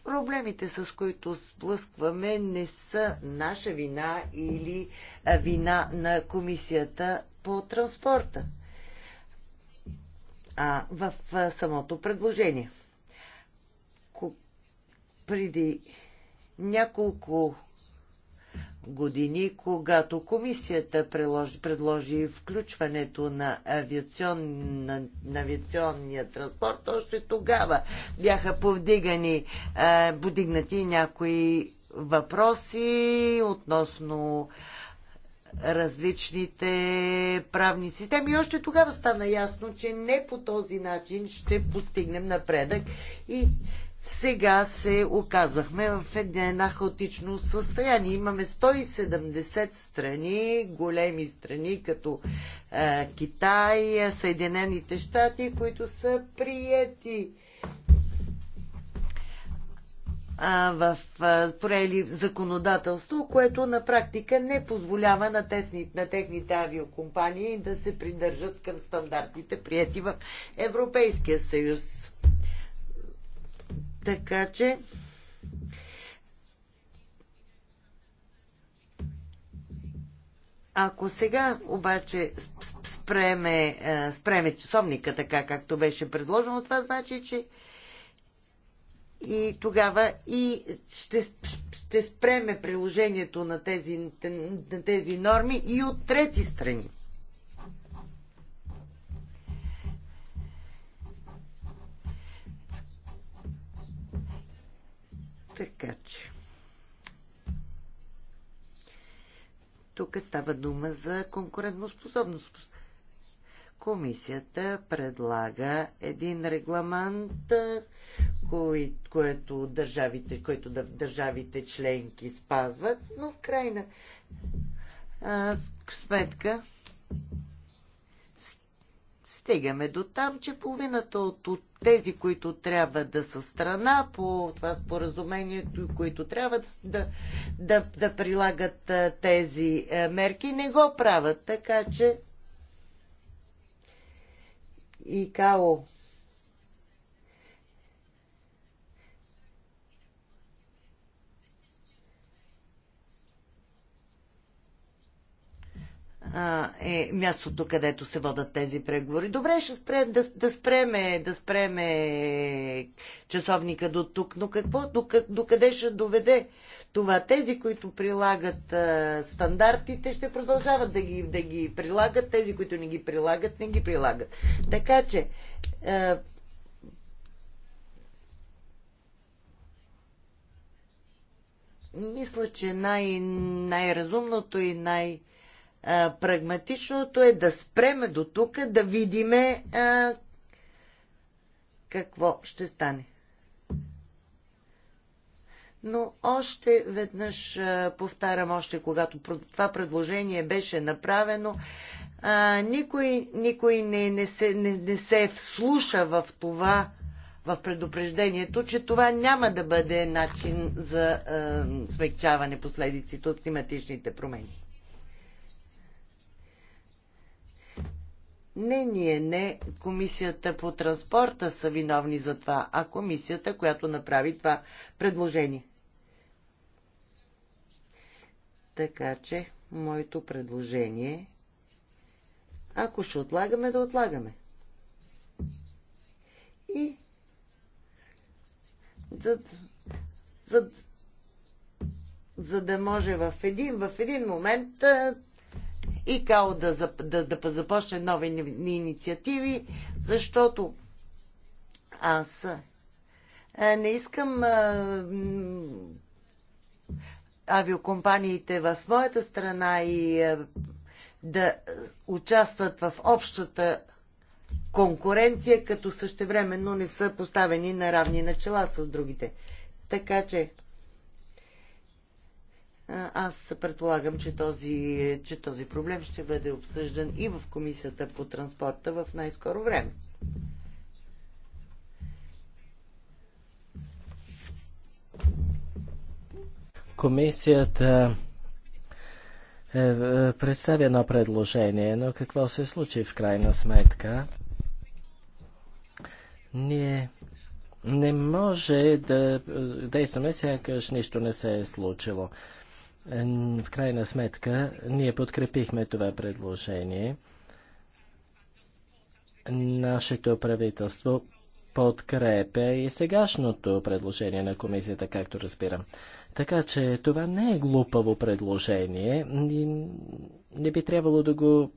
проблемите, с които сблъскваме, не са наша вина или вина на комисията по транспорта, а в самото предложение – преди няколко години, когато комисията предложи, предложи включването на, авиацион, на, на авиационния транспорт, още тогава бяха повдигани, а, подигнати някои въпроси относно различните правни системи. И още тогава стана ясно, че не по този начин ще постигнем напредък и сега се оказвахме в една хаотично състояние. Имаме 170 страни, големи страни, като е, Китай, Съединените щати, които са приети в проели законодателство, което на практика не позволява на, тесни, на техните авиокомпании да се придържат към стандартите, прияти в Европейския съюз. Така че Ако сега обаче спреме, е, спреме часовника така, както беше предложено, това значи, че и тогава и ще, ще спреме приложението на тези, на тези норми и от трети страни. Така че. Тук става дума за конкурентоспособност. Комисията предлага един регламент, кой, което държавите, който да, държавите членки спазват, но в крайна а, сметка стигаме до там, че половината от, тези, които трябва да са страна по това споразумението, които трябва да, да, да прилагат тези мерки, не го правят. Така че и КАО е мястото, където се водат тези преговори. Добре, ще спрем, да, да спреме, да спреме часовника до тук, но какво, до, до къде ще доведе това? Тези, които прилагат а, стандартите, ще продължават да ги, да ги прилагат, тези, които не ги прилагат, не ги прилагат. Така че, а, мисля, че най- най-разумното и най- а, прагматичното е да спреме до тук, да видиме а, какво ще стане. Но още веднъж а, повтарям, още когато това предложение беше направено, а, никой, никой не, не, се, не, не се вслуша в това, в предупреждението, че това няма да бъде начин за а, смягчаване последиците от климатичните промени. Не, ние не. Комисията по транспорта са виновни за това, а комисията, която направи това предложение. Така че, моето предложение ако ще отлагаме, да отлагаме. И за, за, за да може в един, в един момент као да, да, да започне нови инициативи, защото аз не искам авиокомпаниите в моята страна и да участват в общата конкуренция, като същевременно не са поставени на равни начала с другите. Така че аз предполагам, че този, че този проблем ще бъде обсъждан и в Комисията по транспорта в най-скоро време. Комисията е, е, представя едно предложение, но какво се случи в крайна сметка? Ние не може да действаме, сякаш нищо не се е случило. В крайна сметка, ние подкрепихме това предложение. Нашето правителство подкрепя и сегашното предложение на комисията, както разбирам. Така че това не е глупаво предложение и не би трябвало да го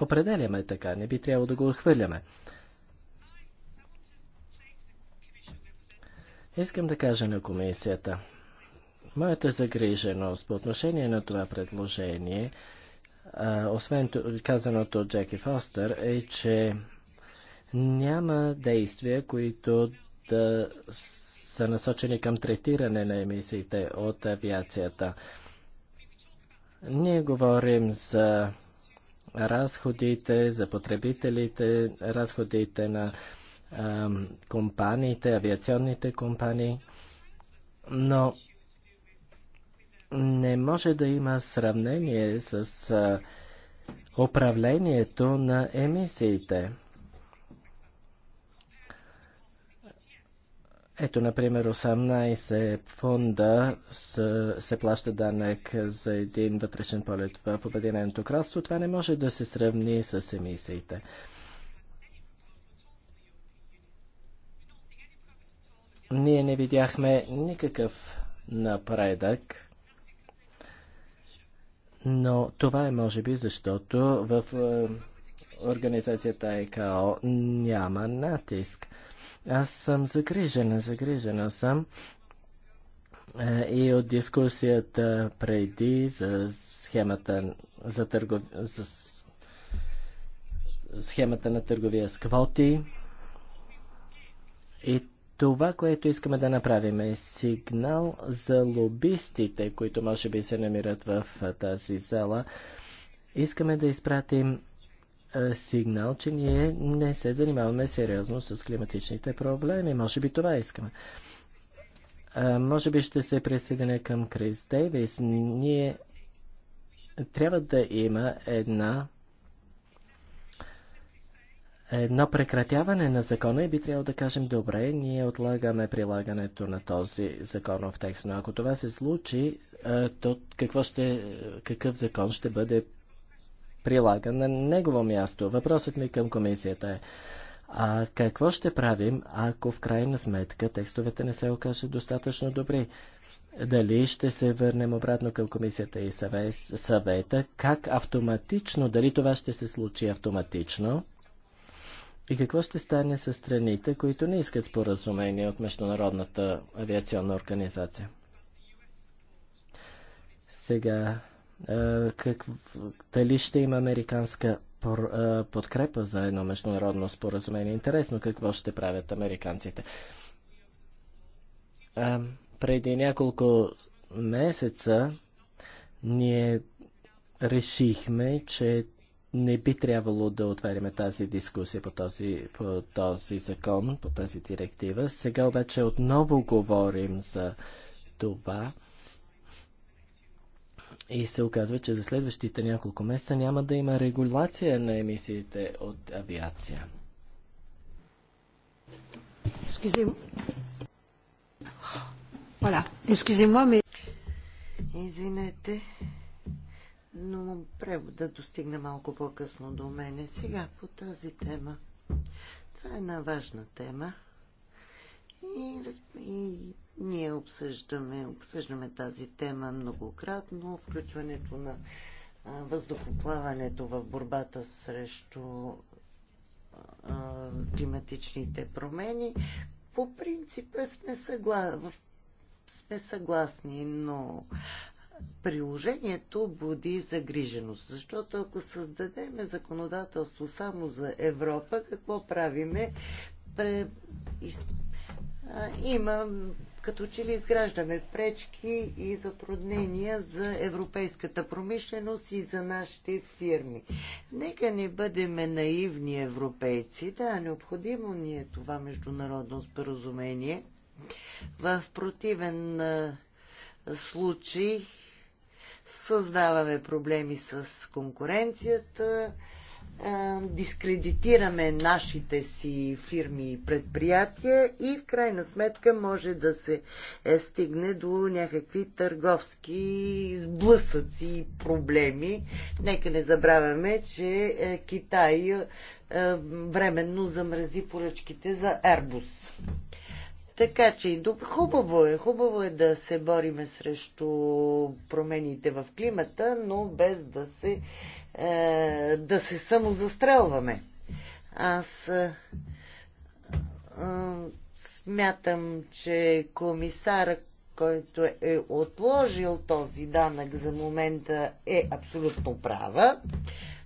определяме така, не би трябвало да го отхвърляме. Искам да кажа на комисията. Моята загриженост по отношение на това предложение, а, освен казаното от Джеки Фостер, е, че няма действия, които да са насочени към третиране на емисиите от авиацията. Ние говорим за разходите за потребителите, разходите на а, компаниите, авиационните компании, но не може да има сравнение с управлението на емисиите. Ето, например, 18 фонда с, се плаща данък за един вътрешен полет в Обединеното кралство. Това не може да се сравни с емисиите. Ние не видяхме никакъв напредък но това е може би защото в е, организацията ЕКО няма натиск. Аз съм загрижена, загрижена съм е, и от дискусията преди за схемата за, търгов... за схемата на търговия с квоти. И това, което искаме да направим е сигнал за лобистите, които може би се намират в тази зала. Искаме да изпратим сигнал, че ние не се занимаваме сериозно с климатичните проблеми. Може би това искаме. може би ще се присъединя към Крис Дейвис. Ние трябва да има една едно прекратяване на закона и би трябвало да кажем добре, ние отлагаме прилагането на този законов текст. Но ако това се случи, то какво ще, какъв закон ще бъде прилаган на негово място? Въпросът ми към комисията е. А какво ще правим, ако в крайна сметка текстовете не се окажат достатъчно добри? Дали ще се върнем обратно към комисията и съвета? Как автоматично, дали това ще се случи автоматично? И какво ще стане с страните, които не искат споразумение от Международната авиационна организация? Сега, как, дали ще има американска подкрепа за едно международно споразумение? Интересно какво ще правят американците. Преди няколко месеца ние решихме, че не би трябвало да отваряме тази дискусия по този, по този закон, по тази директива. Сега обаче отново говорим за това и се оказва, че за следващите няколко месеца няма да има регулация на емисиите от авиация. Извинете, но превода достигна малко по-късно до мене. Сега по тази тема. Това е една важна тема. И, и ние обсъждаме, обсъждаме тази тема многократно. Включването на а, въздухоплаването в борбата срещу а, климатичните промени. По принцип сме, съгла... сме съгласни, но приложението буди загриженост, защото ако създадеме законодателство само за Европа, какво правиме? Пре... Из... А, има като че ли изграждаме пречки и затруднения за европейската промишленост и за нашите фирми. Нека не бъдеме наивни европейци. Да, необходимо ни е това международно споразумение. В противен случай създаваме проблеми с конкуренцията, дискредитираме нашите си фирми и предприятия и в крайна сметка може да се е, стигне до някакви търговски сблъсъци и проблеми. Нека не забравяме, че е, Китай е, временно замрази поръчките за Airbus. Така че и хубаво е, хубаво е да се бориме срещу промените в климата, но без да се, е, да се самозастрелваме. Аз е, е, смятам, че комисара, който е отложил този данък за момента, е абсолютно права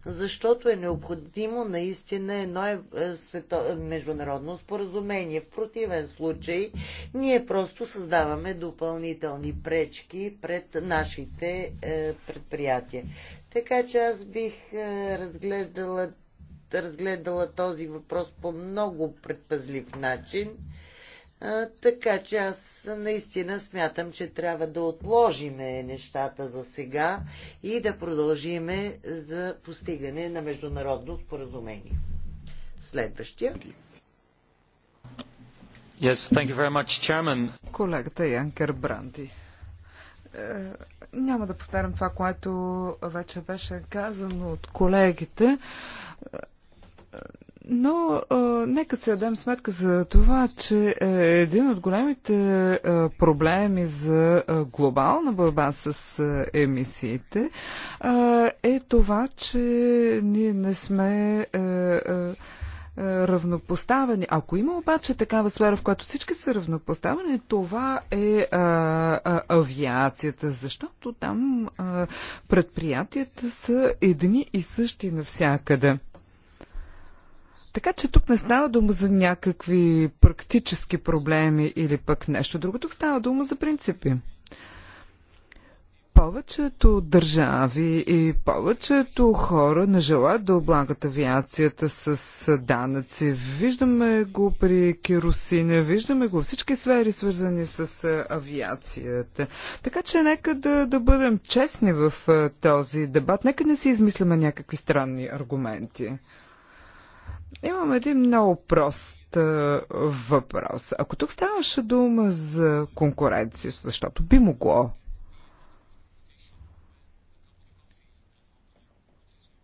защото е необходимо наистина едно е, е, свето... международно споразумение. В противен случай ние просто създаваме допълнителни пречки пред нашите е, предприятия. Така че аз бих разгледала разгледала този въпрос по много предпазлив начин така че аз наистина смятам, че трябва да отложиме нещата за сега и да продължиме за постигане на международно споразумение. Следващия. Yes, thank you very much, chairman. Колегата Янкер Бранди. Е, няма да повтарям това, което вече беше казано от колегите е, но а, нека се дадем сметка за това, че е един от големите а, проблеми за а, глобална борба с а, емисиите а, е това, че ние не сме. А, е, а, е, е, равнопоставени. Ако има обаче такава сфера, в която всички са равнопоставени, това е а, а, авиацията, защото там а, предприятията са едни и същи навсякъде. Така че тук не става дума за някакви практически проблеми или пък нещо друго. Тук става дума за принципи повечето държави и повечето хора не желаят да облагат авиацията с данъци. Виждаме го при керосина, виждаме го всички сфери, свързани с авиацията. Така че нека да, да бъдем честни в този дебат. Нека не си измисляме някакви странни аргументи. Имам един много прост а, е, въпрос. Ако тук ставаше дума за конкуренция, защото би могло,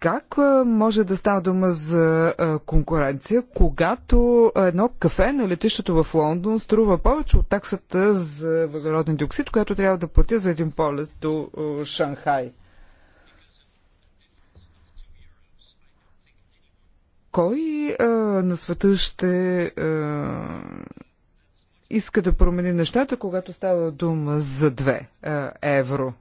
как е, може да става дума за е, конкуренция, когато едно кафе на летището в Лондон струва повече от таксата за въглероден диоксид, която трябва да платя за един полет до Шанхай? Кой а, на света ще а, иска да промени нещата, когато става дума за 2 а, евро?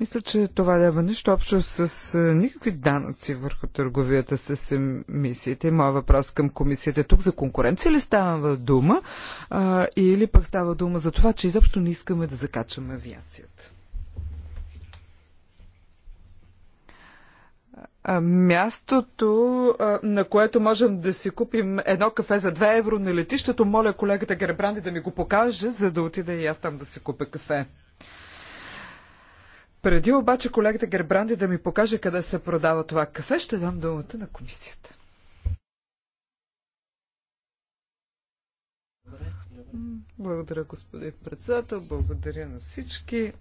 Мисля, че това няма нищо общо с никакви данъци върху търговията с емисиите. Моя въпрос към комисията е тук за конкуренция ли става дума а, или пък става дума за това, че изобщо не искаме да закачаме авиацията? мястото, на което можем да си купим едно кафе за 2 евро на летището, моля колегата Гербранди да ми го покаже, за да отида и аз там да си купя кафе. Преди обаче колегата Гербранди да ми покаже къде се продава това кафе, ще дам думата на комисията. Благодаря, господин председател. Благодаря на всички.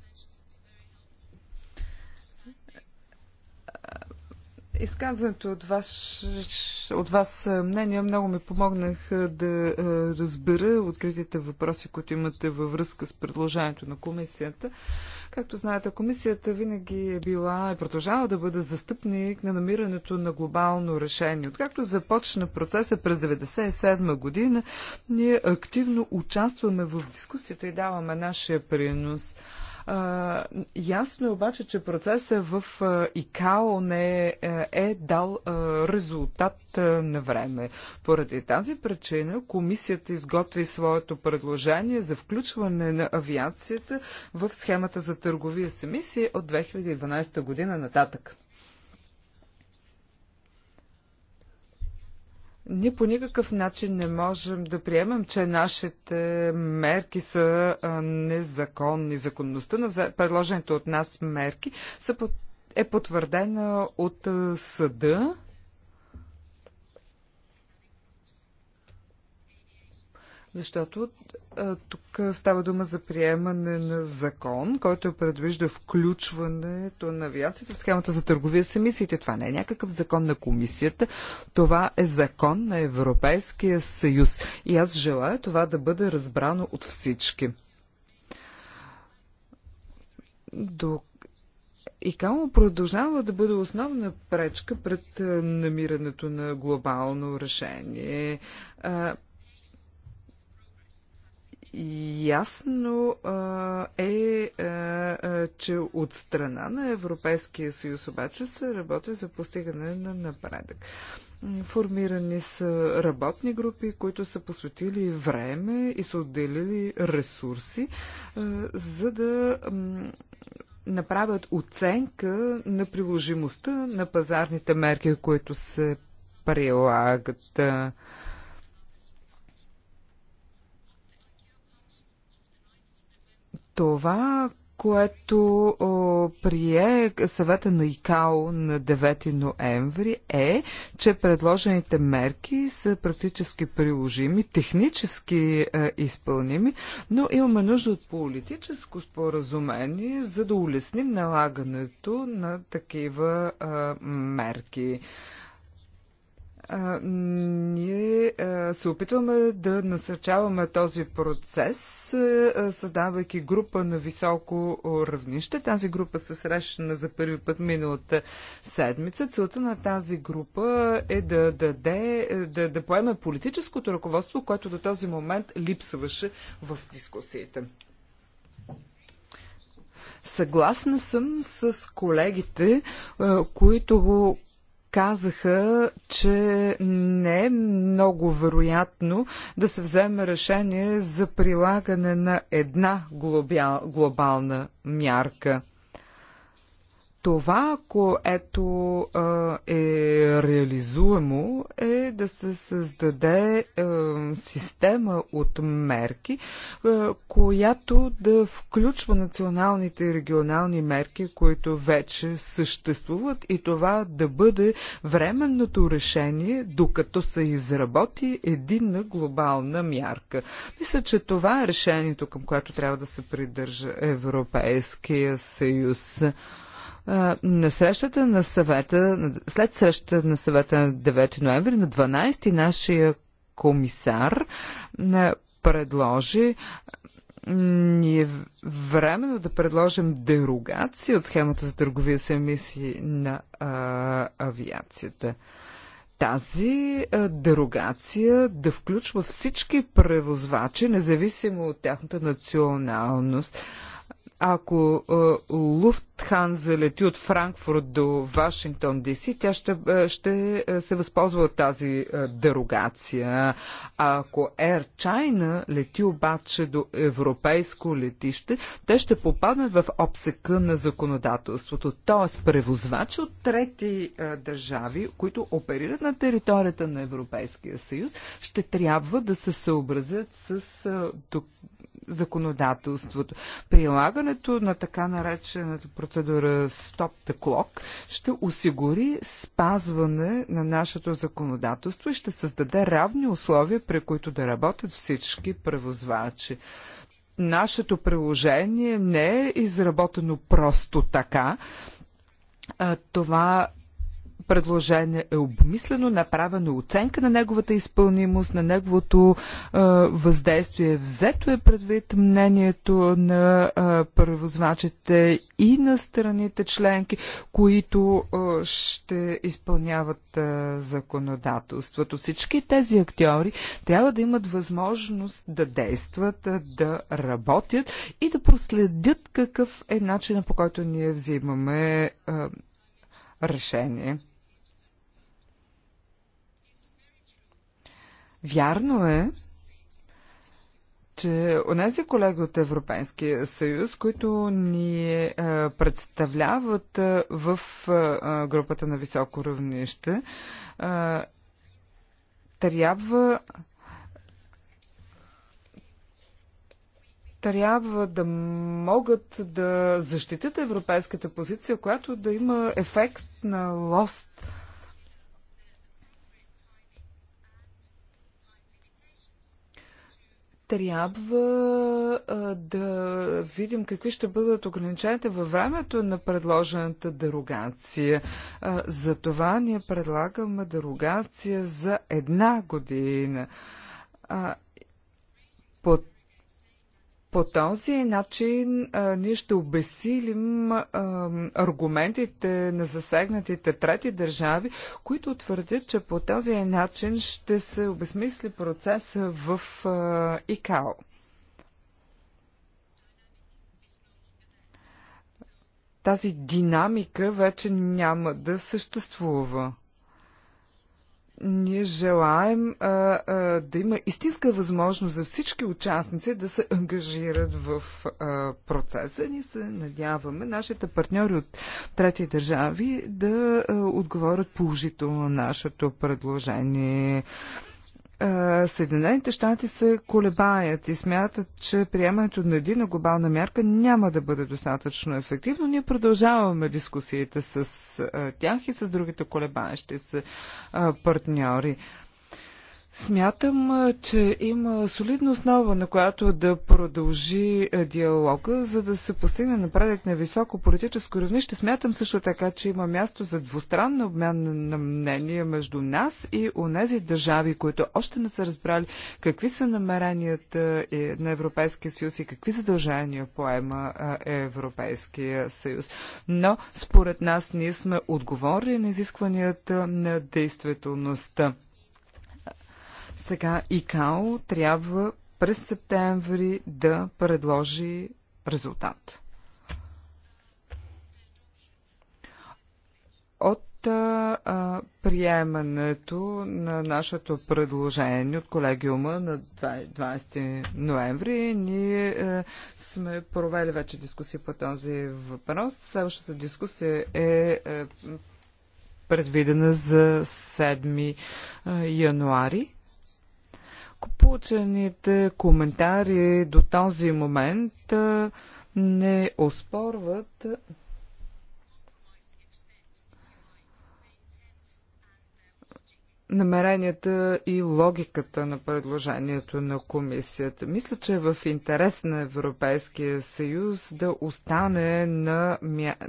Изказването от вас, от вас е, мнение много ми помогнаха е, да е, разбера откритите въпроси, които имате във връзка с предложението на комисията. Както знаете, комисията винаги е била и продължава да бъде застъпник на намирането на глобално решение. Откакто започна процеса през 1997 година, ние активно участваме в дискусията и даваме нашия принос. А, ясно е обаче, че процесът в ИКАО не е, е дал резултат на време. Поради тази причина комисията изготви своето предложение за включване на авиацията в схемата за търговия с емисии от 2012 година нататък. Ние по никакъв начин не можем да приемем, че нашите мерки са незаконни. Законността на предложените от нас мерки е потвърдена от съда Защото тук става дума за приемане на закон, който предвижда включването на авиацията в схемата за търговия с емисиите. Това не е някакъв закон на комисията, това е закон на Европейския съюз. И аз желая това да бъде разбрано от всички. До ИКАО продължава да бъде основна пречка пред намирането на глобално решение. Ясно а, е, а, а, че от страна на Европейския съюз обаче се работи за постигане на напредък. Формирани са работни групи, които са посветили време и са отделили ресурси, а, за да направят оценка на приложимостта на пазарните мерки, които се прилагат. А, това, което о, прие съвета на ИКАО на 9 ноември е, че предложените мерки са практически приложими, технически е, изпълними, но имаме нужда от политическо споразумение, за да улесним налагането на такива е, мерки. А, ние а, се опитваме да насърчаваме този процес, а, създавайки група на високо равнище. Тази група се срещна за първи път миналата седмица. Целта на тази група е да даде, е, да, да поеме политическото ръководство, което до този момент липсваше в дискусиите. Съгласна съм с колегите, които казаха, че не е много вероятно да се вземе решение за прилагане на една глобална мярка. Това, ако ето е реализуемо, е да се създаде система от мерки, която да включва националните и регионални мерки, които вече съществуват и това да бъде временното решение, докато се изработи единна глобална мярка. Мисля, че това е решението, към което трябва да се придържа Европейския съюз на срещата на съвета, след срещата на съвета на 9 ноември, на 12 нашия комисар предложи ние временно да предложим дерогация от схемата за търговия с емисии на а, авиацията. Тази а, дерогация да включва всички превозвачи, независимо от тяхната националност. А, ако Луфтханза е, лети от Франкфурт до Вашингтон ДС, тя ще, е, ще е, се възползва от тази дерогация. Ако Air China лети обаче до европейско летище, те ще попаднат в обсека на законодателството, Тоест превозвачи от трети държави, които оперират на територията на Европейския съюз, ще трябва да се съобразят с законодателството. Прилагането на така наречената процедура Stop the Clock ще осигури спазване на нашето законодателство и ще създаде равни условия, при които да работят всички превозвачи нашето приложение не е изработено просто така. Това предложение е обмислено, направено е оценка на неговата изпълнимост, на неговото а, въздействие. Взето е предвид мнението на е, превозвачите и на страните членки, които а, ще изпълняват а, законодателството. Всички тези актьори трябва да имат възможност да действат, да работят и да проследят какъв е начинът по който ние взимаме а, решение. Вярно е, че онези колеги от Европейския съюз, които ни е, представляват е, в е, групата на високо равнище, трябва трябва да могат да защитят европейската позиция, която да има ефект на лост. трябва а, да видим какви ще бъдат ограниченията във времето на предложената дерогация. А, за това ние предлагаме дерогация за една година. А, под по този начин а, ние ще обесилим а, аргументите на засегнатите трети държави, които твърдят, че по този начин ще се обесмисли процеса в а, ИКАО. Тази динамика вече няма да съществува ние желаем а, а, да има истинска възможност за всички участници да се ангажират в а, процеса. Ние се надяваме нашите партньори от трети държави да а, отговорят положително на нашето предложение. А, е, Съединените щати се колебаят и смятат, че приемането на едина глобална мярка няма да бъде достатъчно ефективно. Ние продължаваме дискусиите с е, тях и с другите колебаещи се е, партньори. Смятам, че има солидна основа, на която да продължи диалога, за да се постигне напредък на високо политическо равнище. Смятам също така, че има място за двустранна обмен на мнения между нас и онези държави, които още не са разбрали какви са намеренията е, на Европейския съюз и какви задължения поема Европейския съюз. Но, според нас, ние сме отговорни на изискванията на действителността. Сега ИКАО трябва през септември да предложи резултат. От а, приемането на нашето предложение от колегиума на 20 ноември, ние а, е, сме провели вече дискусия по този въпрос. Следващата дискусия е а, е, предвидена за 7 е, януари. Получените коментари до този момент не оспорват намеренията и логиката на предложението на комисията. Мисля, че е в интерес на Европейския съюз да остане на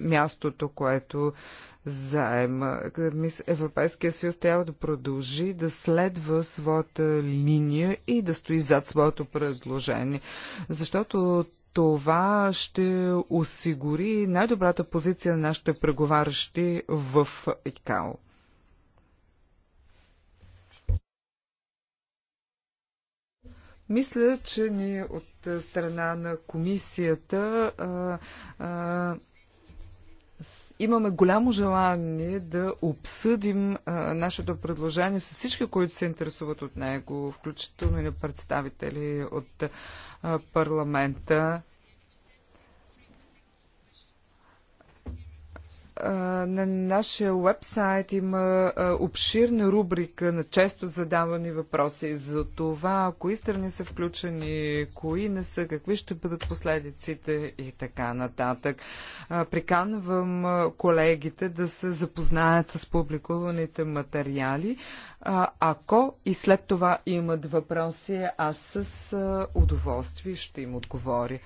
мястото, което заема. Европейския съюз трябва да продължи да следва своята линия и да стои зад своето предложение. Защото това ще осигури най-добрата позиция на нашите преговарящи в ИКАО. Мисля, че ние от страна на комисията а, а, имаме голямо желание да обсъдим а, нашето предложение с всички, които се интересуват от него, включително и на представители от а, парламента. на нашия вебсайт има обширна рубрика на често задавани въпроси за това, кои страни са включени, кои не са, какви ще бъдат последиците и така нататък. Приканвам колегите да се запознаят с публикуваните материали. Ако и след това имат въпроси, аз с удоволствие ще им отговоря.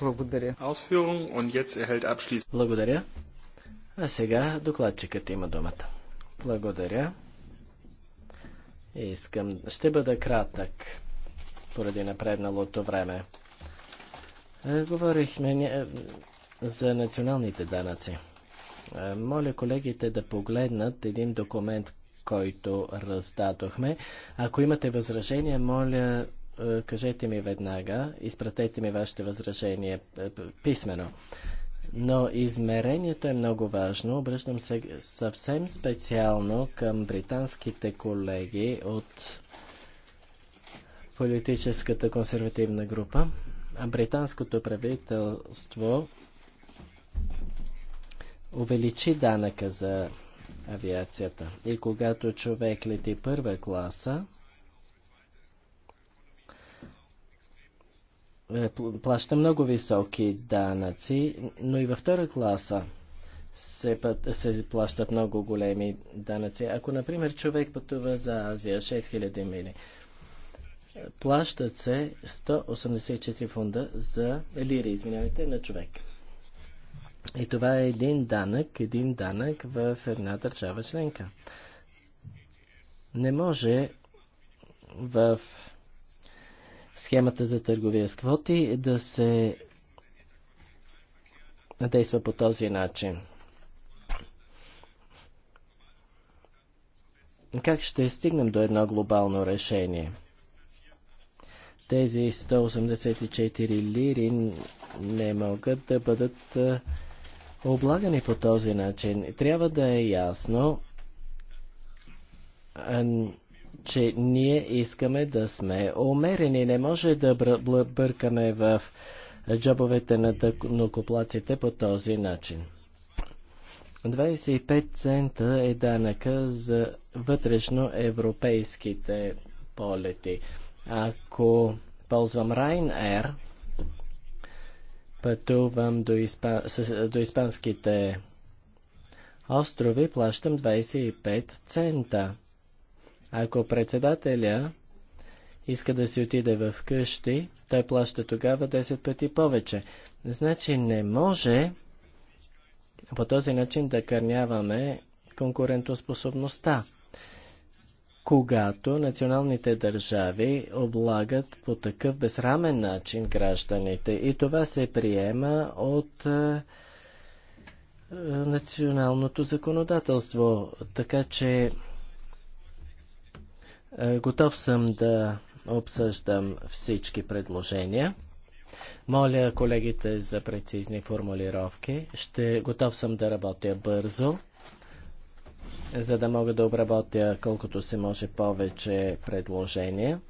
Благодаря. Благодаря. А сега докладчикът има думата. Благодаря. Искам... Ще бъда кратък поради напредналото време. Е, говорихме за националните данъци. Е, моля колегите да погледнат един документ, който раздадохме. Ако имате възражения, моля, е, кажете ми веднага, изпратете ми вашите възражения писменно. Но измерението е много важно. Обръщам се съвсем специално към британските колеги от политическата консервативна група. А британското правителство увеличи данъка за авиацията. И когато човек лети първа класа, Е, плаща много високи данъци, но и във втора класа се, път, се плащат много големи данъци. Ако, например, човек пътува за Азия 6000 мили, плащат се 184 фунда за лири, извинявайте, на човек. И това е един данък, един данък в една държава членка. Не може в схемата за търговия с квоти да се действа по този начин. Как ще стигнем до едно глобално решение? Тези 184 лири не могат да бъдат облагани по този начин. Трябва да е ясно че ние искаме да сме умерени. Не може да бъркаме в джобовете на накоплаците по този начин. 25 цента е данъка за вътрешно европейските полети. Ако ползвам Ryanair, пътувам до, испан... с... до испанските острови, плащам 25 цента. Ако председателя иска да си отиде в къщи, той плаща тогава 10 пъти повече. Значи не може по този начин да кърняваме конкурентоспособността, когато националните държави облагат по такъв безрамен начин гражданите и това се приема от е, е, националното законодателство. Така че е, готов съм да обсъждам всички предложения. Моля колегите за прецизни формулировки. Ще готов съм да работя бързо, за да мога да обработя колкото се може повече предложения.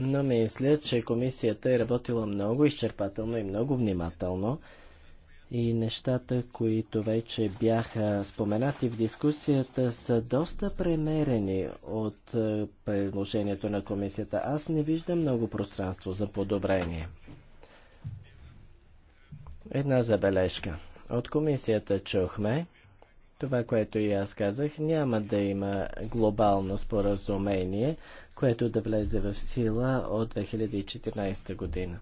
Но мисля, че комисията е работила много изчерпателно и много внимателно и нещата, които вече бяха споменати в дискусията, са доста премерени от е, предложението на комисията. Аз не виждам много пространство за подобрение. Една забележка. От комисията чухме, това, което и аз казах, няма да има глобално споразумение, което да влезе в сила от 2014 година.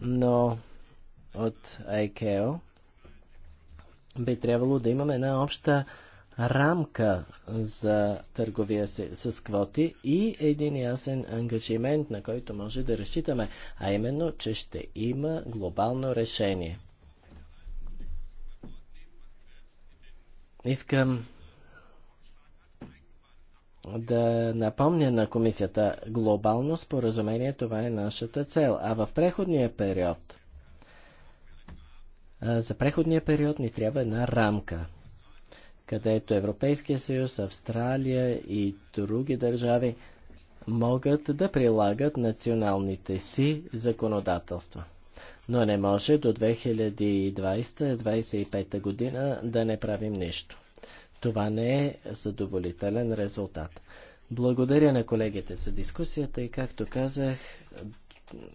Но от ICAO, би трябвало да имаме една обща рамка за търговия с, с квоти и един ясен ангажимент, на който може да разчитаме, а именно, че ще има глобално решение. Искам да напомня на комисията глобално споразумение, това е нашата цел, а в преходния период – за преходния период ни трябва една рамка, където Европейския съюз, Австралия и други държави могат да прилагат националните си законодателства. Но не може до 2020-2025 година да не правим нищо. Това не е задоволителен резултат. Благодаря на колегите за дискусията и, както казах,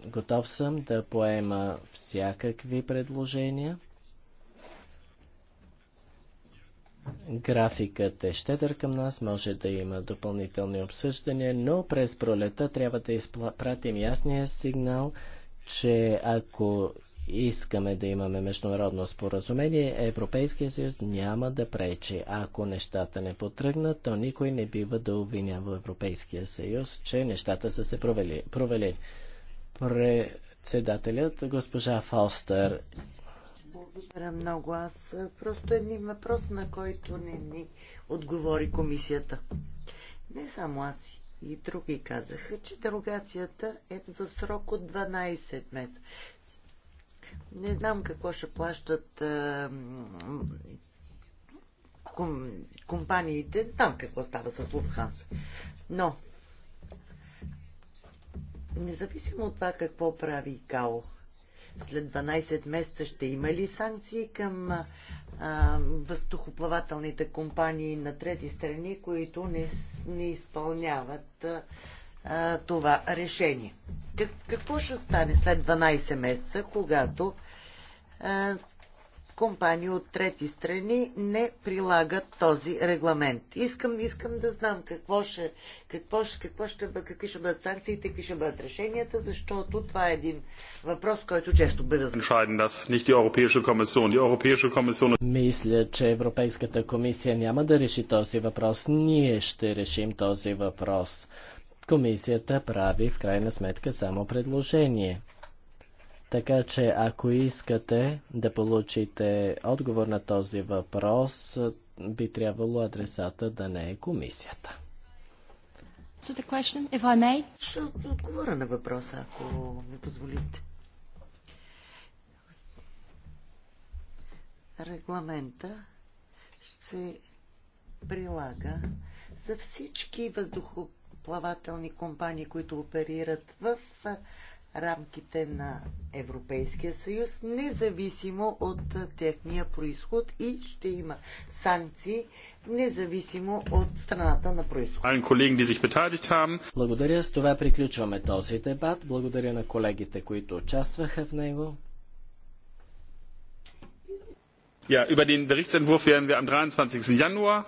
Готов съм да поема всякакви предложения. Графикът е щедър към нас, може да има допълнителни обсъждания, но през пролета трябва да изпратим ясния сигнал, че ако искаме да имаме международно споразумение, Европейския съюз няма да пречи. Ако нещата не потръгнат, то никой не бива да обвинява Европейския съюз, че нещата са се провели. провели. Председателят, госпожа Фалстър. Благодаря много. Аз просто е един въпрос, на който не ни отговори комисията. Не само аз и други казаха, че дерогацията е за срок от 12 месеца. Не знам какво ще плащат а, ком, компаниите. Знам какво става с Луфханс. Но Независимо от това какво прави ИКАО, след 12 месеца ще има ли санкции към въздухоплавателните компании на трети страни, които не, не изпълняват а, това решение? Как, какво ще стане след 12 месеца, когато компании от трети страни не прилагат този регламент. Искам, искам да знам какво ще, какво, ще, какво ще, какви ще бъдат санкциите, какви ще бъдат решенията, защото това е един въпрос, който често бъде. Мисля, че Европейската комисия няма да реши този въпрос. Ние ще решим този въпрос. Комисията прави в крайна сметка само предложение. Така че ако искате да получите отговор на този въпрос, би трябвало адресата да не е комисията. So Ще отговоря на въпроса, ако ми позволите. Регламента ще се прилага за всички въздухоплавателни компании, които оперират в рамките на Европейския съюз, независимо от техния происход и ще има санкции, независимо от страната на происход. Благодаря, с това приключваме този дебат. Благодаря на колегите, които участваха в него über den Berichtsentwurf werden wir am 23. Januar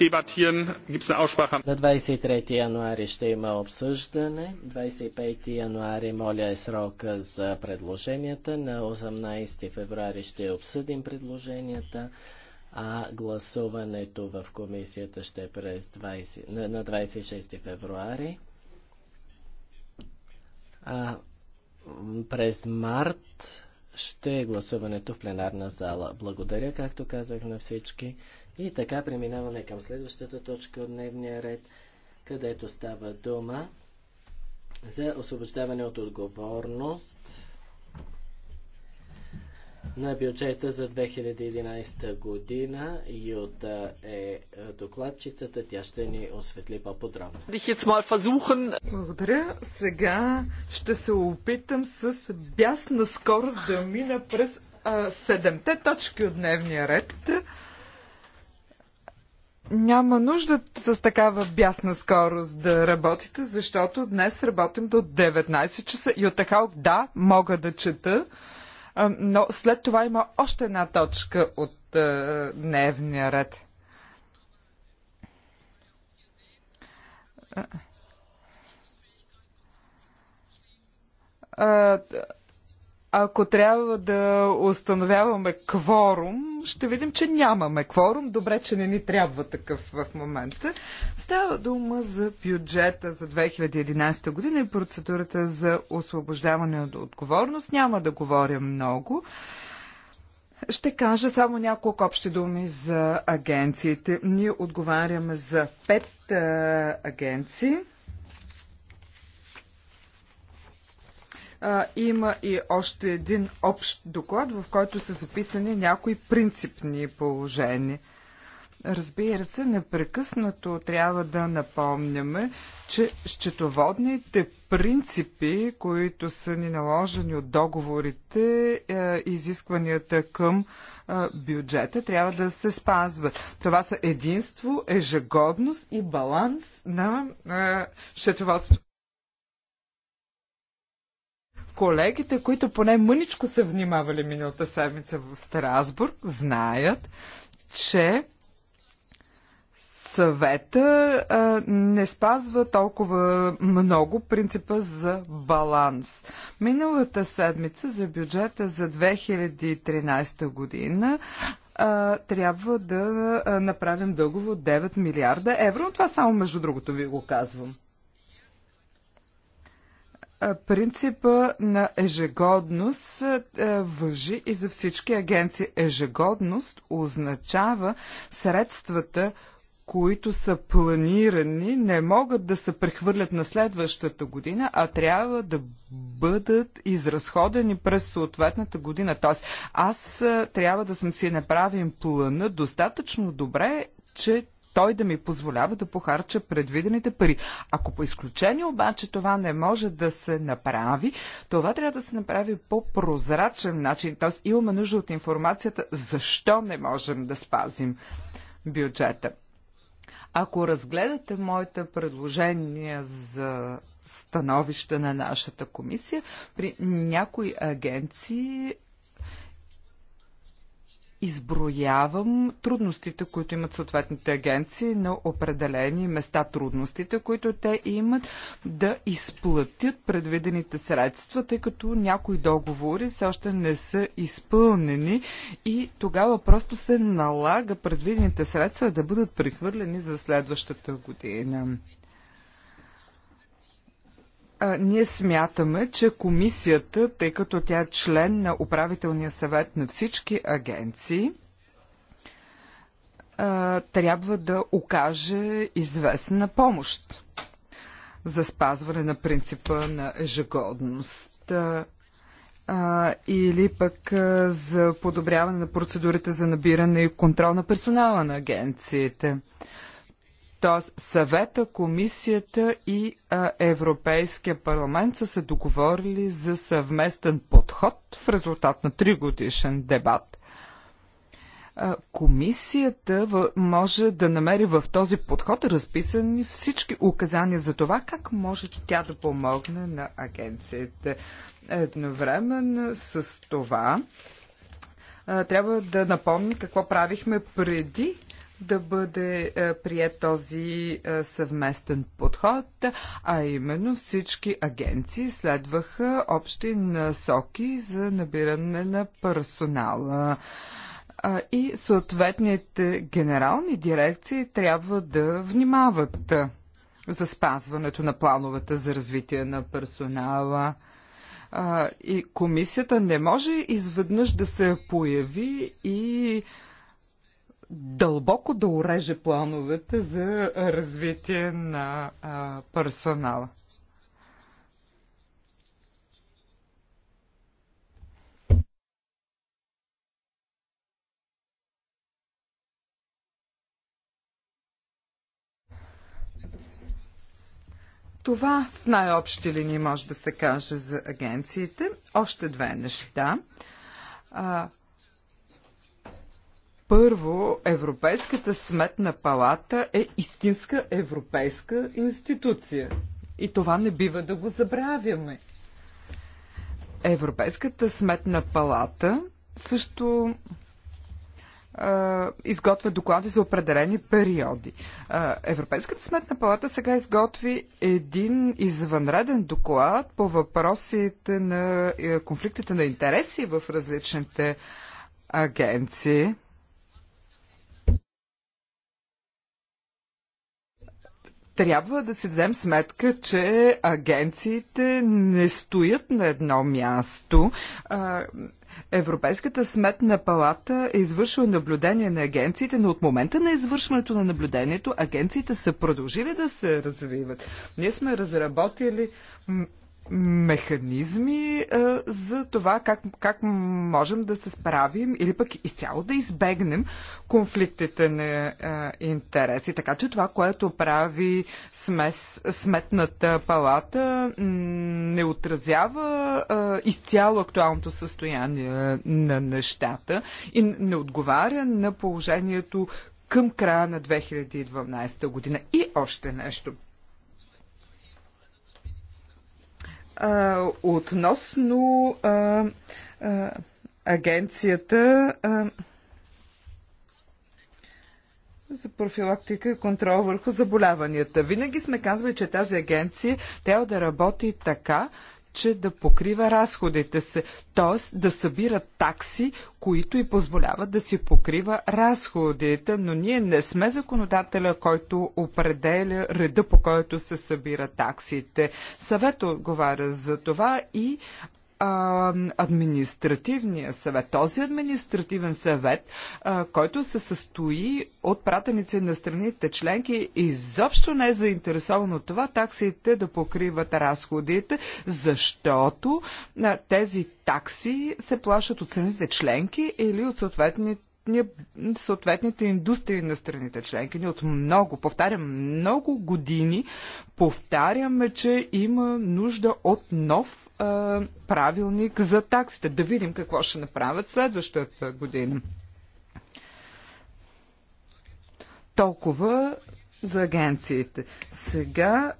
дебатиран. Gibt es eine Aussprache? На 23 януари ще има обсъждане. 25 януари, моля, е срока за предложенията. На 18 февруари ще обсъдим предложенията. А гласуването в комисията ще е през 20, на, на 26 февруари. А през март ще е гласуването в пленарна зала. Благодаря, както казах на всички. И така преминаваме към следващата точка от дневния ред, където става дума за освобождаване от отговорност на бюджета за 2011 година. Юта е докладчицата, тя ще ни осветли по-подробно. Благодаря. Сега ще се опитам с бясна скорост да мина през а, седемте точки от дневния ред. Няма нужда с такава бясна скорост да работите, защото днес работим до 19 часа. И от Халк, да, мога да чета но след това има още една точка от е, дневния ред. Е, е, ако трябва да установяваме кворум, ще видим, че нямаме кворум. Добре, че не ни трябва такъв в момента. Става дума за бюджета за 2011 година и процедурата за освобождаване от отговорност. Няма да говоря много. Ще кажа само няколко общи думи за агенциите. Ние отговаряме за пет а, агенции. има и още един общ доклад, в който са записани някои принципни положения. Разбира се, непрекъснато трябва да напомняме, че счетоводните принципи, които са ни наложени от договорите, е, изискванията към е, бюджета, трябва да се спазват. Това са единство, ежегодност и баланс на е, счетоводството колегите, които поне мъничко са внимавали миналата седмица в Страсбург, знаят, че съвета а, не спазва толкова много принципа за баланс. Миналата седмица за бюджета за 2013 година а, трябва да направим дългово от 9 милиарда евро. Това само между другото ви го казвам. Принципа на ежегодност въжи и за всички агенции. Ежегодност означава средствата, които са планирани, не могат да се прехвърлят на следващата година, а трябва да бъдат изразходени през съответната година. Тоест, аз трябва да съм си направим плана достатъчно добре, че той да ми позволява да похарча предвидените пари. Ако по изключение обаче това не може да се направи, това трябва да се направи по прозрачен начин. Т.е. имаме нужда от информацията защо не можем да спазим бюджета. Ако разгледате моите предложения за становище на нашата комисия, при някои агенции изброявам трудностите, които имат съответните агенции на определени места, трудностите, които те имат да изплатят предвидените средства, тъй като някои договори все още не са изпълнени и тогава просто се налага предвидените средства да бъдат прехвърлени за следващата година а, ние смятаме, че комисията, тъй като тя е член на управителния съвет на всички агенции, а, трябва да окаже известна помощ за спазване на принципа на ежегодност а, или пък а, за подобряване на процедурите за набиране и контрол на персонала на агенциите. А, Тоест съвета, комисията и а, Европейския парламент са се договорили за съвместен подход в резултат на тригодишен дебат. А, комисията в, може да намери в този подход разписани всички указания за това как може тя да помогне на агенцията. Едновременно с това а, трябва да напомня какво правихме преди да бъде е, прият този е, съвместен подход, а именно всички агенции следваха общи насоки за набиране на персонала и съответните генерални дирекции трябва да внимават е, за спазването на плановете за развитие на персонала. И комисията не може изведнъж да се появи и дълбоко да уреже плановете за развитие на а, персонала. Това в най-общи линии може да се каже за агенциите. Още две неща. А, първо, Европейската сметна палата е истинска европейска институция. И това не бива да го забравяме. Европейската сметна палата също изготвя доклади за определени периоди. Европейската сметна палата сега изготви един извънреден доклад по въпросите на е, конфликтите на интереси в различните агенции. трябва да си дадем сметка, че агенциите не стоят на едно място. Европейската сметна палата е извършила наблюдение на агенциите, но от момента на извършването на наблюдението агенциите са продължили да се развиват. Ние сме разработили механизми а, за това как, как можем да се справим или пък изцяло да избегнем конфликтите на а, интереси. Така че това, което прави смес, сметната палата, не отразява а, изцяло актуалното състояние на нещата и не отговаря на положението към края на 2012 година. И още нещо – а, относно а, а, агенцията а, за профилактика и контрол върху заболяванията. Винаги сме казвали, че тази агенция трябва да работи така, че да покрива разходите се, т.е. да събира такси, които и позволяват да си покрива разходите, но ние не сме законодателя, който определя реда по който се събира таксите. Съветът отговаря за това и а, административния съвет. Този административен съвет, а, който се състои от пратеници на страните членки, изобщо не е заинтересован от това таксите да покриват разходите, защото а, тези такси се плащат от страните членки или от съответните съответните индустрии на страните членки. Ние от много, повтарям, много години повтаряме, че има нужда от нов а, правилник за таксите. Да видим какво ще направят следващата година. Толкова за агенциите. Сега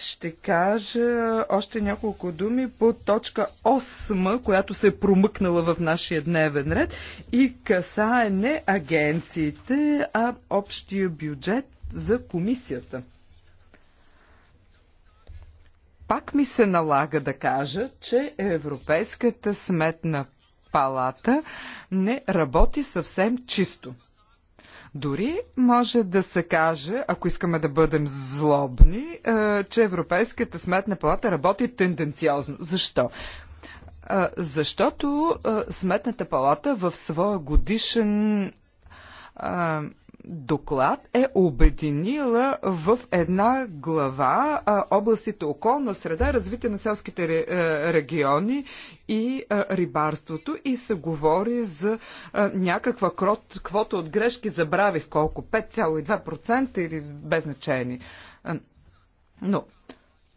ще кажа още няколко думи по точка 8, която се е промъкнала в нашия дневен ред и касае не агенциите, а общия бюджет за комисията. Пак ми се налага да кажа, че Европейската сметна палата не работи съвсем чисто. Дори може да се каже, ако искаме да бъдем злобни, е, че Европейската сметна палата работи тенденциозно. Защо? Е, защото е, Сметната палата в своя годишен доклад е обединила в една глава областите околна среда, развитие на селските региони и рибарството и се говори за някаква крот, квота от грешки, забравих колко, 5,2% или без значение. Но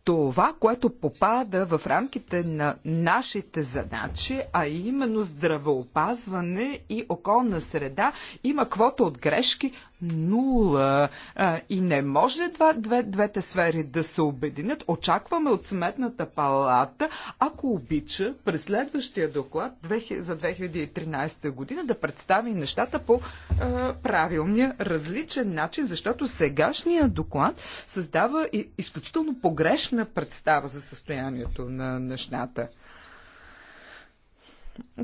това, което попада в рамките на нашите задачи, а именно здравеопазване и околна среда, има квота от грешки нула а, и не може два, две, двете сфери да се обединят. Очакваме от сметната палата, ако обича, през следващия доклад за 2013 година да представи нещата по а, правилния, различен начин, защото сегашния доклад създава изключително погрешна представа за състоянието на нещата.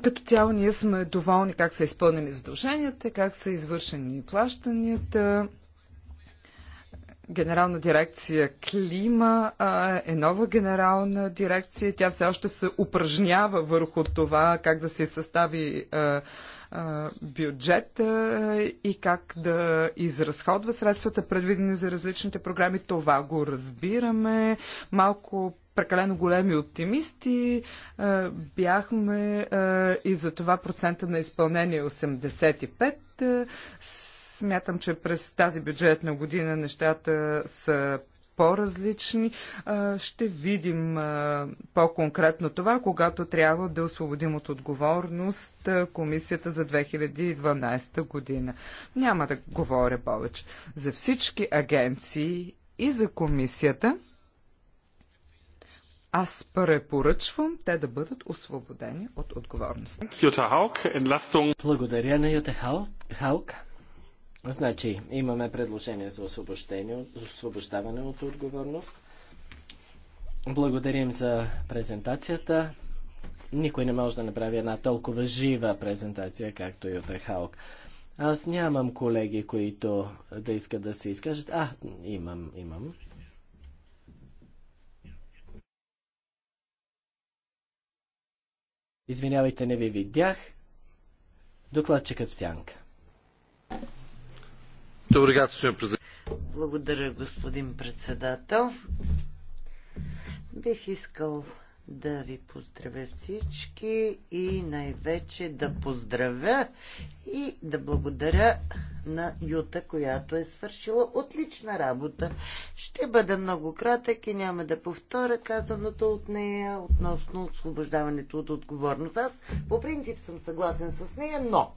Като цяло ние сме доволни как са изпълнени задълженията, как са извършени плащанията. Генерална дирекция Клима а, е нова генерална дирекция. Тя все още се упражнява върху това как да се състави а, а, бюджет а, и как да изразходва средствата, предвидени за различните програми. Това го разбираме. Малко прекалено големи оптимисти а, е, бяхме а, е, и за това процента на изпълнение 85. Е смятам, че през тази бюджетна година нещата са по-различни. Ще видим по-конкретно това, когато трябва да освободим от отговорност комисията за 2012 година. Няма да говоря повече. За всички агенции и за комисията аз препоръчвам те да бъдат освободени от отговорност. Юта Хаук, Благодаря на Юта Хаук. Значи, имаме предложение за освобождение, за освобождаване от отговорност. Благодарим за презентацията. Никой не може да направи една толкова жива презентация, както Юта Хаук. Аз нямам колеги, които да искат да се изкажат. А, имам, имам. Извинявайте, не ви видях. Докладчикът в сянка. Благодаря, господин председател. Бих искал да ви поздравя всички и най-вече да поздравя и да благодаря на Юта, която е свършила отлична работа. Ще бъда много кратък и няма да повторя казаното от нея относно освобождаването от отговорност. Аз по принцип съм съгласен с нея, но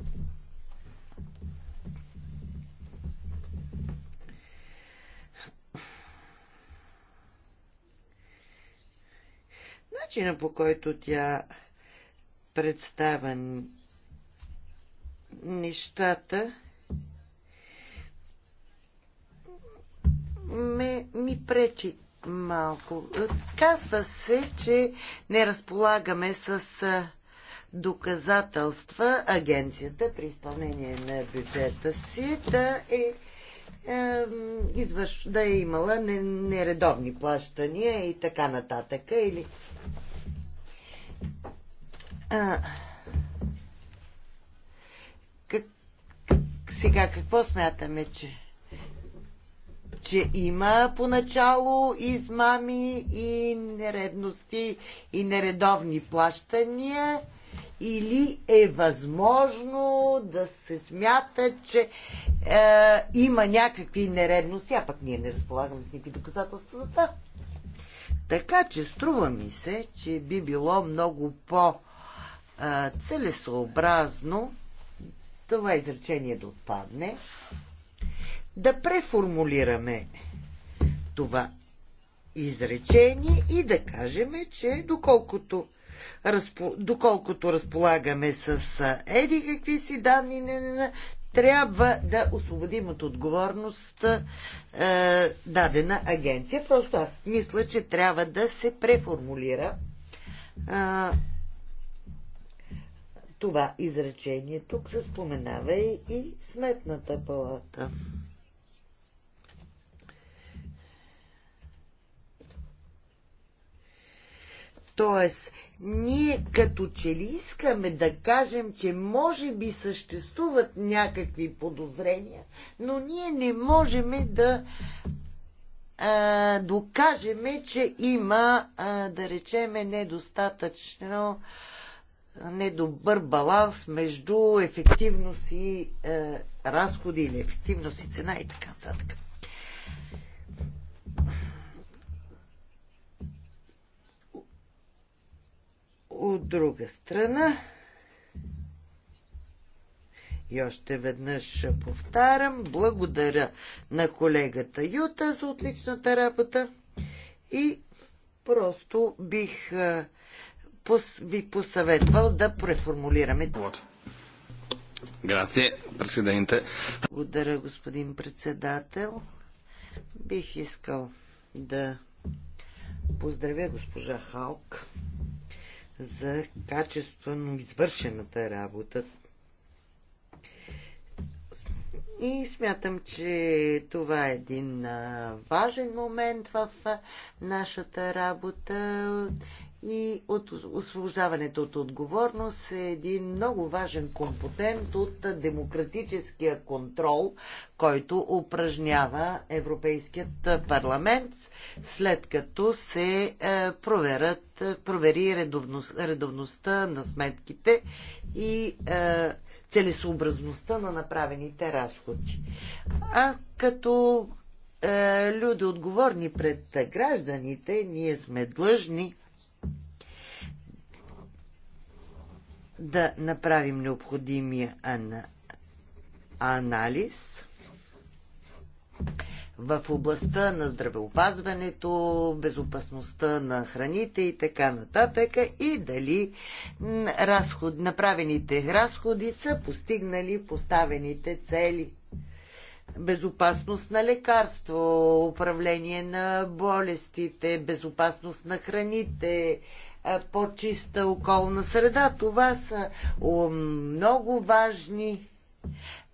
Начина по който тя представа нещата ме, ми пречи малко. Казва се, че не разполагаме с доказателства агенцията при изпълнение на бюджета си да е извърш, да е имала нередовни плащания и така нататък. Или... А, как, сега какво смятаме, че че има поначало измами и нередности и нередовни плащания или е възможно да се смята, че е, има някакви нередности, а пък ние не разполагаме с никакви доказателства за това. Така че струва ми се, че би било много по-целесообразно е, това изречение да отпадне, да преформулираме това изречение и да кажем, че доколкото разпо, доколкото разполагаме с еди какви си данни, не, не, не, трябва да освободим от отговорност е, дадена агенция. Просто аз мисля, че трябва да се преформулира е, това изречение. Тук се споменава и, и сметната палата. Тоест, ние като че ли искаме да кажем, че може би съществуват някакви подозрения, но ние не можем да а, докажем, че има, а, да речеме, недостатъчно недобър баланс между ефективност и а, разходи или ефективност и цена и така нататък. От друга страна, и още веднъж повтарям, благодаря на колегата Юта за отличната работа и просто бих пос, ви посъветвал да преформулираме. Грация, президенте. Благодаря, господин председател. Бих искал да поздравя госпожа Халк за качествено извършената работа. И смятам, че това е един важен момент в нашата работа и от освобождаването от отговорност е един много важен компонент от демократическия контрол, който упражнява Европейският парламент, след като се е, проверят, провери редовност, редовността на сметките и е, целесообразността на направените разходи. А като е, люди отговорни пред гражданите, ние сме длъжни да направим необходимия анализ в областта на здравеопазването, безопасността на храните и така нататък и дали разход, направените разходи са постигнали поставените цели. Безопасност на лекарство, управление на болестите, безопасност на храните, е, по-чиста околна среда. Това са много важни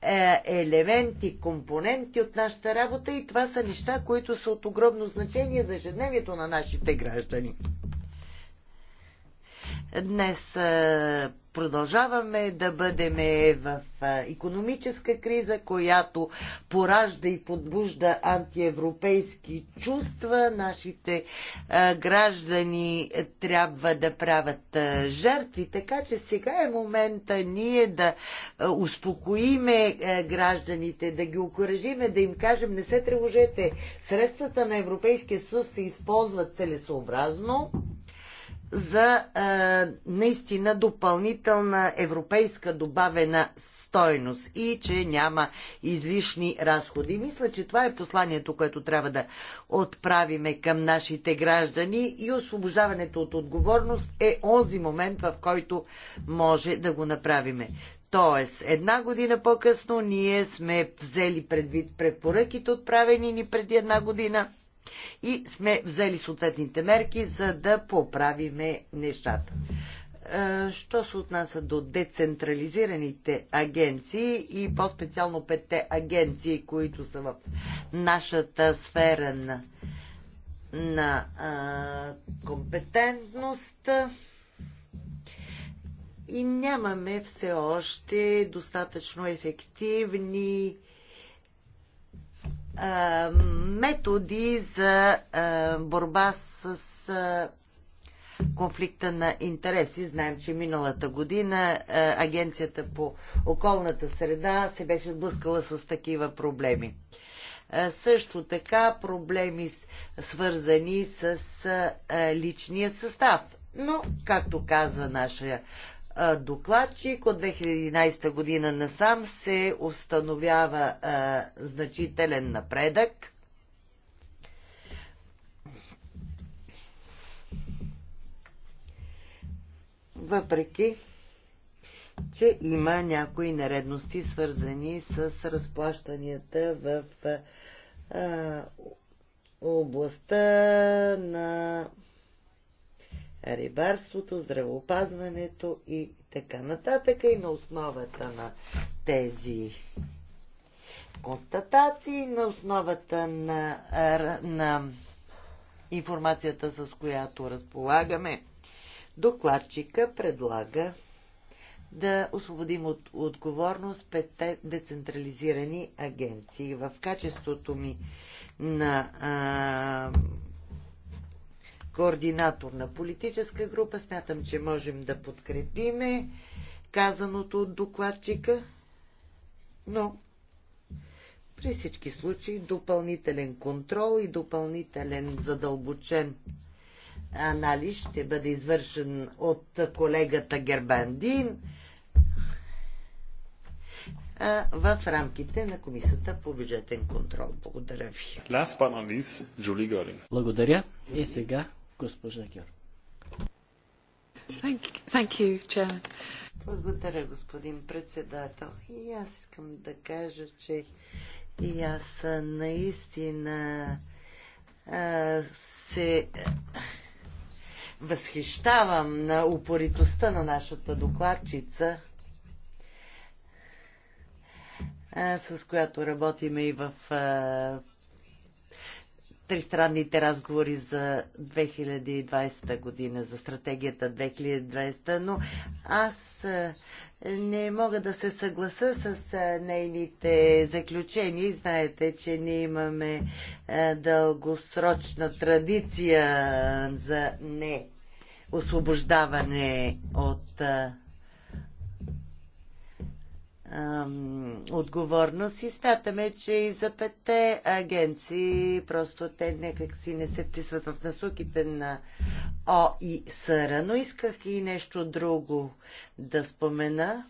е, елементи, компоненти от нашата работа и това са неща, които са от огромно значение за ежедневието на нашите граждани. Днес е, продължаваме да бъдем в економическа криза, която поражда и подбужда антиевропейски чувства. Нашите граждани трябва да правят жертви, така че сега е момента ние да успокоиме гражданите, да ги окоръжиме, да им кажем не се тревожете, средствата на Европейския съюз се използват целесообразно за а, е, наистина допълнителна европейска добавена стойност и че няма излишни разходи. Мисля, че това е посланието, което трябва да отправиме към нашите граждани и освобождаването от отговорност е онзи момент, в който може да го направиме. Тоест, една година по-късно ние сме взели предвид препоръките, отправени ни преди една година и сме взели съответните мерки, за да поправиме нещата. Е, що се отнася до децентрализираните агенции и по-специално петте агенции, които са в нашата сфера на, на а, компетентност, и нямаме все още достатъчно ефективни а, методи за а, борба с а, конфликта на интереси. Знаем, че миналата година а, Агенцията по околната среда се беше сблъскала с такива проблеми. А, също така проблеми с, свързани с а, личния състав. Но, както каза нашия докладчик. От 2011 година насам се установява а, значителен напредък. Въпреки, че има някои нередности, свързани с разплащанията в а, областта на рибарството, здравеопазването и така нататък. И на основата на тези констатации, на основата на, на информацията, с която разполагаме, докладчика предлага да освободим от отговорност петте децентрализирани агенции. В качеството ми на а, координатор на политическа група. Смятам, че можем да подкрепиме казаното от докладчика, но при всички случаи допълнителен контрол и допълнителен задълбочен анализ ще бъде извършен от колегата Гербандин в рамките на Комисията по бюджетен контрол. Благодаря ви. Благодаря. И сега Госпожа Благодаря, господин председател. И аз искам да кажа, че и аз наистина а, се възхищавам на упоритостта на нашата докладчица, а, с която работиме и в а, тристранните разговори за 2020 година, за стратегията 2020, но аз е, не мога да се съгласа с е, нейните заключения. Знаете, че ние имаме е, дългосрочна традиция за не освобождаване от а, отговорност и смятаме, че и за петте агенции просто те някак си не се вписват в насоките на О и СР. Но исках и нещо друго да спомена.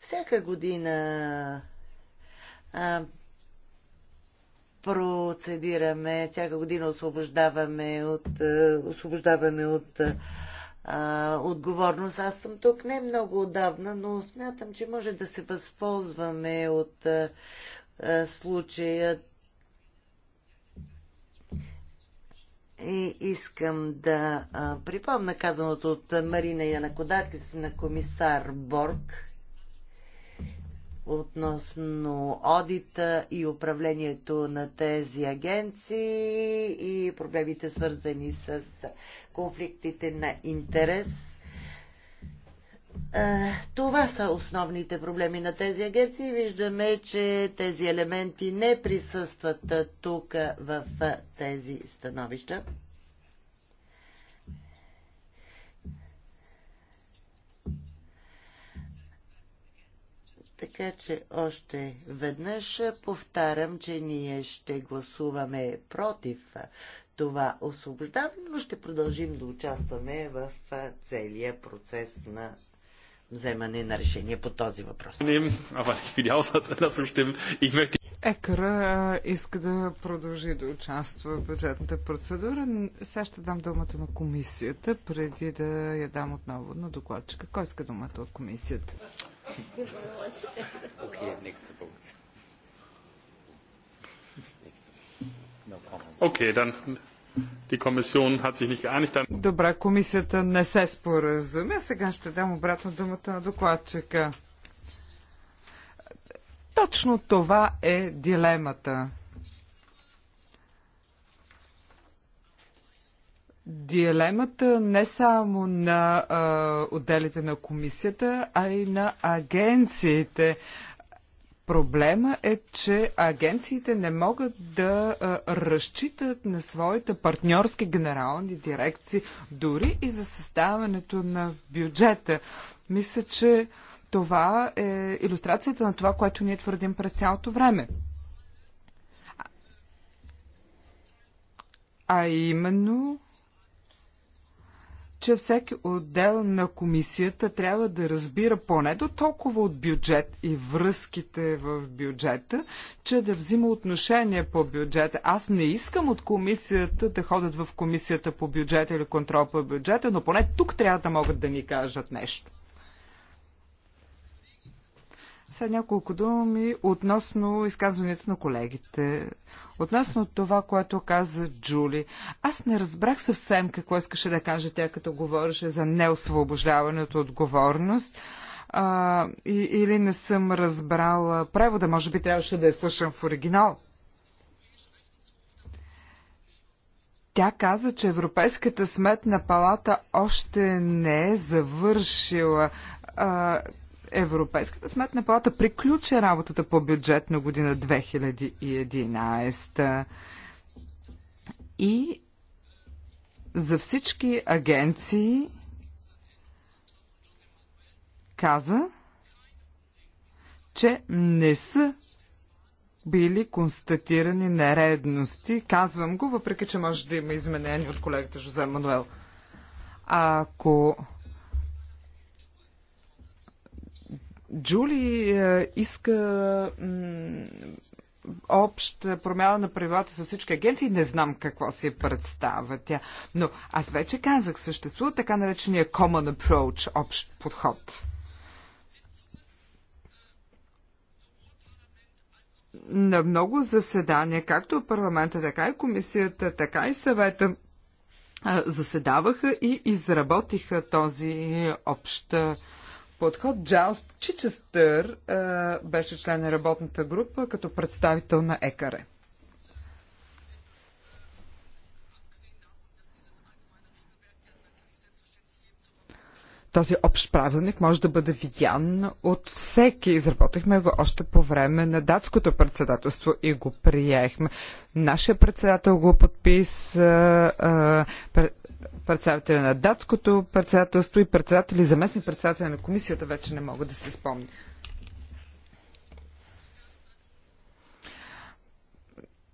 Всяка година а, процедираме, всяка година освобождаваме от, освобождаваме от а, отговорност. Аз съм тук не много отдавна, но смятам, че може да се възползваме от а, а, случая. И искам да а, припомна казаното от Марина Янакодакис на комисар Борг относно одита и управлението на тези агенции и проблемите свързани с конфликтите на интерес. Е, това са основните проблеми на тези агенции. Виждаме, че тези елементи не присъстват тук в тези становища. Така че още веднъж повтарям, че ние ще гласуваме против това освобождаване, но ще продължим да участваме в целия процес на вземане на решение по този въпрос. Екара иска да продължи да участва в бюджетната процедура. Сега ще дам думата на комисията, преди да я дам отново на докладчика. Кой иска думата от комисията? Okay, then Добре, комисията не се споразумя. Сега ще дам обратно думата на докладчика. Точно това е дилемата. Дилемата не само на а, отделите на комисията, а и на агенциите. Проблема е, че агенциите не могат да разчитат на своите партньорски генерални дирекции, дори и за съставането на бюджета. Мисля, че това е иллюстрацията на това, което ние твърдим през цялото време. А именно че всеки отдел на комисията трябва да разбира поне до толкова от бюджет и връзките в бюджета, че да взима отношение по бюджета. Аз не искам от комисията да ходят в комисията по бюджета или контрол по бюджета, но поне тук трябва да могат да ни кажат нещо. Сега няколко думи относно изказването на колегите. Относно това, което каза Джули. Аз не разбрах съвсем какво искаше да каже тя, като говореше за неосвобождаването отговорност. А, и, или не съм разбрала превода, може би трябваше да я слушам в оригинал. Тя каза, че Европейската сметна палата още не е завършила а, Европейската сметна палата приключи работата по бюджет на година 2011 и за всички агенции каза, че не са били констатирани нередности. Казвам го, въпреки че може да има изменения от колегата Жозе Мануел. Ако Джули е, иска обща промяна на правилата с всички агенции, не знам какво си представя тя. Но аз вече казах, съществува така наречения common approach, общ подход. На много заседания, както парламента, така и комисията, така и съвета, е, заседаваха и изработиха този общ подход. Джайлс Чичестър а, е, беше член на работната група като представител на ЕКАРЕ. Този общ правилник може да бъде видян от всеки. Изработихме го още по време на датското председателство и го приехме. Нашия председател го подписа, е, председателя на датското председателство и председатели, заместник председателя на комисията, вече не мога да се спомня.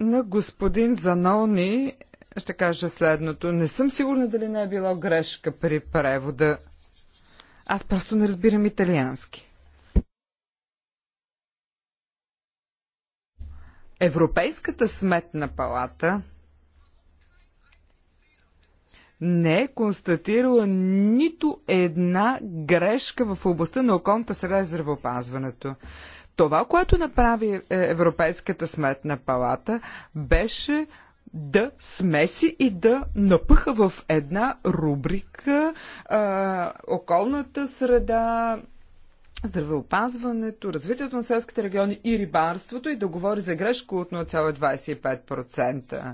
На господин Занони ще кажа следното. Не съм сигурна дали не е било грешка при превода. Аз просто не разбирам италиански. Европейската сметна палата не е констатирала нито една грешка в областта на околната среда и здравеопазването. Това, което направи е, Европейската сметна палата, беше да смеси и да напъха в една рубрика а, околната среда, здравеопазването, развитието на селските региони и рибарството и да говори за грешка от 0,25%.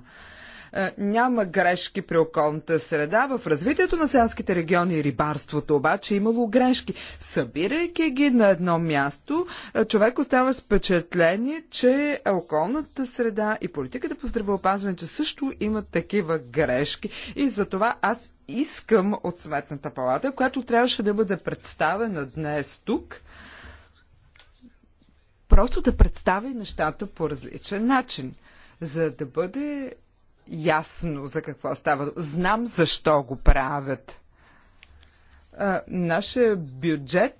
Е, няма грешки при околната среда. В развитието на селските региони и рибарството обаче имало грешки. Събирайки ги на едно място, е, човек остава с впечатление, че околната среда и политиката по здравеопазването също имат такива грешки. И затова аз искам от Сметната палата, която трябваше да бъде представена днес тук, просто да представи нещата по различен начин, за да бъде ясно за какво става. Знам защо го правят. Нашия бюджет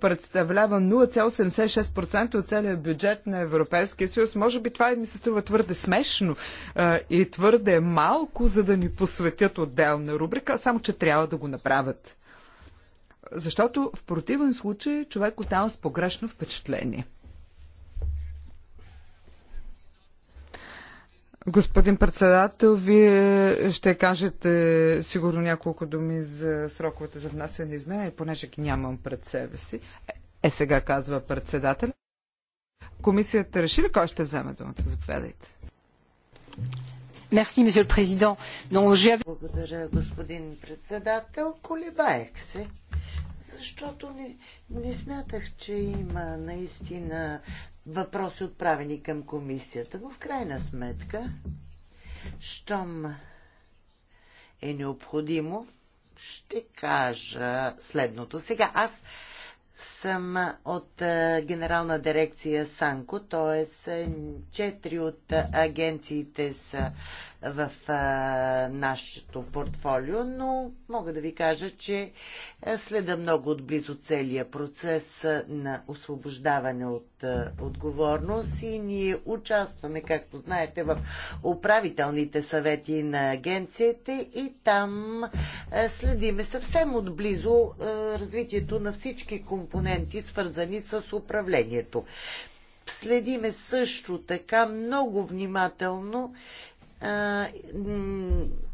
представлява 0,76% от целия бюджет на Европейския съюз. Може би това ми се струва твърде смешно и твърде малко, за да ни посветят отделна рубрика, само че трябва да го направят. Защото в противен случай човек остава с погрешно впечатление. Господин председател, вие ще кажете сигурно няколко думи за сроковете за внасяне измене, изменения, понеже ги нямам пред себе си. Е, сега казва председател. Комисията реши ли кой ще вземе думата? Заповядайте. Мерси, месье президент. Благодаря, господин председател. Колебаех се защото не, не смятах, че има наистина въпроси отправени към комисията. Но в крайна сметка, щом е необходимо, ще кажа следното. Сега аз съм от а, генерална дирекция Санко, т.е. четири от а, агенциите са в а, нашето портфолио, но мога да ви кажа, че следа много отблизо целият процес на освобождаване от а, отговорност и ние участваме, както знаете, в управителните съвети на агенциите и там а, следиме съвсем отблизо а, развитието на всички компоненти, свързани с управлението. Следиме също така много внимателно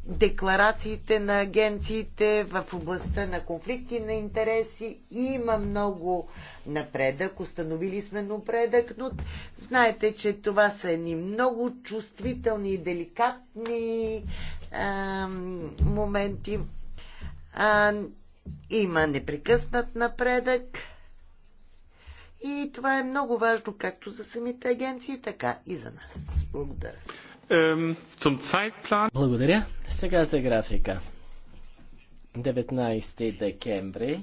декларациите на агенциите в областта на конфликти на интереси. Има много напредък, установили сме напредък, но знаете, че това са едни много чувствителни и деликатни а, моменти. А, има непрекъснат напредък. И това е много важно както за самите агенции, така и за нас. Благодаря. Благодаря. Сега за графика. 19 декември,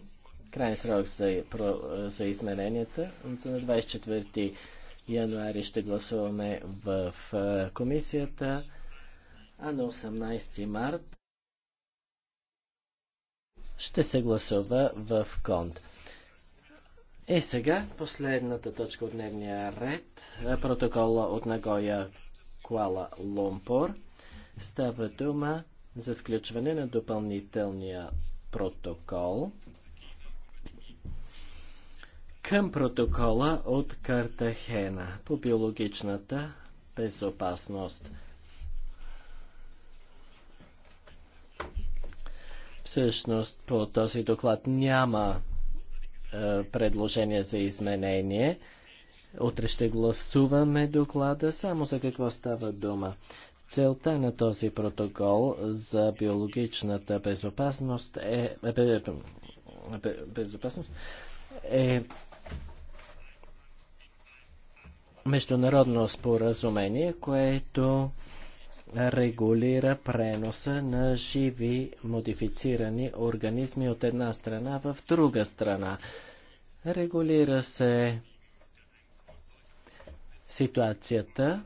крайен срок за, за измененията. На 24 януари ще гласуваме в е, комисията, а на 18 март ще се гласува в КОНД. И сега последната точка от дневния ред, е, протокола от Нагоя Куала Ломпор. Става дума за сключване на допълнителния протокол към протокола от Картахена по биологичната безопасност. Всъщност по този доклад няма е, предложение за изменение. Утре ще гласуваме доклада само за какво става дума. Целта на този протокол за биологичната безопасност е, е безопасност е международно споразумение, което регулира преноса на живи модифицирани организми от една страна в друга страна. Регулира се ситуацията,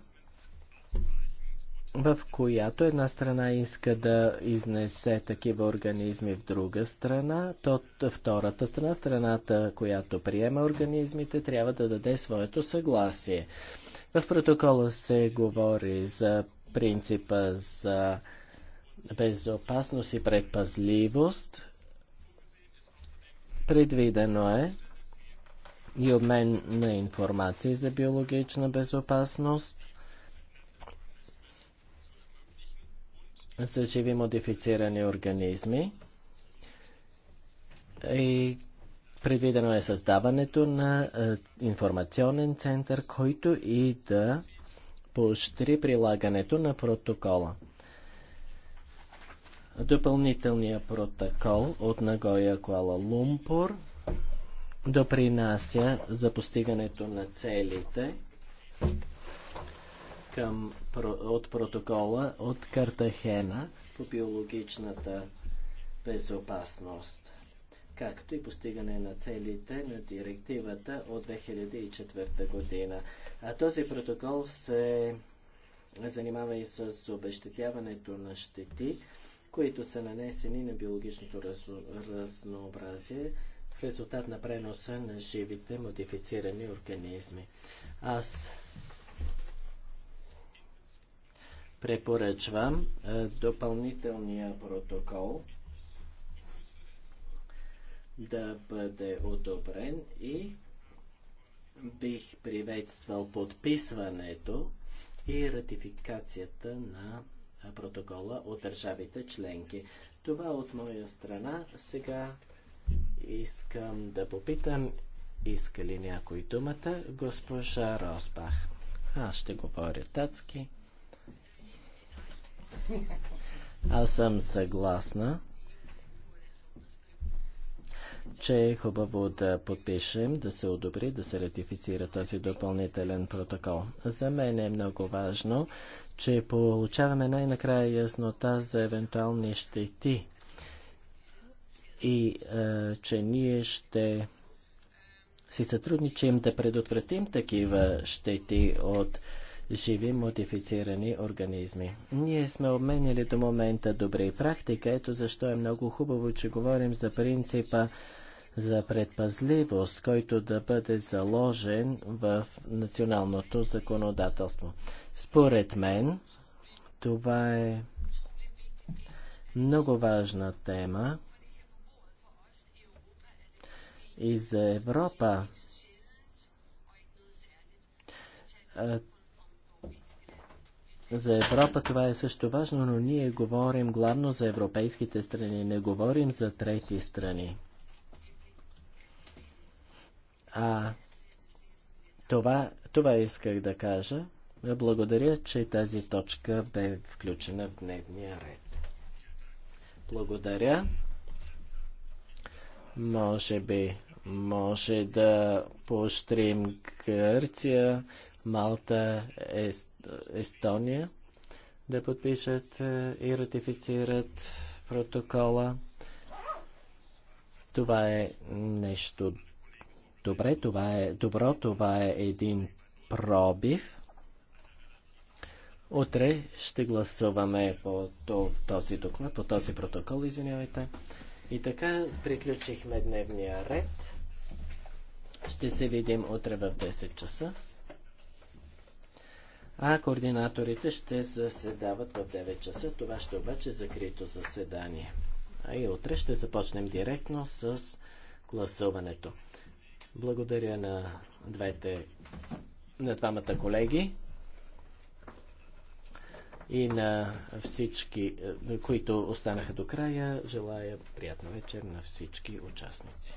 в която една страна иска да изнесе такива организми в друга страна, то втората страна, страната, която приема организмите, трябва да даде своето съгласие. В протокола се говори за принципа за безопасност и предпазливост. Предвидено е и обмен на информация за биологична безопасност, за живи модифицирани организми и предвидено е създаването на е, информационен център, който и да поощри прилагането на протокола. Допълнителният протокол от Нагоя Куала Лумпур – допринася за постигането на целите към, от протокола от Картахена по биологичната безопасност, както и постигане на целите на директивата от 2004 година. А този протокол се занимава и с обещетяването на щети, които са нанесени на биологичното разнообразие в резултат на преноса на живите модифицирани организми. Аз препоръчвам допълнителния протокол да бъде одобрен и бих приветствал подписването и ратификацията на протокола от държавите членки. Това от моя страна. Сега Искам да попитам, иска ли някой думата? Госпожа Росбах. Аз ще говоря тацки. Аз съм съгласна, че е хубаво да подпишем, да се одобри, да се ратифицира този допълнителен протокол. За мен е много важно, че получаваме най-накрая яснота за евентуални щети и а, е, че ние ще си сътрудничим да предотвратим такива щети от живи модифицирани организми. Ние сме обменяли до момента добри практика, ето защо е много хубаво, че говорим за принципа за предпазливост, който да бъде заложен в националното законодателство. Според мен, това е много важна тема и за Европа. За Европа това е също важно, но ние говорим главно за европейските страни, не говорим за трети страни. А това, това исках да кажа. Благодаря, че тази точка бе включена в дневния ред. Благодаря. Може би може да поощрим Гърция, Малта, Ест, Естония да подпишат е, и ратифицират протокола. Това е нещо добре, това е добро, това е един пробив. Утре ще гласуваме по този доклад, по този протокол, извинявайте. И така приключихме дневния ред. Ще се видим утре в 10 часа. А координаторите ще заседават в 9 часа. Това ще обаче е закрито заседание. А и утре ще започнем директно с гласуването. Благодаря на двете, на двамата колеги и на всички, които останаха до края. Желая приятна вечер на всички участници.